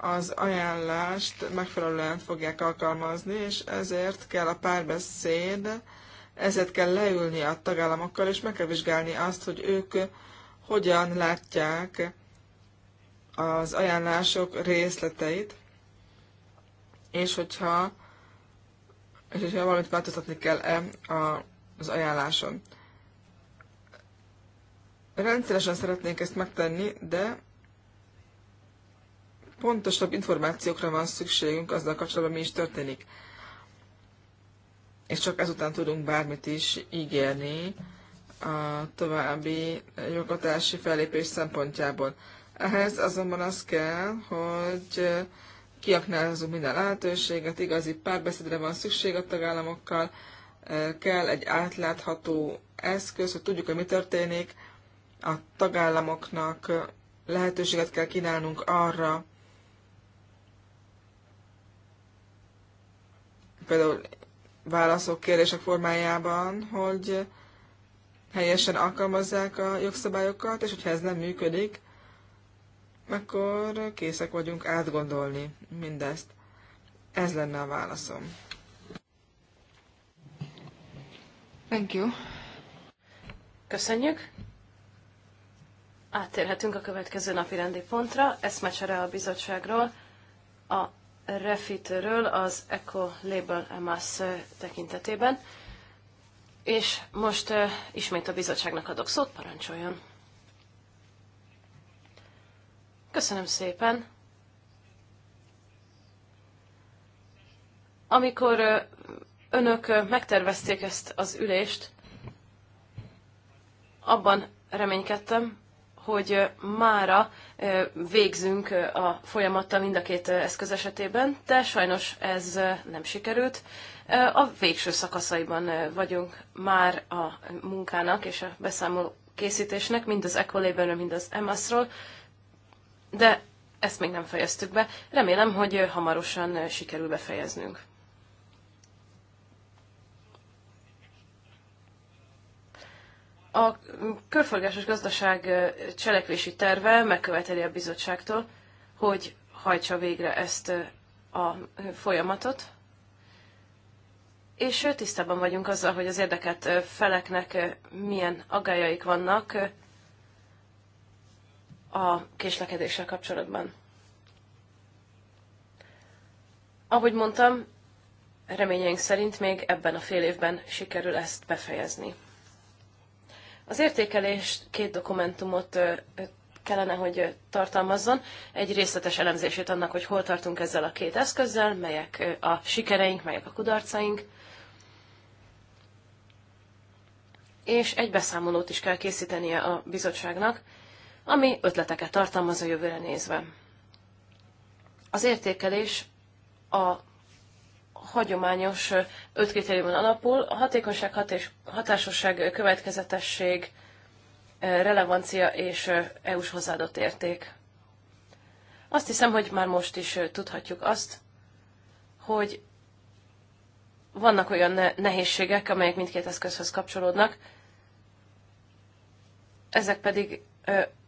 az ajánlást megfelelően fogják alkalmazni, és ezért kell a párbeszéd, ezért kell leülni a tagállamokkal, és meg kell vizsgálni azt, hogy ők hogyan látják az ajánlások részleteit, és hogyha, és hogyha valamit változtatni kell-e az ajánláson. Rendszeresen szeretnénk ezt megtenni, de pontosabb információkra van szükségünk azzal kapcsolatban, mi is történik. És csak ezután tudunk bármit is ígérni a további jogatási fellépés szempontjából. Ehhez azonban az kell, hogy kiaknázunk minden lehetőséget, igazi párbeszédre van szükség a tagállamokkal, kell egy átlátható eszköz, hogy tudjuk, hogy mi történik, a tagállamoknak lehetőséget kell kínálnunk arra, például válaszok, kérések formájában, hogy helyesen alkalmazzák a jogszabályokat, és hogyha ez nem működik, akkor készek vagyunk átgondolni mindezt. Ez lenne a válaszom. Thank you. Köszönjük. Áttérhetünk a következő napi rendi pontra, eszmecsere a bizottságról, a refitről, az Eco Label MS tekintetében. És most uh, ismét a bizottságnak adok szót, parancsoljon. Köszönöm szépen. Amikor önök megtervezték ezt az ülést, abban reménykedtem, hogy mára végzünk a folyamattal mind a két eszköz esetében, de sajnos ez nem sikerült. A végső szakaszaiban vagyunk már a munkának és a beszámoló készítésnek, mind az Ecolabelről, mind az emas de ezt még nem fejeztük be. Remélem, hogy hamarosan sikerül befejeznünk. A körforgásos gazdaság cselekvési terve megköveteli a bizottságtól, hogy hajtsa végre ezt a folyamatot, és tisztában vagyunk azzal, hogy az érdekelt feleknek milyen agályaik vannak, a késlekedéssel kapcsolatban. Ahogy mondtam, reményeink szerint még ebben a fél évben sikerül ezt befejezni. Az értékelés két dokumentumot kellene, hogy tartalmazzon. Egy részletes elemzését annak, hogy hol tartunk ezzel a két eszközzel, melyek a sikereink, melyek a kudarcaink. És egy beszámolót is kell készítenie a bizottságnak, ami ötleteket tartalmaz a jövőre nézve. Az értékelés a hagyományos öt kritériumon alapul, a hatékonyság, hatás, hatásosság, következetesség, relevancia és EU-s hozzáadott érték. Azt hiszem, hogy már most is tudhatjuk azt, hogy vannak olyan nehézségek, amelyek mindkét eszközhöz kapcsolódnak, ezek pedig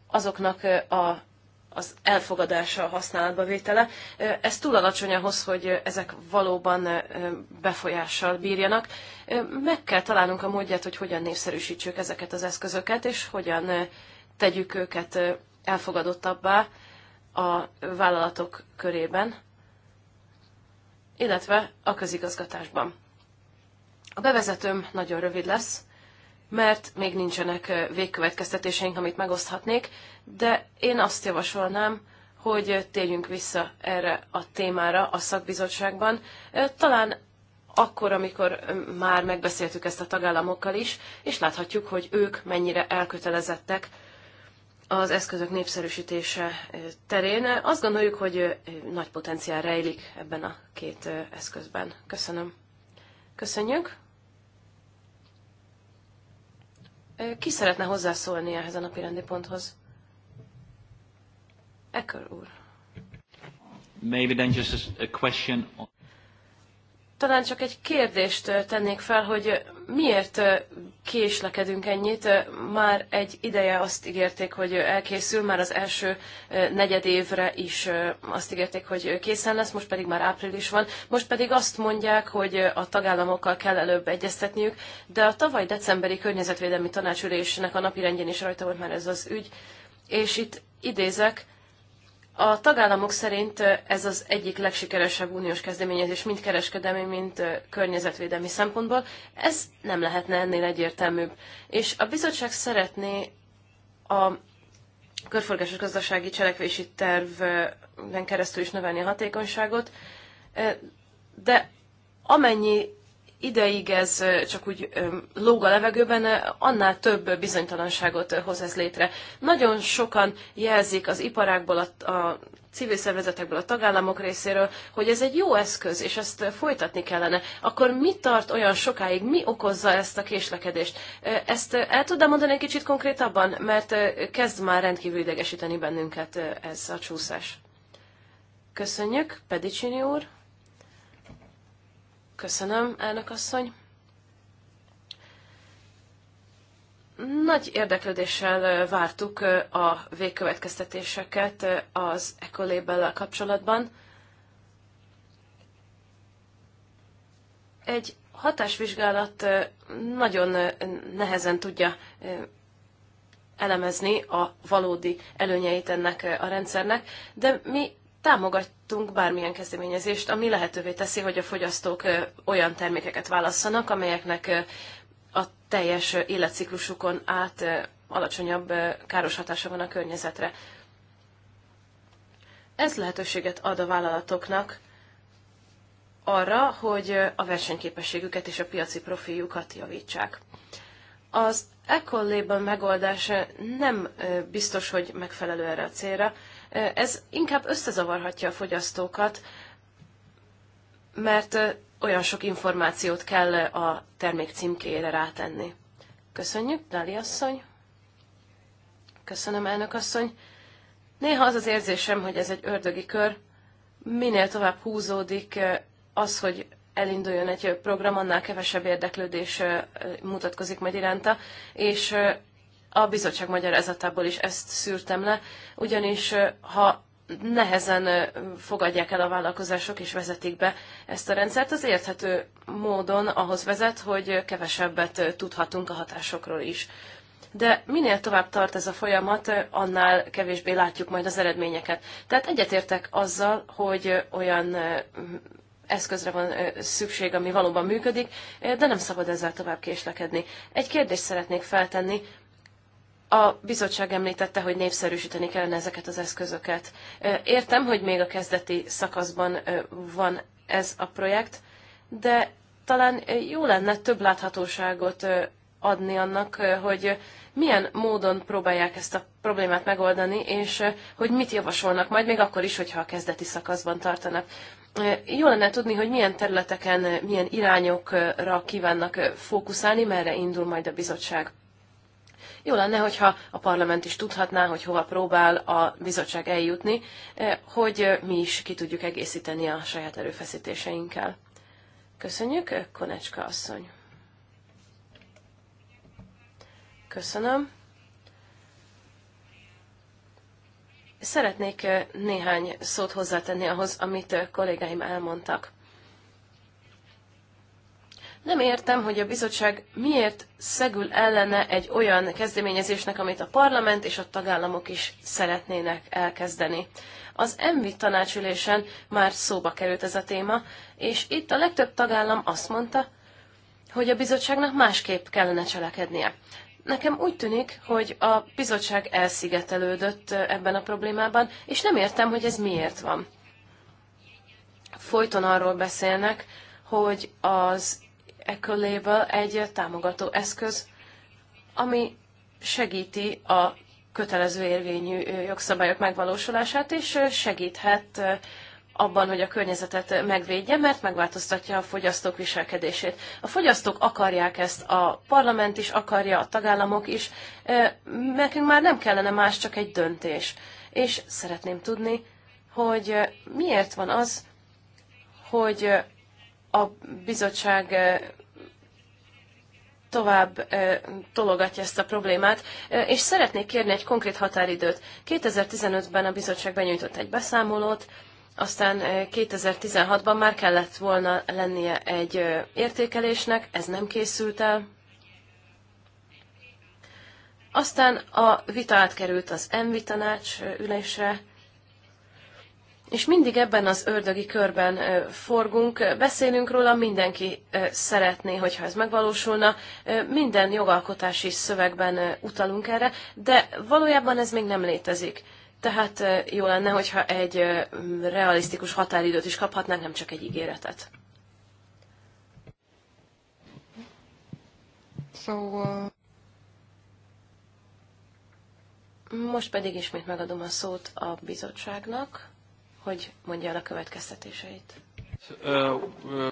azoknak a, az elfogadása, a használatba vétele. Ez túl alacsony ahhoz, hogy ezek valóban befolyással bírjanak. Meg kell találnunk a módját, hogy hogyan népszerűsítsük ezeket az eszközöket, és hogyan tegyük őket elfogadottabbá a vállalatok körében, illetve a közigazgatásban. A bevezetőm nagyon rövid lesz mert még nincsenek végkövetkeztetéseink, amit megoszthatnék, de én azt javasolnám, hogy térjünk vissza erre a témára a szakbizottságban. Talán akkor, amikor már megbeszéltük ezt a tagállamokkal is, és láthatjuk, hogy ők mennyire elkötelezettek az eszközök népszerűsítése terén. Azt gondoljuk, hogy nagy potenciál rejlik ebben a két eszközben. Köszönöm. Köszönjük. Ki szeretne hozzászólni ehhez a napi rendi ponthoz? Ekör úr. Maybe then just a question on... Talán csak egy kérdést tennék fel, hogy miért késlekedünk ennyit? Már egy ideje azt ígérték, hogy elkészül, már az első negyed évre is azt ígérték, hogy készen lesz, most pedig már április van. Most pedig azt mondják, hogy a tagállamokkal kell előbb egyeztetniük, de a tavaly decemberi környezetvédelmi tanácsülésnek a napirendjén is rajta volt már ez az ügy, és itt idézek, a tagállamok szerint ez az egyik legsikeresebb uniós kezdeményezés mind kereskedelmi, mind környezetvédelmi szempontból. Ez nem lehetne ennél egyértelműbb. És a bizottság szeretné a körforgásos gazdasági cselekvési tervben keresztül is növelni a hatékonyságot, de amennyi ideig ez csak úgy lóg a levegőben, annál több bizonytalanságot hoz ez létre. Nagyon sokan jelzik az iparákból, a, a civil szervezetekből, a tagállamok részéről, hogy ez egy jó eszköz, és ezt folytatni kellene. Akkor mi tart olyan sokáig, mi okozza ezt a késlekedést? Ezt el tudnám mondani egy kicsit konkrétabban, mert kezd már rendkívül idegesíteni bennünket ez a csúszás. Köszönjük, Pedicsini úr! Köszönöm, elnök asszony. Nagy érdeklődéssel vártuk a végkövetkeztetéseket az ecolabel kapcsolatban. Egy hatásvizsgálat nagyon nehezen tudja elemezni a valódi előnyeit ennek a rendszernek, de mi támogattunk bármilyen kezdeményezést, ami lehetővé teszi, hogy a fogyasztók olyan termékeket válasszanak, amelyeknek a teljes életciklusukon át alacsonyabb káros hatása van a környezetre. Ez lehetőséget ad a vállalatoknak arra, hogy a versenyképességüket és a piaci profiljukat javítsák. Az Ecolabel megoldás nem biztos, hogy megfelelő erre a célra, ez inkább összezavarhatja a fogyasztókat, mert olyan sok információt kell a termék címkére rátenni. Köszönjük, Dali asszony. Köszönöm, elnök asszony. Néha az az érzésem, hogy ez egy ördögi kör. Minél tovább húzódik az, hogy elinduljon egy program, annál kevesebb érdeklődés mutatkozik majd iránta, és a bizottság magyarázatából is ezt szűrtem le, ugyanis ha nehezen fogadják el a vállalkozások és vezetik be ezt a rendszert, az érthető módon ahhoz vezet, hogy kevesebbet tudhatunk a hatásokról is. De minél tovább tart ez a folyamat, annál kevésbé látjuk majd az eredményeket. Tehát egyetértek azzal, hogy olyan eszközre van szükség, ami valóban működik, de nem szabad ezzel tovább késlekedni. Egy kérdést szeretnék feltenni, a bizottság említette, hogy népszerűsíteni kellene ezeket az eszközöket. Értem, hogy még a kezdeti szakaszban van ez a projekt, de talán jó lenne több láthatóságot adni annak, hogy milyen módon próbálják ezt a problémát megoldani, és hogy mit javasolnak majd, még akkor is, hogyha a kezdeti szakaszban tartanak. Jó lenne tudni, hogy milyen területeken, milyen irányokra kívánnak fókuszálni, merre indul majd a bizottság. Jó lenne, hogyha a parlament is tudhatná, hogy hova próbál a bizottság eljutni, eh, hogy eh, mi is ki tudjuk egészíteni a saját erőfeszítéseinkkel. Köszönjük, eh, Konecska asszony. Köszönöm. Szeretnék néhány szót hozzátenni ahhoz, amit kollégáim elmondtak. Nem értem, hogy a bizottság miért szegül ellene egy olyan kezdeményezésnek, amit a parlament és a tagállamok is szeretnének elkezdeni. Az MVI tanácsülésen már szóba került ez a téma, és itt a legtöbb tagállam azt mondta, hogy a bizottságnak másképp kellene cselekednie. Nekem úgy tűnik, hogy a bizottság elszigetelődött ebben a problémában, és nem értem, hogy ez miért van. Folyton arról beszélnek, hogy az Ecolabel egy támogató eszköz, ami segíti a kötelező érvényű jogszabályok megvalósulását, és segíthet abban, hogy a környezetet megvédje, mert megváltoztatja a fogyasztók viselkedését. A fogyasztók akarják ezt, a parlament is akarja, a tagállamok is. Nekünk már nem kellene más, csak egy döntés. És szeretném tudni, hogy miért van az, hogy a bizottság tovább tologatja ezt a problémát, és szeretnék kérni egy konkrét határidőt. 2015-ben a bizottság benyújtott egy beszámolót, aztán 2016-ban már kellett volna lennie egy értékelésnek, ez nem készült el. Aztán a vita átkerült az MV tanács ülésre, és mindig ebben az ördögi körben forgunk, beszélünk róla, mindenki szeretné, hogyha ez megvalósulna, minden jogalkotási szövegben utalunk erre, de valójában ez még nem létezik. Tehát jó lenne, hogyha egy realisztikus határidőt is kaphatnánk, nem csak egy ígéretet. So, uh... Most pedig ismét megadom a szót a bizottságnak hogy mondja el a következtetéseit. Uh, uh.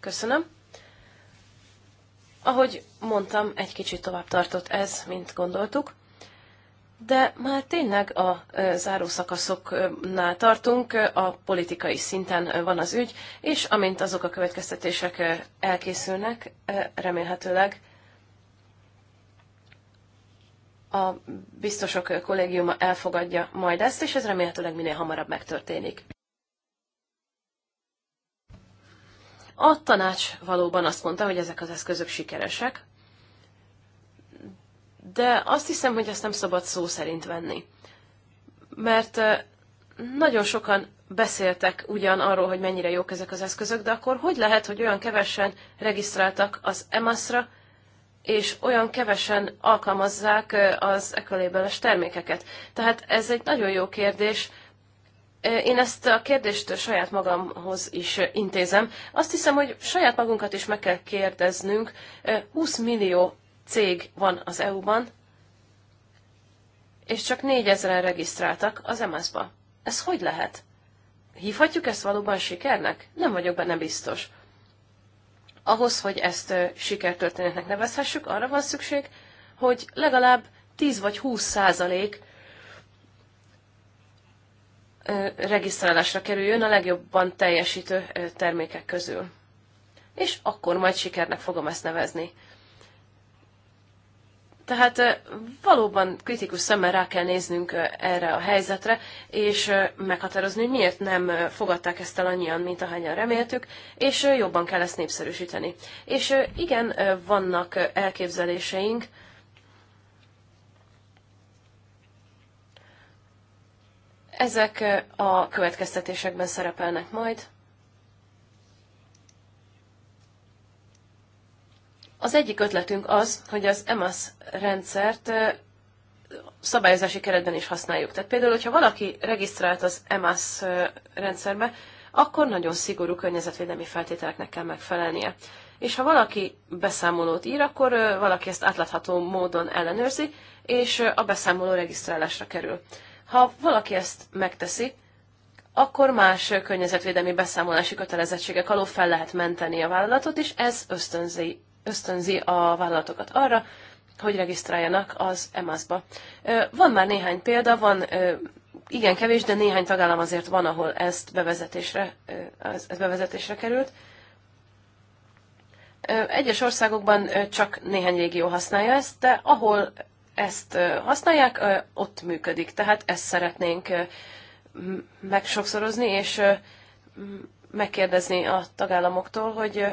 Köszönöm. Ahogy mondtam, egy kicsit tovább tartott ez, mint gondoltuk. De már tényleg a zárószakaszoknál tartunk, a politikai szinten van az ügy, és amint azok a következtetések elkészülnek, remélhetőleg a biztosok kollégiuma elfogadja majd ezt, és ez remélhetőleg minél hamarabb megtörténik. A tanács valóban azt mondta, hogy ezek az eszközök sikeresek, de azt hiszem, hogy ezt nem szabad szó szerint venni. Mert nagyon sokan beszéltek ugyan arról, hogy mennyire jók ezek az eszközök, de akkor hogy lehet, hogy olyan kevesen regisztráltak az EMAS-ra, és olyan kevesen alkalmazzák az ekolébeles termékeket. Tehát ez egy nagyon jó kérdés. Én ezt a kérdést saját magamhoz is intézem. Azt hiszem, hogy saját magunkat is meg kell kérdeznünk. 20 millió cég van az EU-ban, és csak négyezeren regisztráltak az EMAS-ba. Ez hogy lehet? Hívhatjuk ezt valóban sikernek? Nem vagyok benne biztos ahhoz, hogy ezt sikertörténetnek nevezhessük, arra van szükség, hogy legalább 10 vagy 20 százalék regisztrálásra kerüljön a legjobban teljesítő termékek közül. És akkor majd sikernek fogom ezt nevezni. Tehát valóban kritikus szemmel rá kell néznünk erre a helyzetre, és meghatározni, hogy miért nem fogadták ezt el annyian, mint ahányan reméltük, és jobban kell ezt népszerűsíteni. És igen, vannak elképzeléseink, ezek a következtetésekben szerepelnek majd. Az egyik ötletünk az, hogy az EMAS rendszert szabályozási keretben is használjuk. Tehát például, hogyha valaki regisztrált az EMAS rendszerbe, akkor nagyon szigorú környezetvédelmi feltételeknek kell megfelelnie. És ha valaki beszámolót ír, akkor valaki ezt átlátható módon ellenőrzi, és a beszámoló regisztrálásra kerül. Ha valaki ezt megteszi, akkor más környezetvédelmi beszámolási kötelezettségek alól fel lehet menteni a vállalatot, és ez ösztönzi ösztönzi a vállalatokat arra, hogy regisztráljanak az EMAS-ba. Van már néhány példa, van igen kevés, de néhány tagállam azért van, ahol ezt bevezetésre, ez bevezetésre került. Egyes országokban csak néhány régió használja ezt, de ahol ezt használják, ott működik. Tehát ezt szeretnénk megsokszorozni, és megkérdezni a tagállamoktól, hogy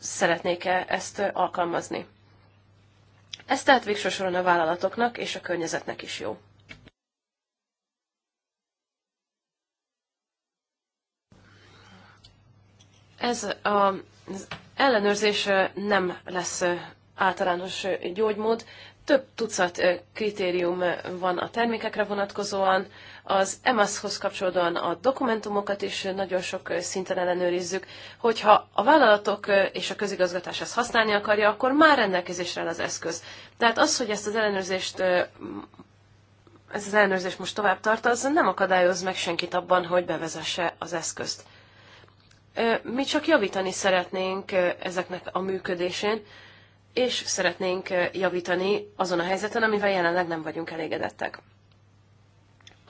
szeretnék-e ezt alkalmazni. Ez tehát végső soron a vállalatoknak és a környezetnek is jó. Ez a, az ellenőrzés nem lesz általános gyógymód. Több tucat kritérium van a termékekre vonatkozóan, az EMAS-hoz kapcsolódóan a dokumentumokat is nagyon sok szinten ellenőrizzük. Hogyha a vállalatok és a közigazgatás ezt használni akarja, akkor már rendelkezésre áll az eszköz. Tehát az, hogy ezt az ellenőrzést ez az ellenőrzés most tovább tart, az nem akadályoz meg senkit abban, hogy bevezesse az eszközt. Mi csak javítani szeretnénk ezeknek a működésén, és szeretnénk javítani azon a helyzeten, amivel jelenleg nem vagyunk elégedettek.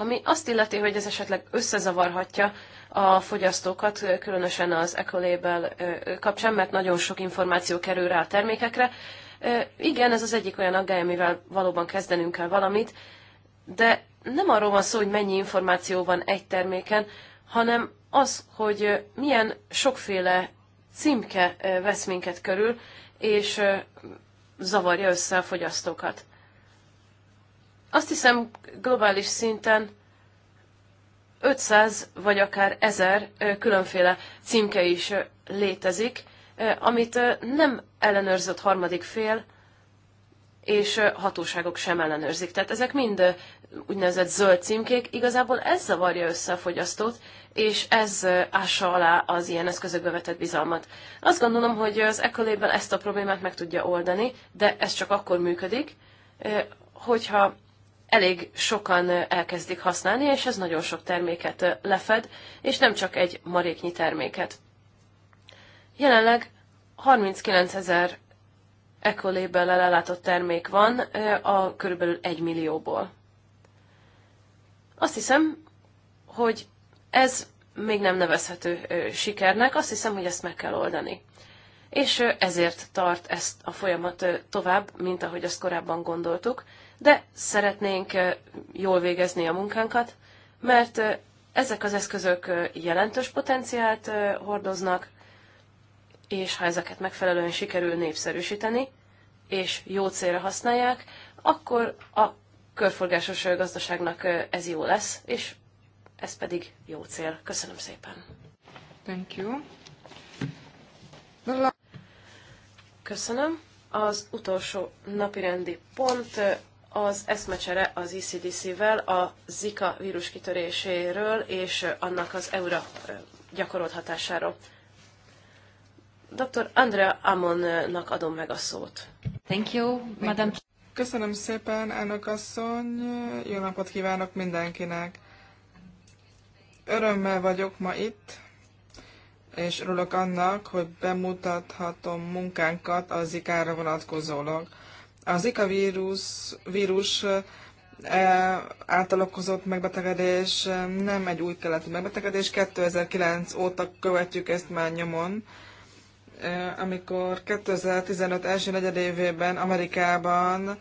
Ami azt illeti, hogy ez esetleg összezavarhatja a fogyasztókat, különösen az ecolabel kapcsán, mert nagyon sok információ kerül rá a termékekre. Igen, ez az egyik olyan aggály, amivel valóban kezdenünk kell valamit, de nem arról van szó, hogy mennyi információ van egy terméken, hanem az, hogy milyen sokféle címke vesz minket körül, és zavarja össze a fogyasztókat. Azt hiszem, globális szinten 500 vagy akár 1000 különféle címke is létezik, amit nem ellenőrzött harmadik fél, és hatóságok sem ellenőrzik. Tehát ezek mind úgynevezett zöld címkék, igazából ez zavarja össze a fogyasztót, és ez ássa alá az ilyen eszközökbe vetett bizalmat. Azt gondolom, hogy az ecolabel ezt a problémát meg tudja oldani, de ez csak akkor működik, hogyha elég sokan elkezdik használni, és ez nagyon sok terméket lefed, és nem csak egy maréknyi terméket. Jelenleg 39 ezer ecolabel ellátott termék van a körülbelül 1 millióból. Azt hiszem, hogy ez még nem nevezhető sikernek, azt hiszem, hogy ezt meg kell oldani. És ezért tart ezt a folyamat tovább, mint ahogy azt korábban gondoltuk, de szeretnénk jól végezni a munkánkat, mert ezek az eszközök jelentős potenciált hordoznak, és ha ezeket megfelelően sikerül népszerűsíteni, és jó célra használják, akkor a körforgásos gazdaságnak ez jó lesz, és ez pedig jó cél. Köszönöm szépen. Thank you. Köszönöm. Az utolsó napirendi pont az eszmecsere az icdc e vel a Zika vírus kitöréséről és annak az eura gyakorolt hatásáról. Dr. Andrea Amonnak adom meg a szót. Thank you, madam. Köszönöm szépen, elnök asszony. Jó napot kívánok mindenkinek. Örömmel vagyok ma itt, és örülök annak, hogy bemutathatom munkánkat a zikára vonatkozólag. Az Zika vírus, vírus e, által okozott megbetegedés nem egy új keletű megbetegedés, 2009 óta követjük ezt már nyomon, amikor 2015 első negyedévében Amerikában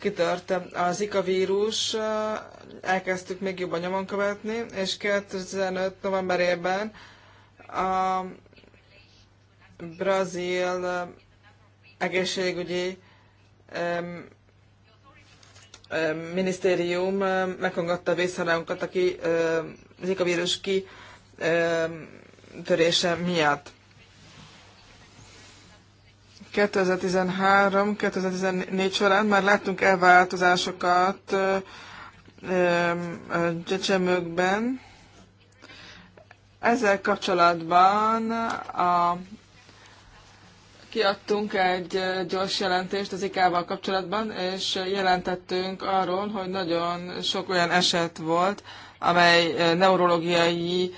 kitört a Zika vírus, elkezdtük még jobban nyomon követni, és 2015 novemberében a brazil egészségügyi minisztérium meghangatta a vészhalálunkat a zika vírus ki törése miatt. 2013-2014 során már láttunk elváltozásokat csecsemőkben. Ezzel kapcsolatban a kiadtunk egy gyors jelentést az IK-val kapcsolatban, és jelentettünk arról, hogy nagyon sok olyan eset volt, amely neurológiai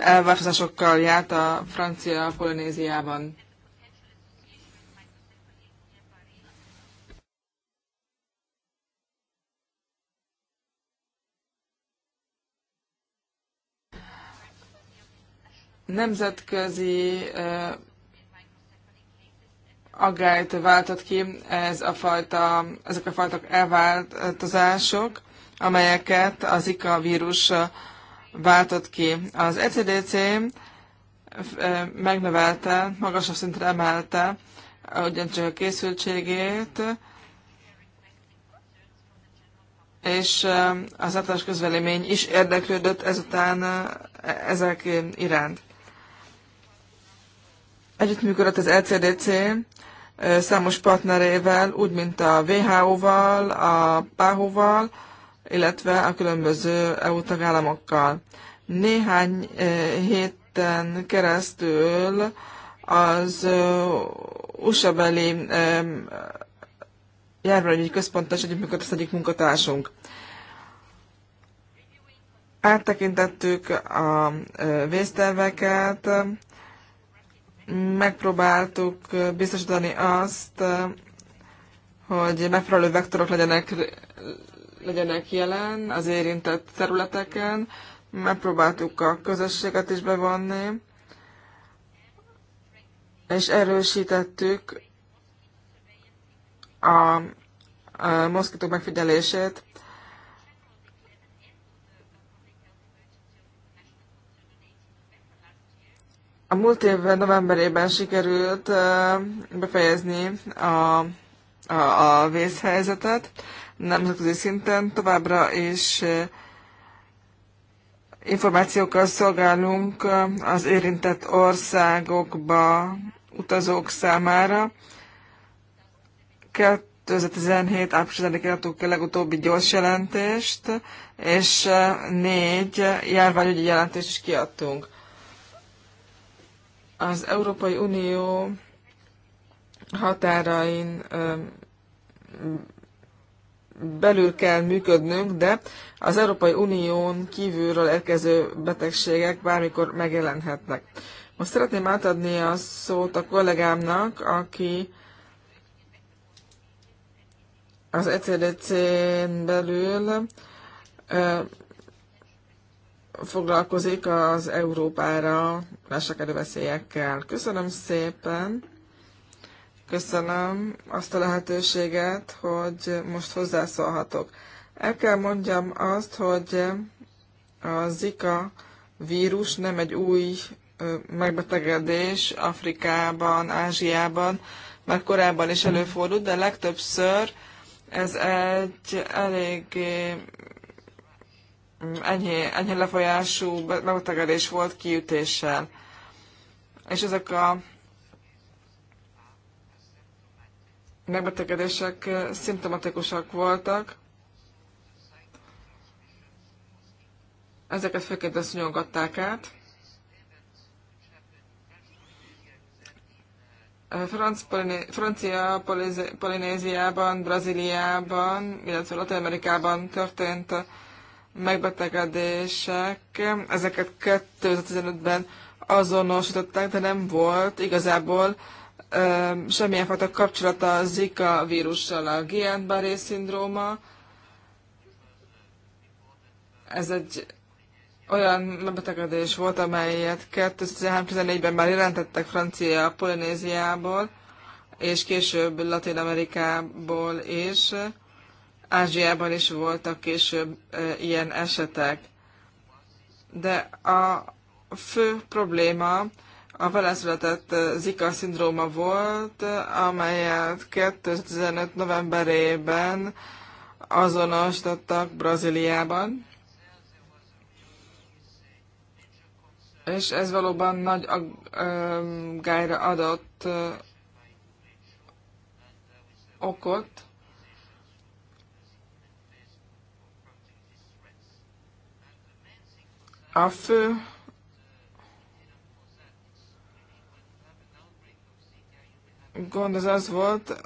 elváltozásokkal járt a francia Polinéziában. Nemzetközi aggályt váltott ki ez a fajta, ezek a fajta elváltozások, amelyeket az Zika vírus váltott ki. Az ECDC megnövelte, magasabb szintre emelte ugyancsak a készültségét, és az általános közvelemény is érdeklődött ezután ezek iránt. Együttműködött az LCDC e számos partnerével, úgy mint a WHO-val, a PAHO-val, illetve a különböző EU tagállamokkal. Néhány héten keresztül az USA-beli járványügyi központos és az egyik munkatársunk. Áttekintettük a vészterveket, megpróbáltuk biztosítani azt, hogy megfelelő vektorok legyenek, legyenek jelen az érintett területeken, megpróbáltuk a közösséget is bevonni, és erősítettük a, a moszkitok megfigyelését A múlt év novemberében sikerült befejezni a, a, a vészhelyzetet nemzetközi szinten. Továbbra is információkkal szolgálunk az érintett országokba utazók számára. 2017. április 1 adtuk a legutóbbi gyors jelentést, és négy járványügyi jelentést is kiadtunk az Európai Unió határain belül kell működnünk, de az Európai Unión kívülről érkező betegségek bármikor megjelenhetnek. Most szeretném átadni a szót a kollégámnak, aki az ECDC-n belül foglalkozik az Európára lesekedő veszélyekkel. Köszönöm szépen! Köszönöm azt a lehetőséget, hogy most hozzászólhatok. El kell mondjam azt, hogy a Zika vírus nem egy új megbetegedés Afrikában, Ázsiában, már korábban is előfordult, de legtöbbször ez egy elég enyhé, enyhé lefolyású megbetegedés volt kiütéssel. És ezek a megbetegedések szimptomatikusak voltak. Ezeket főként szúnyogatták át. Franc, Francia, Polinéziában, Brazíliában, illetve Latin-Amerikában történt megbetegedések, ezeket 2015-ben azonosították, de nem volt igazából ö, semmilyen fajta kapcsolata a Zika vírussal, a Guillain-Barré szindróma. Ez egy olyan betegedés volt, amelyet 2014 ben már jelentettek Francia Polinéziából, és később Latin Amerikából is. És Ázsiában is voltak később ilyen esetek. De a fő probléma a veleszületett Zika szindróma volt, amelyet 2015. novemberében azonosítottak Brazíliában. És ez valóban nagy aggályra adott okot. A fő gond az az volt,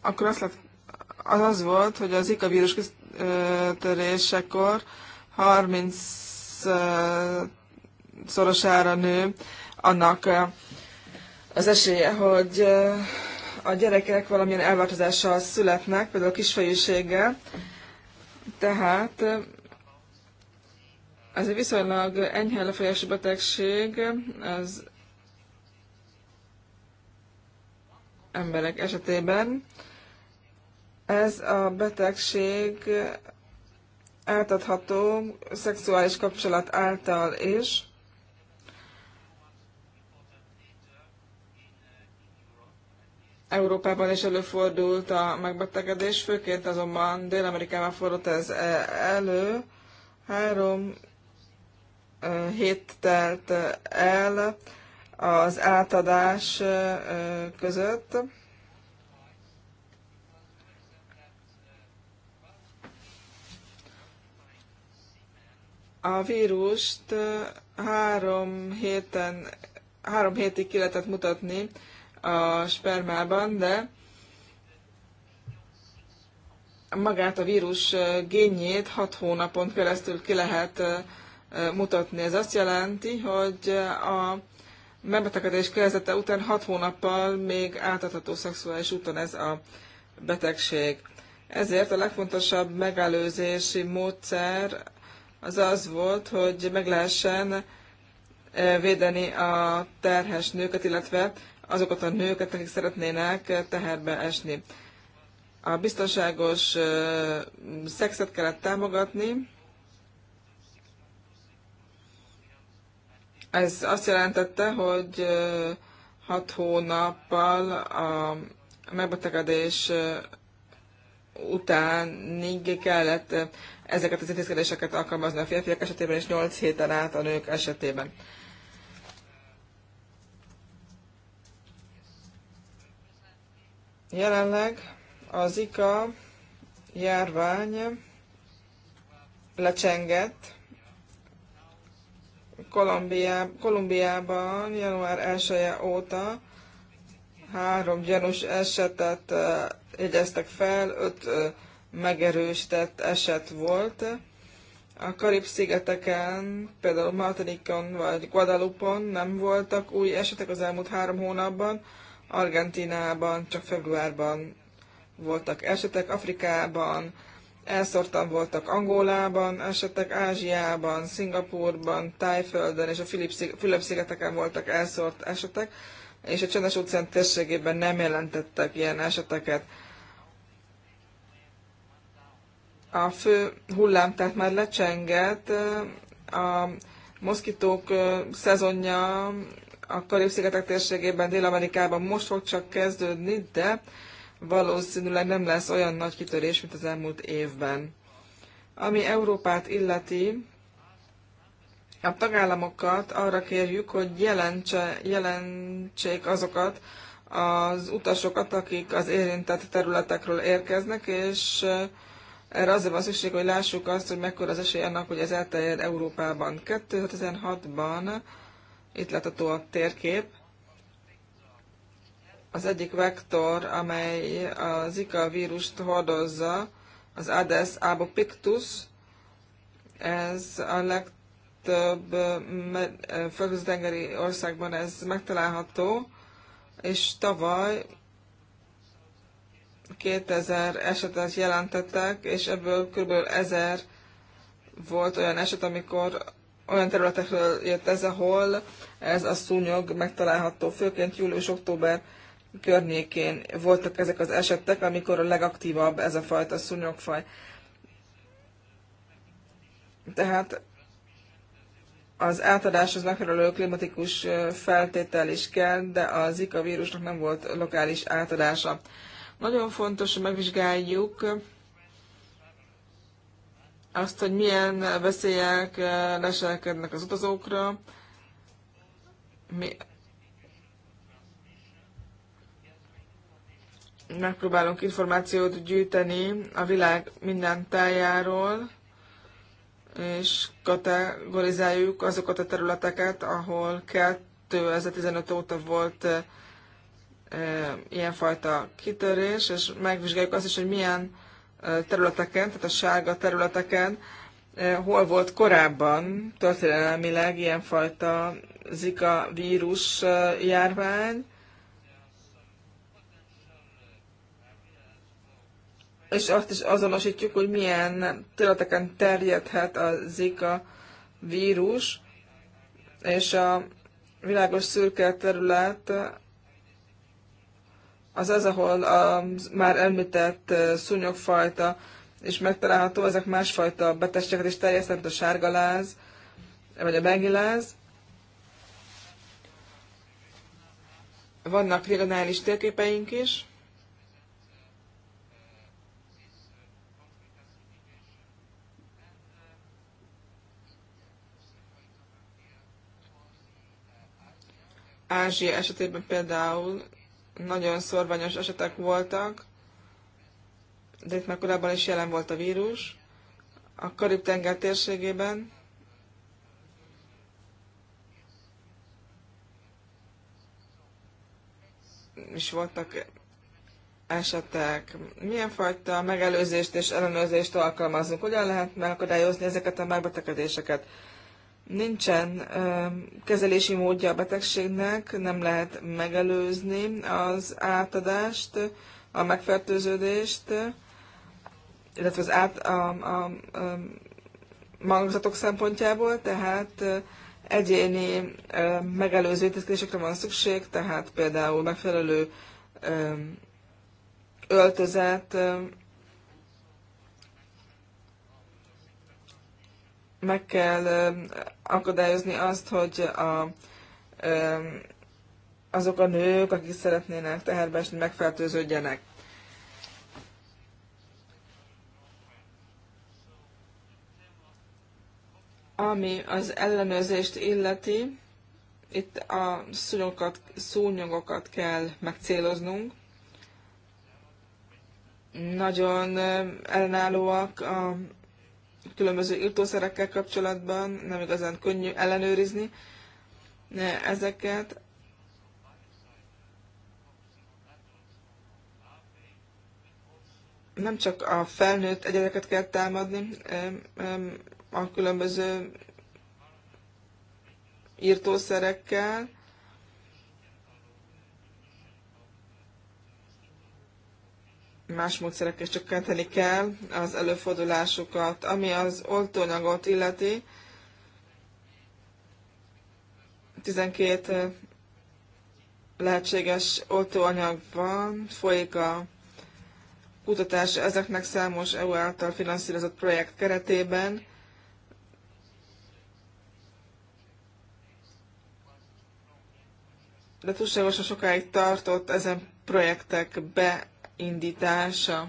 akkor azt lett, az az volt, hogy az Ika vírus kitörésekor 30 szorosára nő annak eh, az esélye, hogy eh, a gyerekek valamilyen elváltozással születnek, például a kisfejűséggel, tehát eh, ez egy viszonylag enyhe lefolyású betegség, az emberek esetében. Ez a betegség átadható szexuális kapcsolat által is. Európában is előfordult a megbetegedés, főként azonban Dél-Amerikában fordult ez eh, elő. Három hét telt el az átadás között. A vírust három héten, három hétig ki lehetett mutatni a spermában, de magát a vírus génjét hat hónapon keresztül ki lehet mutatni. Ez azt jelenti, hogy a megbetegedés kezdete után 6 hónappal még átadható szexuális úton ez a betegség. Ezért a legfontosabb megelőzési módszer az az volt, hogy meg lehessen védeni a terhes nőket, illetve azokat a nőket, akik szeretnének teherbe esni. A biztonságos szexet kellett támogatni, Ez azt jelentette, hogy hat hónappal a megbetegedés utánig kellett ezeket az intézkedéseket alkalmazni a férfiak esetében, és 8 héten át a nők esetében. Jelenleg a Zika járvány lecsengett, Kolumbiá, Kolumbiában január 1 -e óta három gyanús esetet jegyeztek fel, öt megerősített eset volt. A Karib-szigeteken, például Martinikon vagy Guadalupon nem voltak új esetek az elmúlt három hónapban, Argentinában csak februárban voltak esetek, Afrikában Elszortan voltak Angolában, esetek Ázsiában, Szingapurban, Tájföldön és a Fülöp-szigeteken voltak elszort esetek, és a csendes óceán térségében nem jelentettek ilyen eseteket. A fő hullám tehát már lecsengett, a moszkitók szezonja a Karib-szigetek térségében, Dél-Amerikában most fog csak kezdődni, de valószínűleg nem lesz olyan nagy kitörés, mint az elmúlt évben. Ami Európát illeti, a tagállamokat arra kérjük, hogy jelentse, jelentsék azokat az utasokat, akik az érintett területekről érkeznek, és eh, erre azért van szükség, hogy lássuk azt, hogy mekkora az esély annak, hogy ez elterjed Európában. 2016-ban itt látható a térkép, az egyik vektor, amely a Zika vírust hordozza, az Ades abopictus. ez a legtöbb földközi országban ez megtalálható, és tavaly 2000 esetet jelentettek, és ebből kb. 1000 volt olyan eset, amikor olyan területekről jött ez, ahol ez a szúnyog megtalálható, főként július-október környékén voltak ezek az esetek, amikor a legaktívabb ez a fajta szúnyogfaj. Tehát az átadáshoz megfelelő klimatikus feltétel is kell, de a Zika vírusnak nem volt lokális átadása. Nagyon fontos, hogy megvizsgáljuk azt, hogy milyen veszélyek leselkednek az utazókra, mi megpróbálunk információt gyűjteni a világ minden tájáról, és kategorizáljuk azokat a területeket, ahol 2015 óta volt e, ilyenfajta kitörés, és megvizsgáljuk azt is, hogy milyen területeken, tehát a sárga területeken, e, hol volt korábban történelmileg ilyenfajta zika vírus járvány, és azt is azonosítjuk, hogy milyen területeken terjedhet a Zika vírus, és a világos szürke terület az az, ahol a már említett szúnyogfajta és megtalálható, ezek másfajta betegségeket is terjesztett, mint a láz, vagy a bengiláz. Vannak regionális térképeink is, Ázsia esetében például nagyon szorványos esetek voltak, de itt már korábban is jelen volt a vírus. A Karib-tenger térségében is voltak esetek. Milyen fajta megelőzést és ellenőrzést alkalmazunk? Hogyan lehet megakadályozni ezeket a megbetegedéseket? Nincsen kezelési módja a betegségnek, nem lehet megelőzni az átadást, a megfertőződést, illetve az át, a, a, a magzatok szempontjából, tehát egyéni megelőző intézkedésekre van szükség, tehát például megfelelő öltözet, meg kell akadályozni azt, hogy a, azok a nők, akik szeretnének teherbe esni, megfertőződjenek. Ami az ellenőrzést illeti, itt a szúnyogokat, szúnyogokat kell megcéloznunk. Nagyon ellenállóak a különböző írtószerekkel kapcsolatban, nem igazán könnyű ellenőrizni ezeket. Nem csak a felnőtt egyedeket kell támadni, a különböző írtószerekkel, más módszerek is csökkenteni kell az előfordulásukat. Ami az oltóanyagot illeti, 12 eh, lehetséges oltóanyag van, folyik a kutatás ezeknek számos EU által finanszírozott projekt keretében. De túlságosan sokáig tartott ezen projektek be indítása.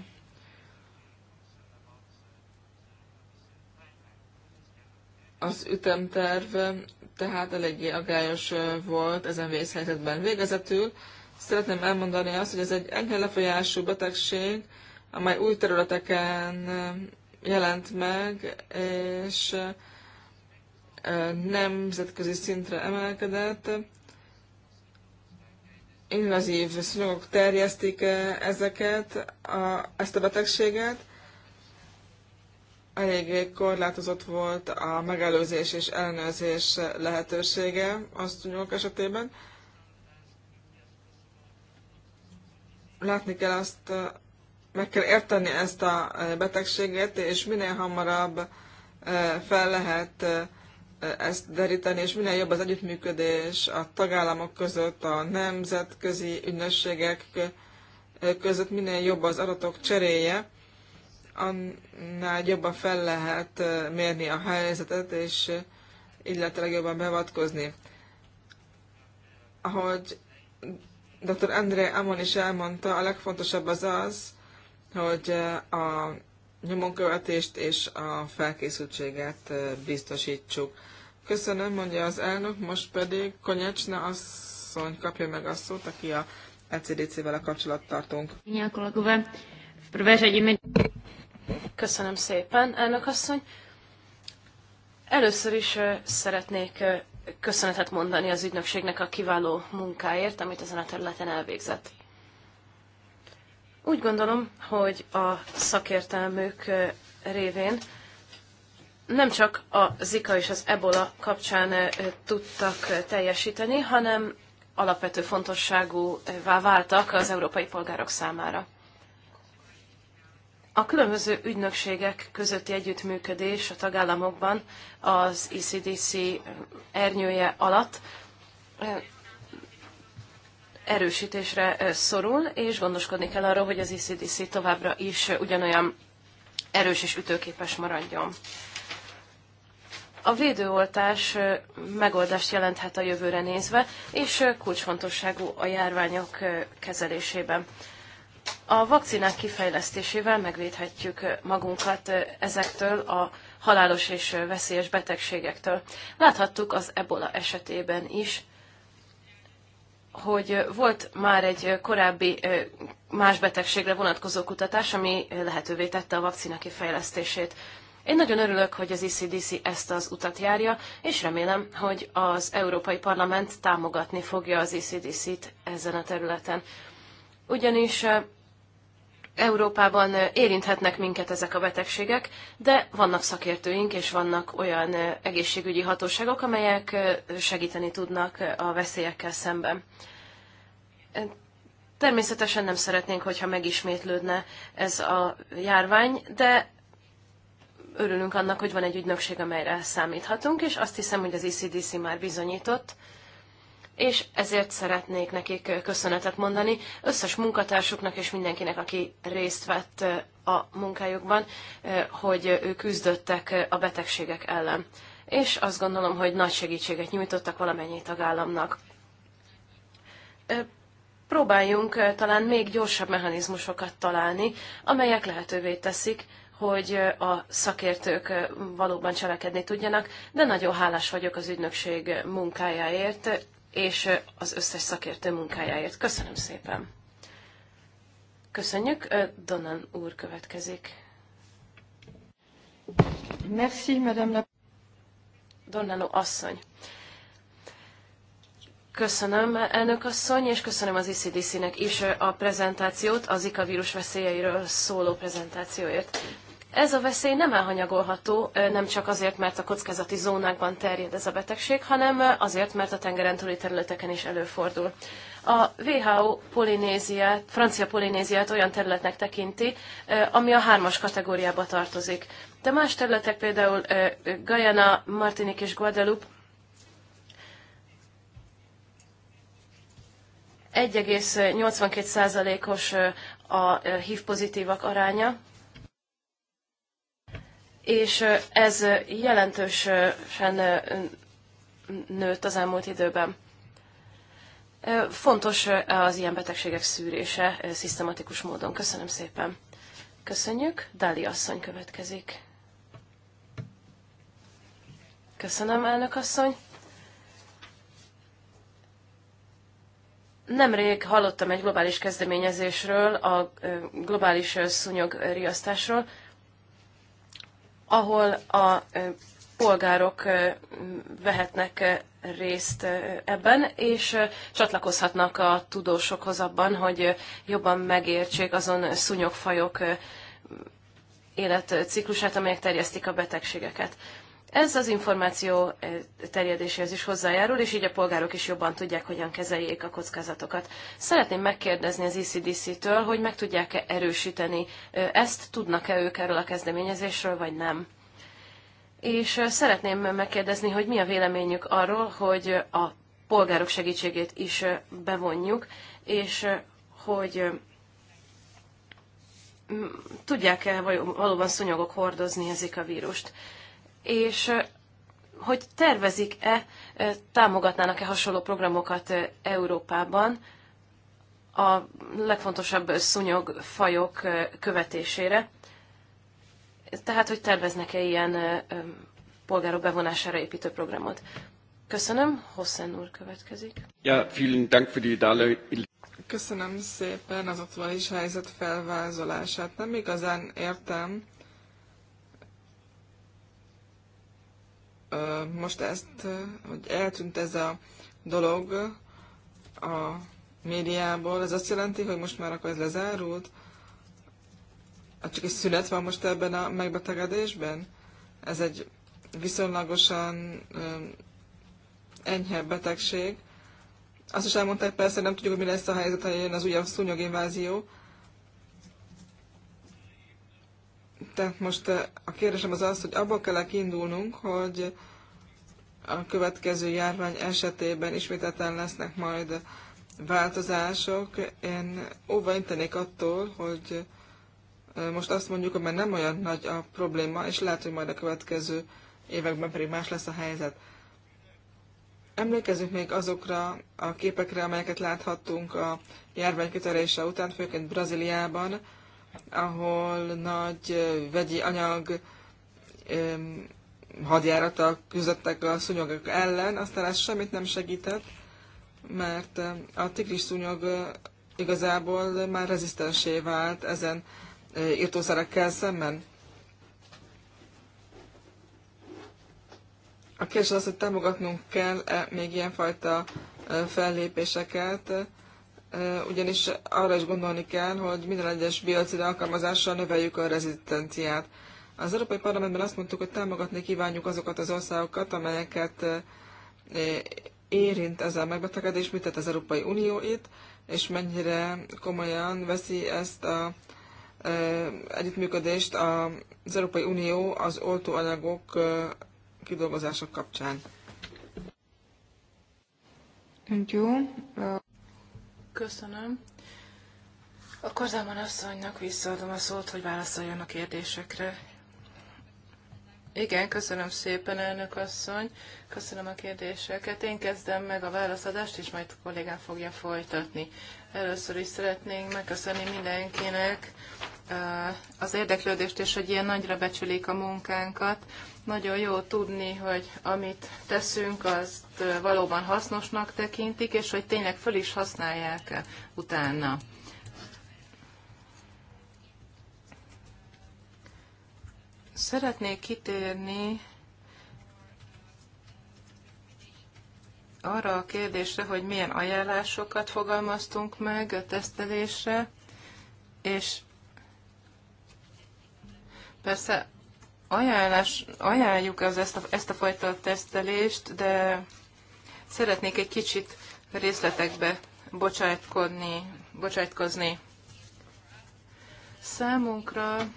Az ütemterv tehát eléggé agályos volt ezen vészhelyzetben. Végezetül szeretném elmondani azt, hogy ez egy enyhe lefolyású betegség, amely új területeken jelent meg, és nemzetközi szintre emelkedett invazív szúnyogok terjesztik eh, ezeket, a, ezt a betegséget. Elég korlátozott volt a megelőzés és ellenőrzés lehetősége a szúnyogok esetében. Látni kell azt, eh, meg kell érteni ezt a eh, betegséget, és minél hamarabb fel lehet ezt deríteni, és minél jobb az együttműködés a tagállamok között, a nemzetközi ügynösségek között, minél jobb az adatok cseréje, annál jobban fel lehet mérni a helyzetet, és illetve jobban beavatkozni. Ahogy dr. André Amon is elmondta, a legfontosabb az az, hogy a nyomonkövetést és a felkészültséget biztosítsuk. Köszönöm, mondja az elnök, most pedig Konyecsna asszony kapja meg a szót, aki a ECDC-vel a tartunk. Köszönöm szépen, elnök asszony. Először is szeretnék köszönetet mondani az ügynökségnek a kiváló munkáért, amit ezen a területen elvégzett. Úgy gondolom, hogy a szakértelmük révén nem csak a Zika és az Ebola kapcsán tudtak teljesíteni, hanem alapvető fontosságúvá váltak az európai polgárok számára. A különböző ügynökségek közötti együttműködés a tagállamokban az ECDC ernyője alatt erősítésre szorul, és gondoskodni kell arról, hogy az ECDC továbbra is ugyanolyan erős és ütőképes maradjon. A védőoltás megoldást jelenthet a jövőre nézve, és kulcsfontosságú a járványok kezelésében. A vakcinák kifejlesztésével megvédhetjük magunkat ezektől a halálos és veszélyes betegségektől. Láthattuk az ebola esetében is, hogy volt már egy korábbi más betegségre vonatkozó kutatás, ami lehetővé tette a vakcina kifejlesztését. Én nagyon örülök, hogy az ECDC ezt az utat járja, és remélem, hogy az Európai Parlament támogatni fogja az ECDC-t ezen a területen. Ugyanis Európában érinthetnek minket ezek a betegségek, de vannak szakértőink és vannak olyan egészségügyi hatóságok, amelyek segíteni tudnak a veszélyekkel szemben. Természetesen nem szeretnénk, hogyha megismétlődne ez a járvány, de örülünk annak, hogy van egy ügynökség, amelyre számíthatunk, és azt hiszem, hogy az ICDC e már bizonyított, és ezért szeretnék nekik köszönetet mondani, összes munkatársuknak és mindenkinek, aki részt vett a munkájukban, hogy ők küzdöttek a betegségek ellen. És azt gondolom, hogy nagy segítséget nyújtottak valamennyi tagállamnak. Próbáljunk talán még gyorsabb mechanizmusokat találni, amelyek lehetővé teszik, hogy a szakértők valóban cselekedni tudjanak, de nagyon hálás vagyok az ügynökség munkájáért, és az összes szakértő munkájáért. Köszönöm szépen! Köszönjük, Donan úr következik. Merci, Madame la... Donnano asszony. Köszönöm, elnök asszony, és köszönöm az ICDC-nek is a prezentációt, az Zika vírus veszélyeiről szóló prezentációért. Ez a veszély nem elhanyagolható, nem csak azért, mert a kockázati zónákban terjed ez a betegség, hanem azért, mert a tengeren túli területeken is előfordul. A WHO Polinéziát, francia Polinéziát olyan területnek tekinti, ami a hármas kategóriába tartozik. De más területek, például Guyana, Martinique és Guadeloupe, 1,82%-os a HIV pozitívak aránya, és ez jelentősen nőtt az elmúlt időben. Fontos az ilyen betegségek szűrése szisztematikus módon. Köszönöm szépen. Köszönjük. Dali asszony következik. Köszönöm, elnök asszony. Nemrég hallottam egy globális kezdeményezésről, a globális szúnyog riasztásról, ahol a polgárok vehetnek részt ebben, és csatlakozhatnak a tudósokhoz abban, hogy jobban megértsék azon szúnyogfajok életciklusát, amelyek terjesztik a betegségeket. Ez az információ eh, terjedéséhez is hozzájárul, és így a polgárok is jobban tudják, hogyan kezeljék a kockázatokat. Szeretném megkérdezni az ECDC-től, hogy meg tudják-e erősíteni eh, ezt, tudnak-e ők erről a kezdeményezésről, vagy nem. És eh, szeretném megkérdezni, hogy mi a véleményük arról, hogy a polgárok segítségét is bevonjuk, és hogy tudják-e valóban szúnyogok hordozni ezik a vírust és hogy tervezik-e, támogatnának-e hasonló programokat Európában a legfontosabb szúnyogfajok követésére. Tehát, hogy terveznek-e ilyen polgárok bevonására építő programot. Köszönöm, Hossen úr következik. Ja, vielen Dank für die Darle Köszönöm szépen az aktuális helyzet felvázolását. Nem igazán értem, most ezt, hogy eltűnt ez a dolog a médiából, ez azt jelenti, hogy most már akkor ez lezárult? Hát csak egy szünet van most ebben a megbetegedésben? Ez egy viszonylagosan enyhebb betegség. Azt is elmondták persze, nem tudjuk, hogy mi lesz a helyzet, ha jön az újabb szúnyoginvázió, Tehát most eh, a kérdésem az az, hogy abból kell kiindulnunk, hogy a következő járvány esetében ismételten lesznek majd változások. Én óva intenék attól, hogy eh, most azt mondjuk, hogy már nem olyan nagy a probléma, és lehet, hogy majd a következő években pedig más lesz a helyzet. Emlékezzünk még azokra a képekre, amelyeket láthattunk a járvány kitörése után, főként Brazíliában, ahol nagy vegyi anyag hadjárata küzdöttek a szúnyogok ellen, aztán ez semmit nem segített, mert a tigris szúnyog igazából már rezisztensé vált ezen írtószerekkel szemben. A kérdés az, hogy támogatnunk kell -e még ilyenfajta fellépéseket, ugyanis arra is gondolni kell, hogy minden egyes biocid alkalmazással növeljük a rezisztenciát. Az Európai Parlamentben azt mondtuk, hogy támogatni kívánjuk azokat az országokat, amelyeket érint ez a megbetegedés, mit tett az Európai Unió itt, és mennyire komolyan veszi ezt a együttműködést az Európai Unió az oltóanyagok kidolgozása kapcsán. Thank you. Köszönöm. Akkor Zaman asszonynak visszaadom a szót, hogy válaszoljon a kérdésekre. Igen, köszönöm szépen, elnök asszony. Köszönöm a kérdéseket. Én kezdem meg a válaszadást, és majd a kollégám fogja folytatni. Először is szeretnénk megköszönni mindenkinek uh, az érdeklődést, és hogy ilyen nagyra becsülik a munkánkat. Nagyon jó tudni, hogy amit teszünk, azt valóban hasznosnak tekintik, és hogy tényleg föl is használják utána. Szeretnék kitérni arra a kérdésre, hogy milyen ajánlásokat fogalmaztunk meg a tesztelésre, és persze ajánlás, ajánljuk az ezt a, ezt a fajta tesztelést, de szeretnék egy kicsit részletekbe bocsájtkodni, bocsájtkozni. Számunkra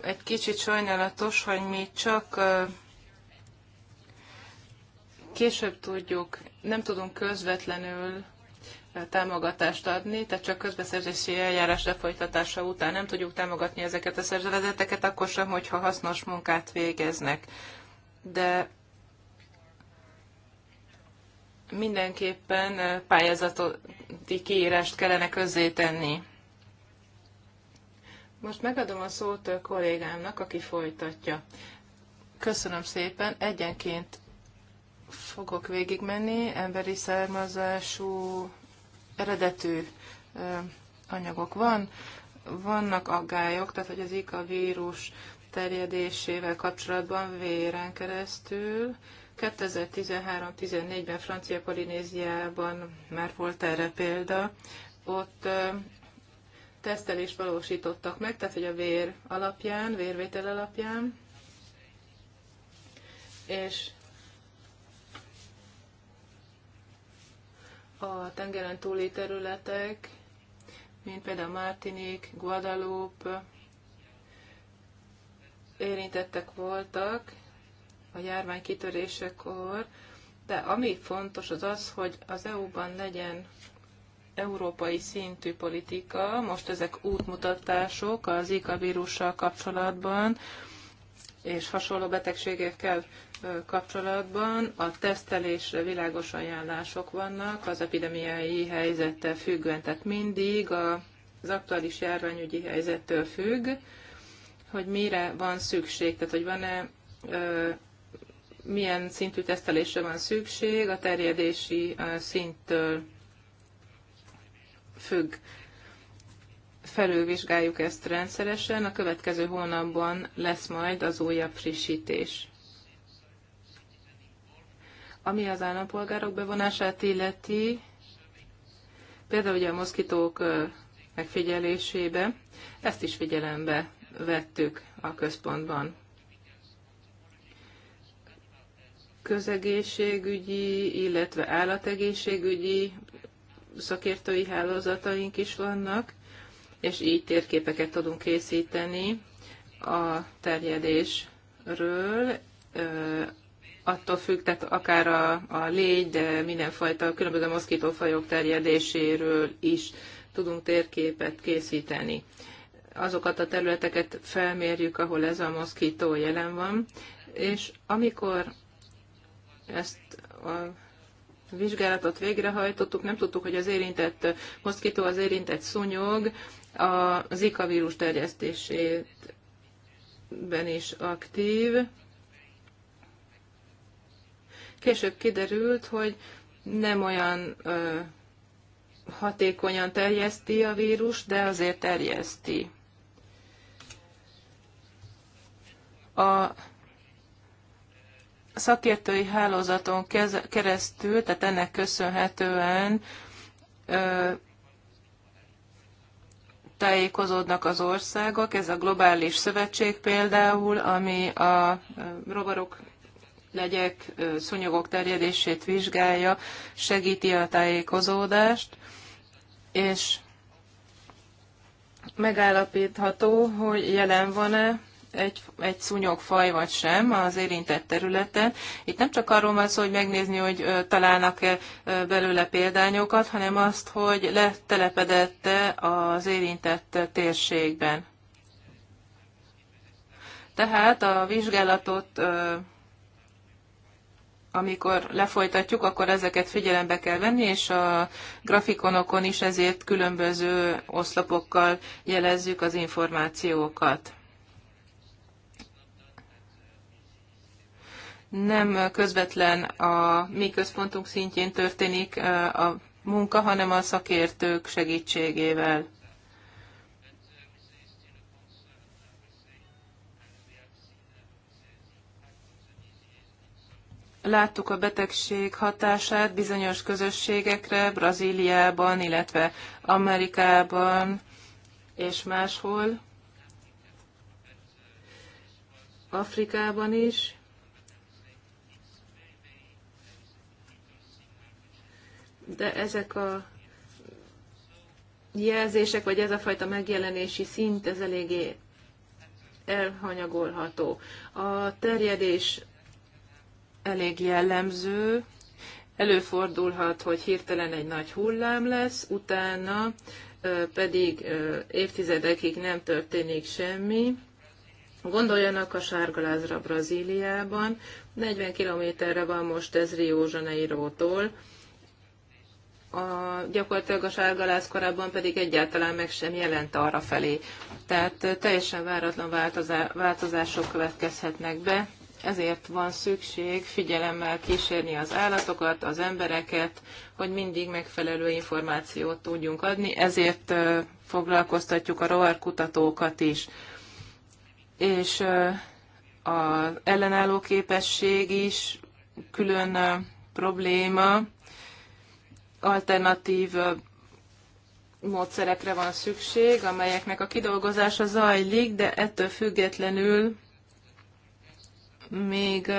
egy kicsit sajnálatos, hogy mi csak később tudjuk, nem tudunk közvetlenül támogatást adni, tehát csak közbeszerzési eljárás lefolytatása után nem tudjuk támogatni ezeket a szervezeteket, akkor sem, hogyha hasznos munkát végeznek. De mindenképpen eh, pályázati kiírást kellene közzétenni. Most megadom a szót a eh, kollégámnak, aki folytatja. Köszönöm szépen. Egyenként fogok végigmenni, emberi származású eredetű anyagok van, vannak aggályok, tehát hogy az IKA vírus terjedésével kapcsolatban véren keresztül. 2013-14-ben Francia Polinéziában már volt erre példa, ott tesztelést valósítottak meg, tehát hogy a vér alapján, vérvétel alapján, és a tengeren túli területek, mint például Martinik, Guadalupe érintettek voltak a járvány kitörésekor, de ami fontos az az, hogy az EU-ban legyen európai szintű politika, most ezek útmutatások az Zika vírussal kapcsolatban, és hasonló betegségekkel kapcsolatban a tesztelésre világos ajánlások vannak az epidemiai helyzettel függően, tehát mindig az aktuális járványügyi helyzettől függ, hogy mire van szükség, tehát hogy van-e milyen szintű tesztelésre van szükség, a terjedési szinttől függ. Felülvizsgáljuk ezt rendszeresen, a következő hónapban lesz majd az újabb frissítés. Ami az állampolgárok bevonását illeti, például ugye a moszkitók megfigyelésébe, ezt is figyelembe vettük a központban. Közegészségügyi, illetve állategészségügyi szakértői hálózataink is vannak, és így térképeket tudunk készíteni a terjedésről, attól függ, tehát akár a, a légy, de mindenfajta különböző moszkítófajok terjedéséről is tudunk térképet készíteni. Azokat a területeket felmérjük, ahol ez a moszkító jelen van, és amikor ezt a vizsgálatot végrehajtottuk, nem tudtuk, hogy az érintett moszkító, az érintett szúnyog a Zika vírus ben is aktív, Később kiderült, hogy nem olyan ö, hatékonyan terjeszti a vírus, de azért terjeszti. A szakértői hálózaton keresztül, tehát ennek köszönhetően ö, tájékozódnak az országok. Ez a globális szövetség például, ami a rovarok legyek, szúnyogok terjedését vizsgálja, segíti a tájékozódást, és megállapítható, hogy jelen van-e egy, egy szúnyogfaj vagy sem az érintett területen. Itt nem csak arról van szó, hogy megnézni, hogy találnak-e belőle példányokat, hanem azt, hogy letelepedette az érintett térségben. Tehát a vizsgálatot amikor lefolytatjuk, akkor ezeket figyelembe kell venni, és a grafikonokon is ezért különböző oszlopokkal jelezzük az információkat. Nem közvetlen a mi központunk szintjén történik a munka, hanem a szakértők segítségével. láttuk a betegség hatását bizonyos közösségekre, Brazíliában, illetve Amerikában és máshol, Afrikában is. De ezek a jelzések, vagy ez a fajta megjelenési szint, ez eléggé elhanyagolható. A terjedés elég jellemző. Előfordulhat, hogy hirtelen egy nagy hullám lesz, utána pedig évtizedekig nem történik semmi. Gondoljanak a sárgalázra Brazíliában, 40 kilométerre van most ez Rio Janeiro-tól, a, gyakorlatilag a sárgaláz korábban pedig egyáltalán meg sem jelent arra felé. Tehát teljesen váratlan változá, változások következhetnek be, ezért van szükség figyelemmel kísérni az állatokat, az embereket, hogy mindig megfelelő információt tudjunk adni, ezért foglalkoztatjuk a rovarkutatókat is. És az ellenálló képesség is külön probléma, alternatív módszerekre van szükség, amelyeknek a kidolgozása zajlik, de ettől függetlenül még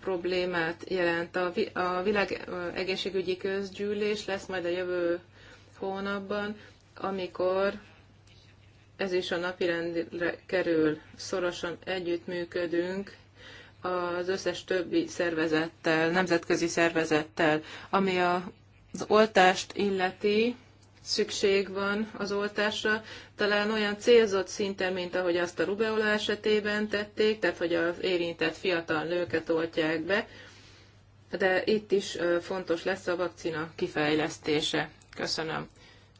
problémát jelent. A, a világ egészségügyi közgyűlés lesz majd a jövő hónapban, amikor ez is a napirendre kerül. Szorosan együttműködünk az összes többi szervezettel, nemzetközi szervezettel, ami a, az oltást illeti, szükség van az oltásra, talán olyan célzott szinten, mint ahogy azt a rubeola esetében tették, tehát hogy az érintett fiatal nőket oltják be, de itt is fontos lesz a vakcina kifejlesztése. Köszönöm.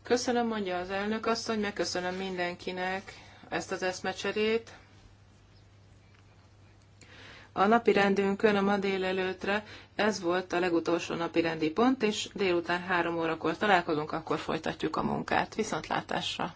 Köszönöm, mondja az elnök asszony, megköszönöm mindenkinek ezt az eszmecserét. A napi rendünkön a ma délelőtre ez volt a legutolsó napi rendi pont, és délután három órakor találkozunk, akkor folytatjuk a munkát. Viszontlátásra!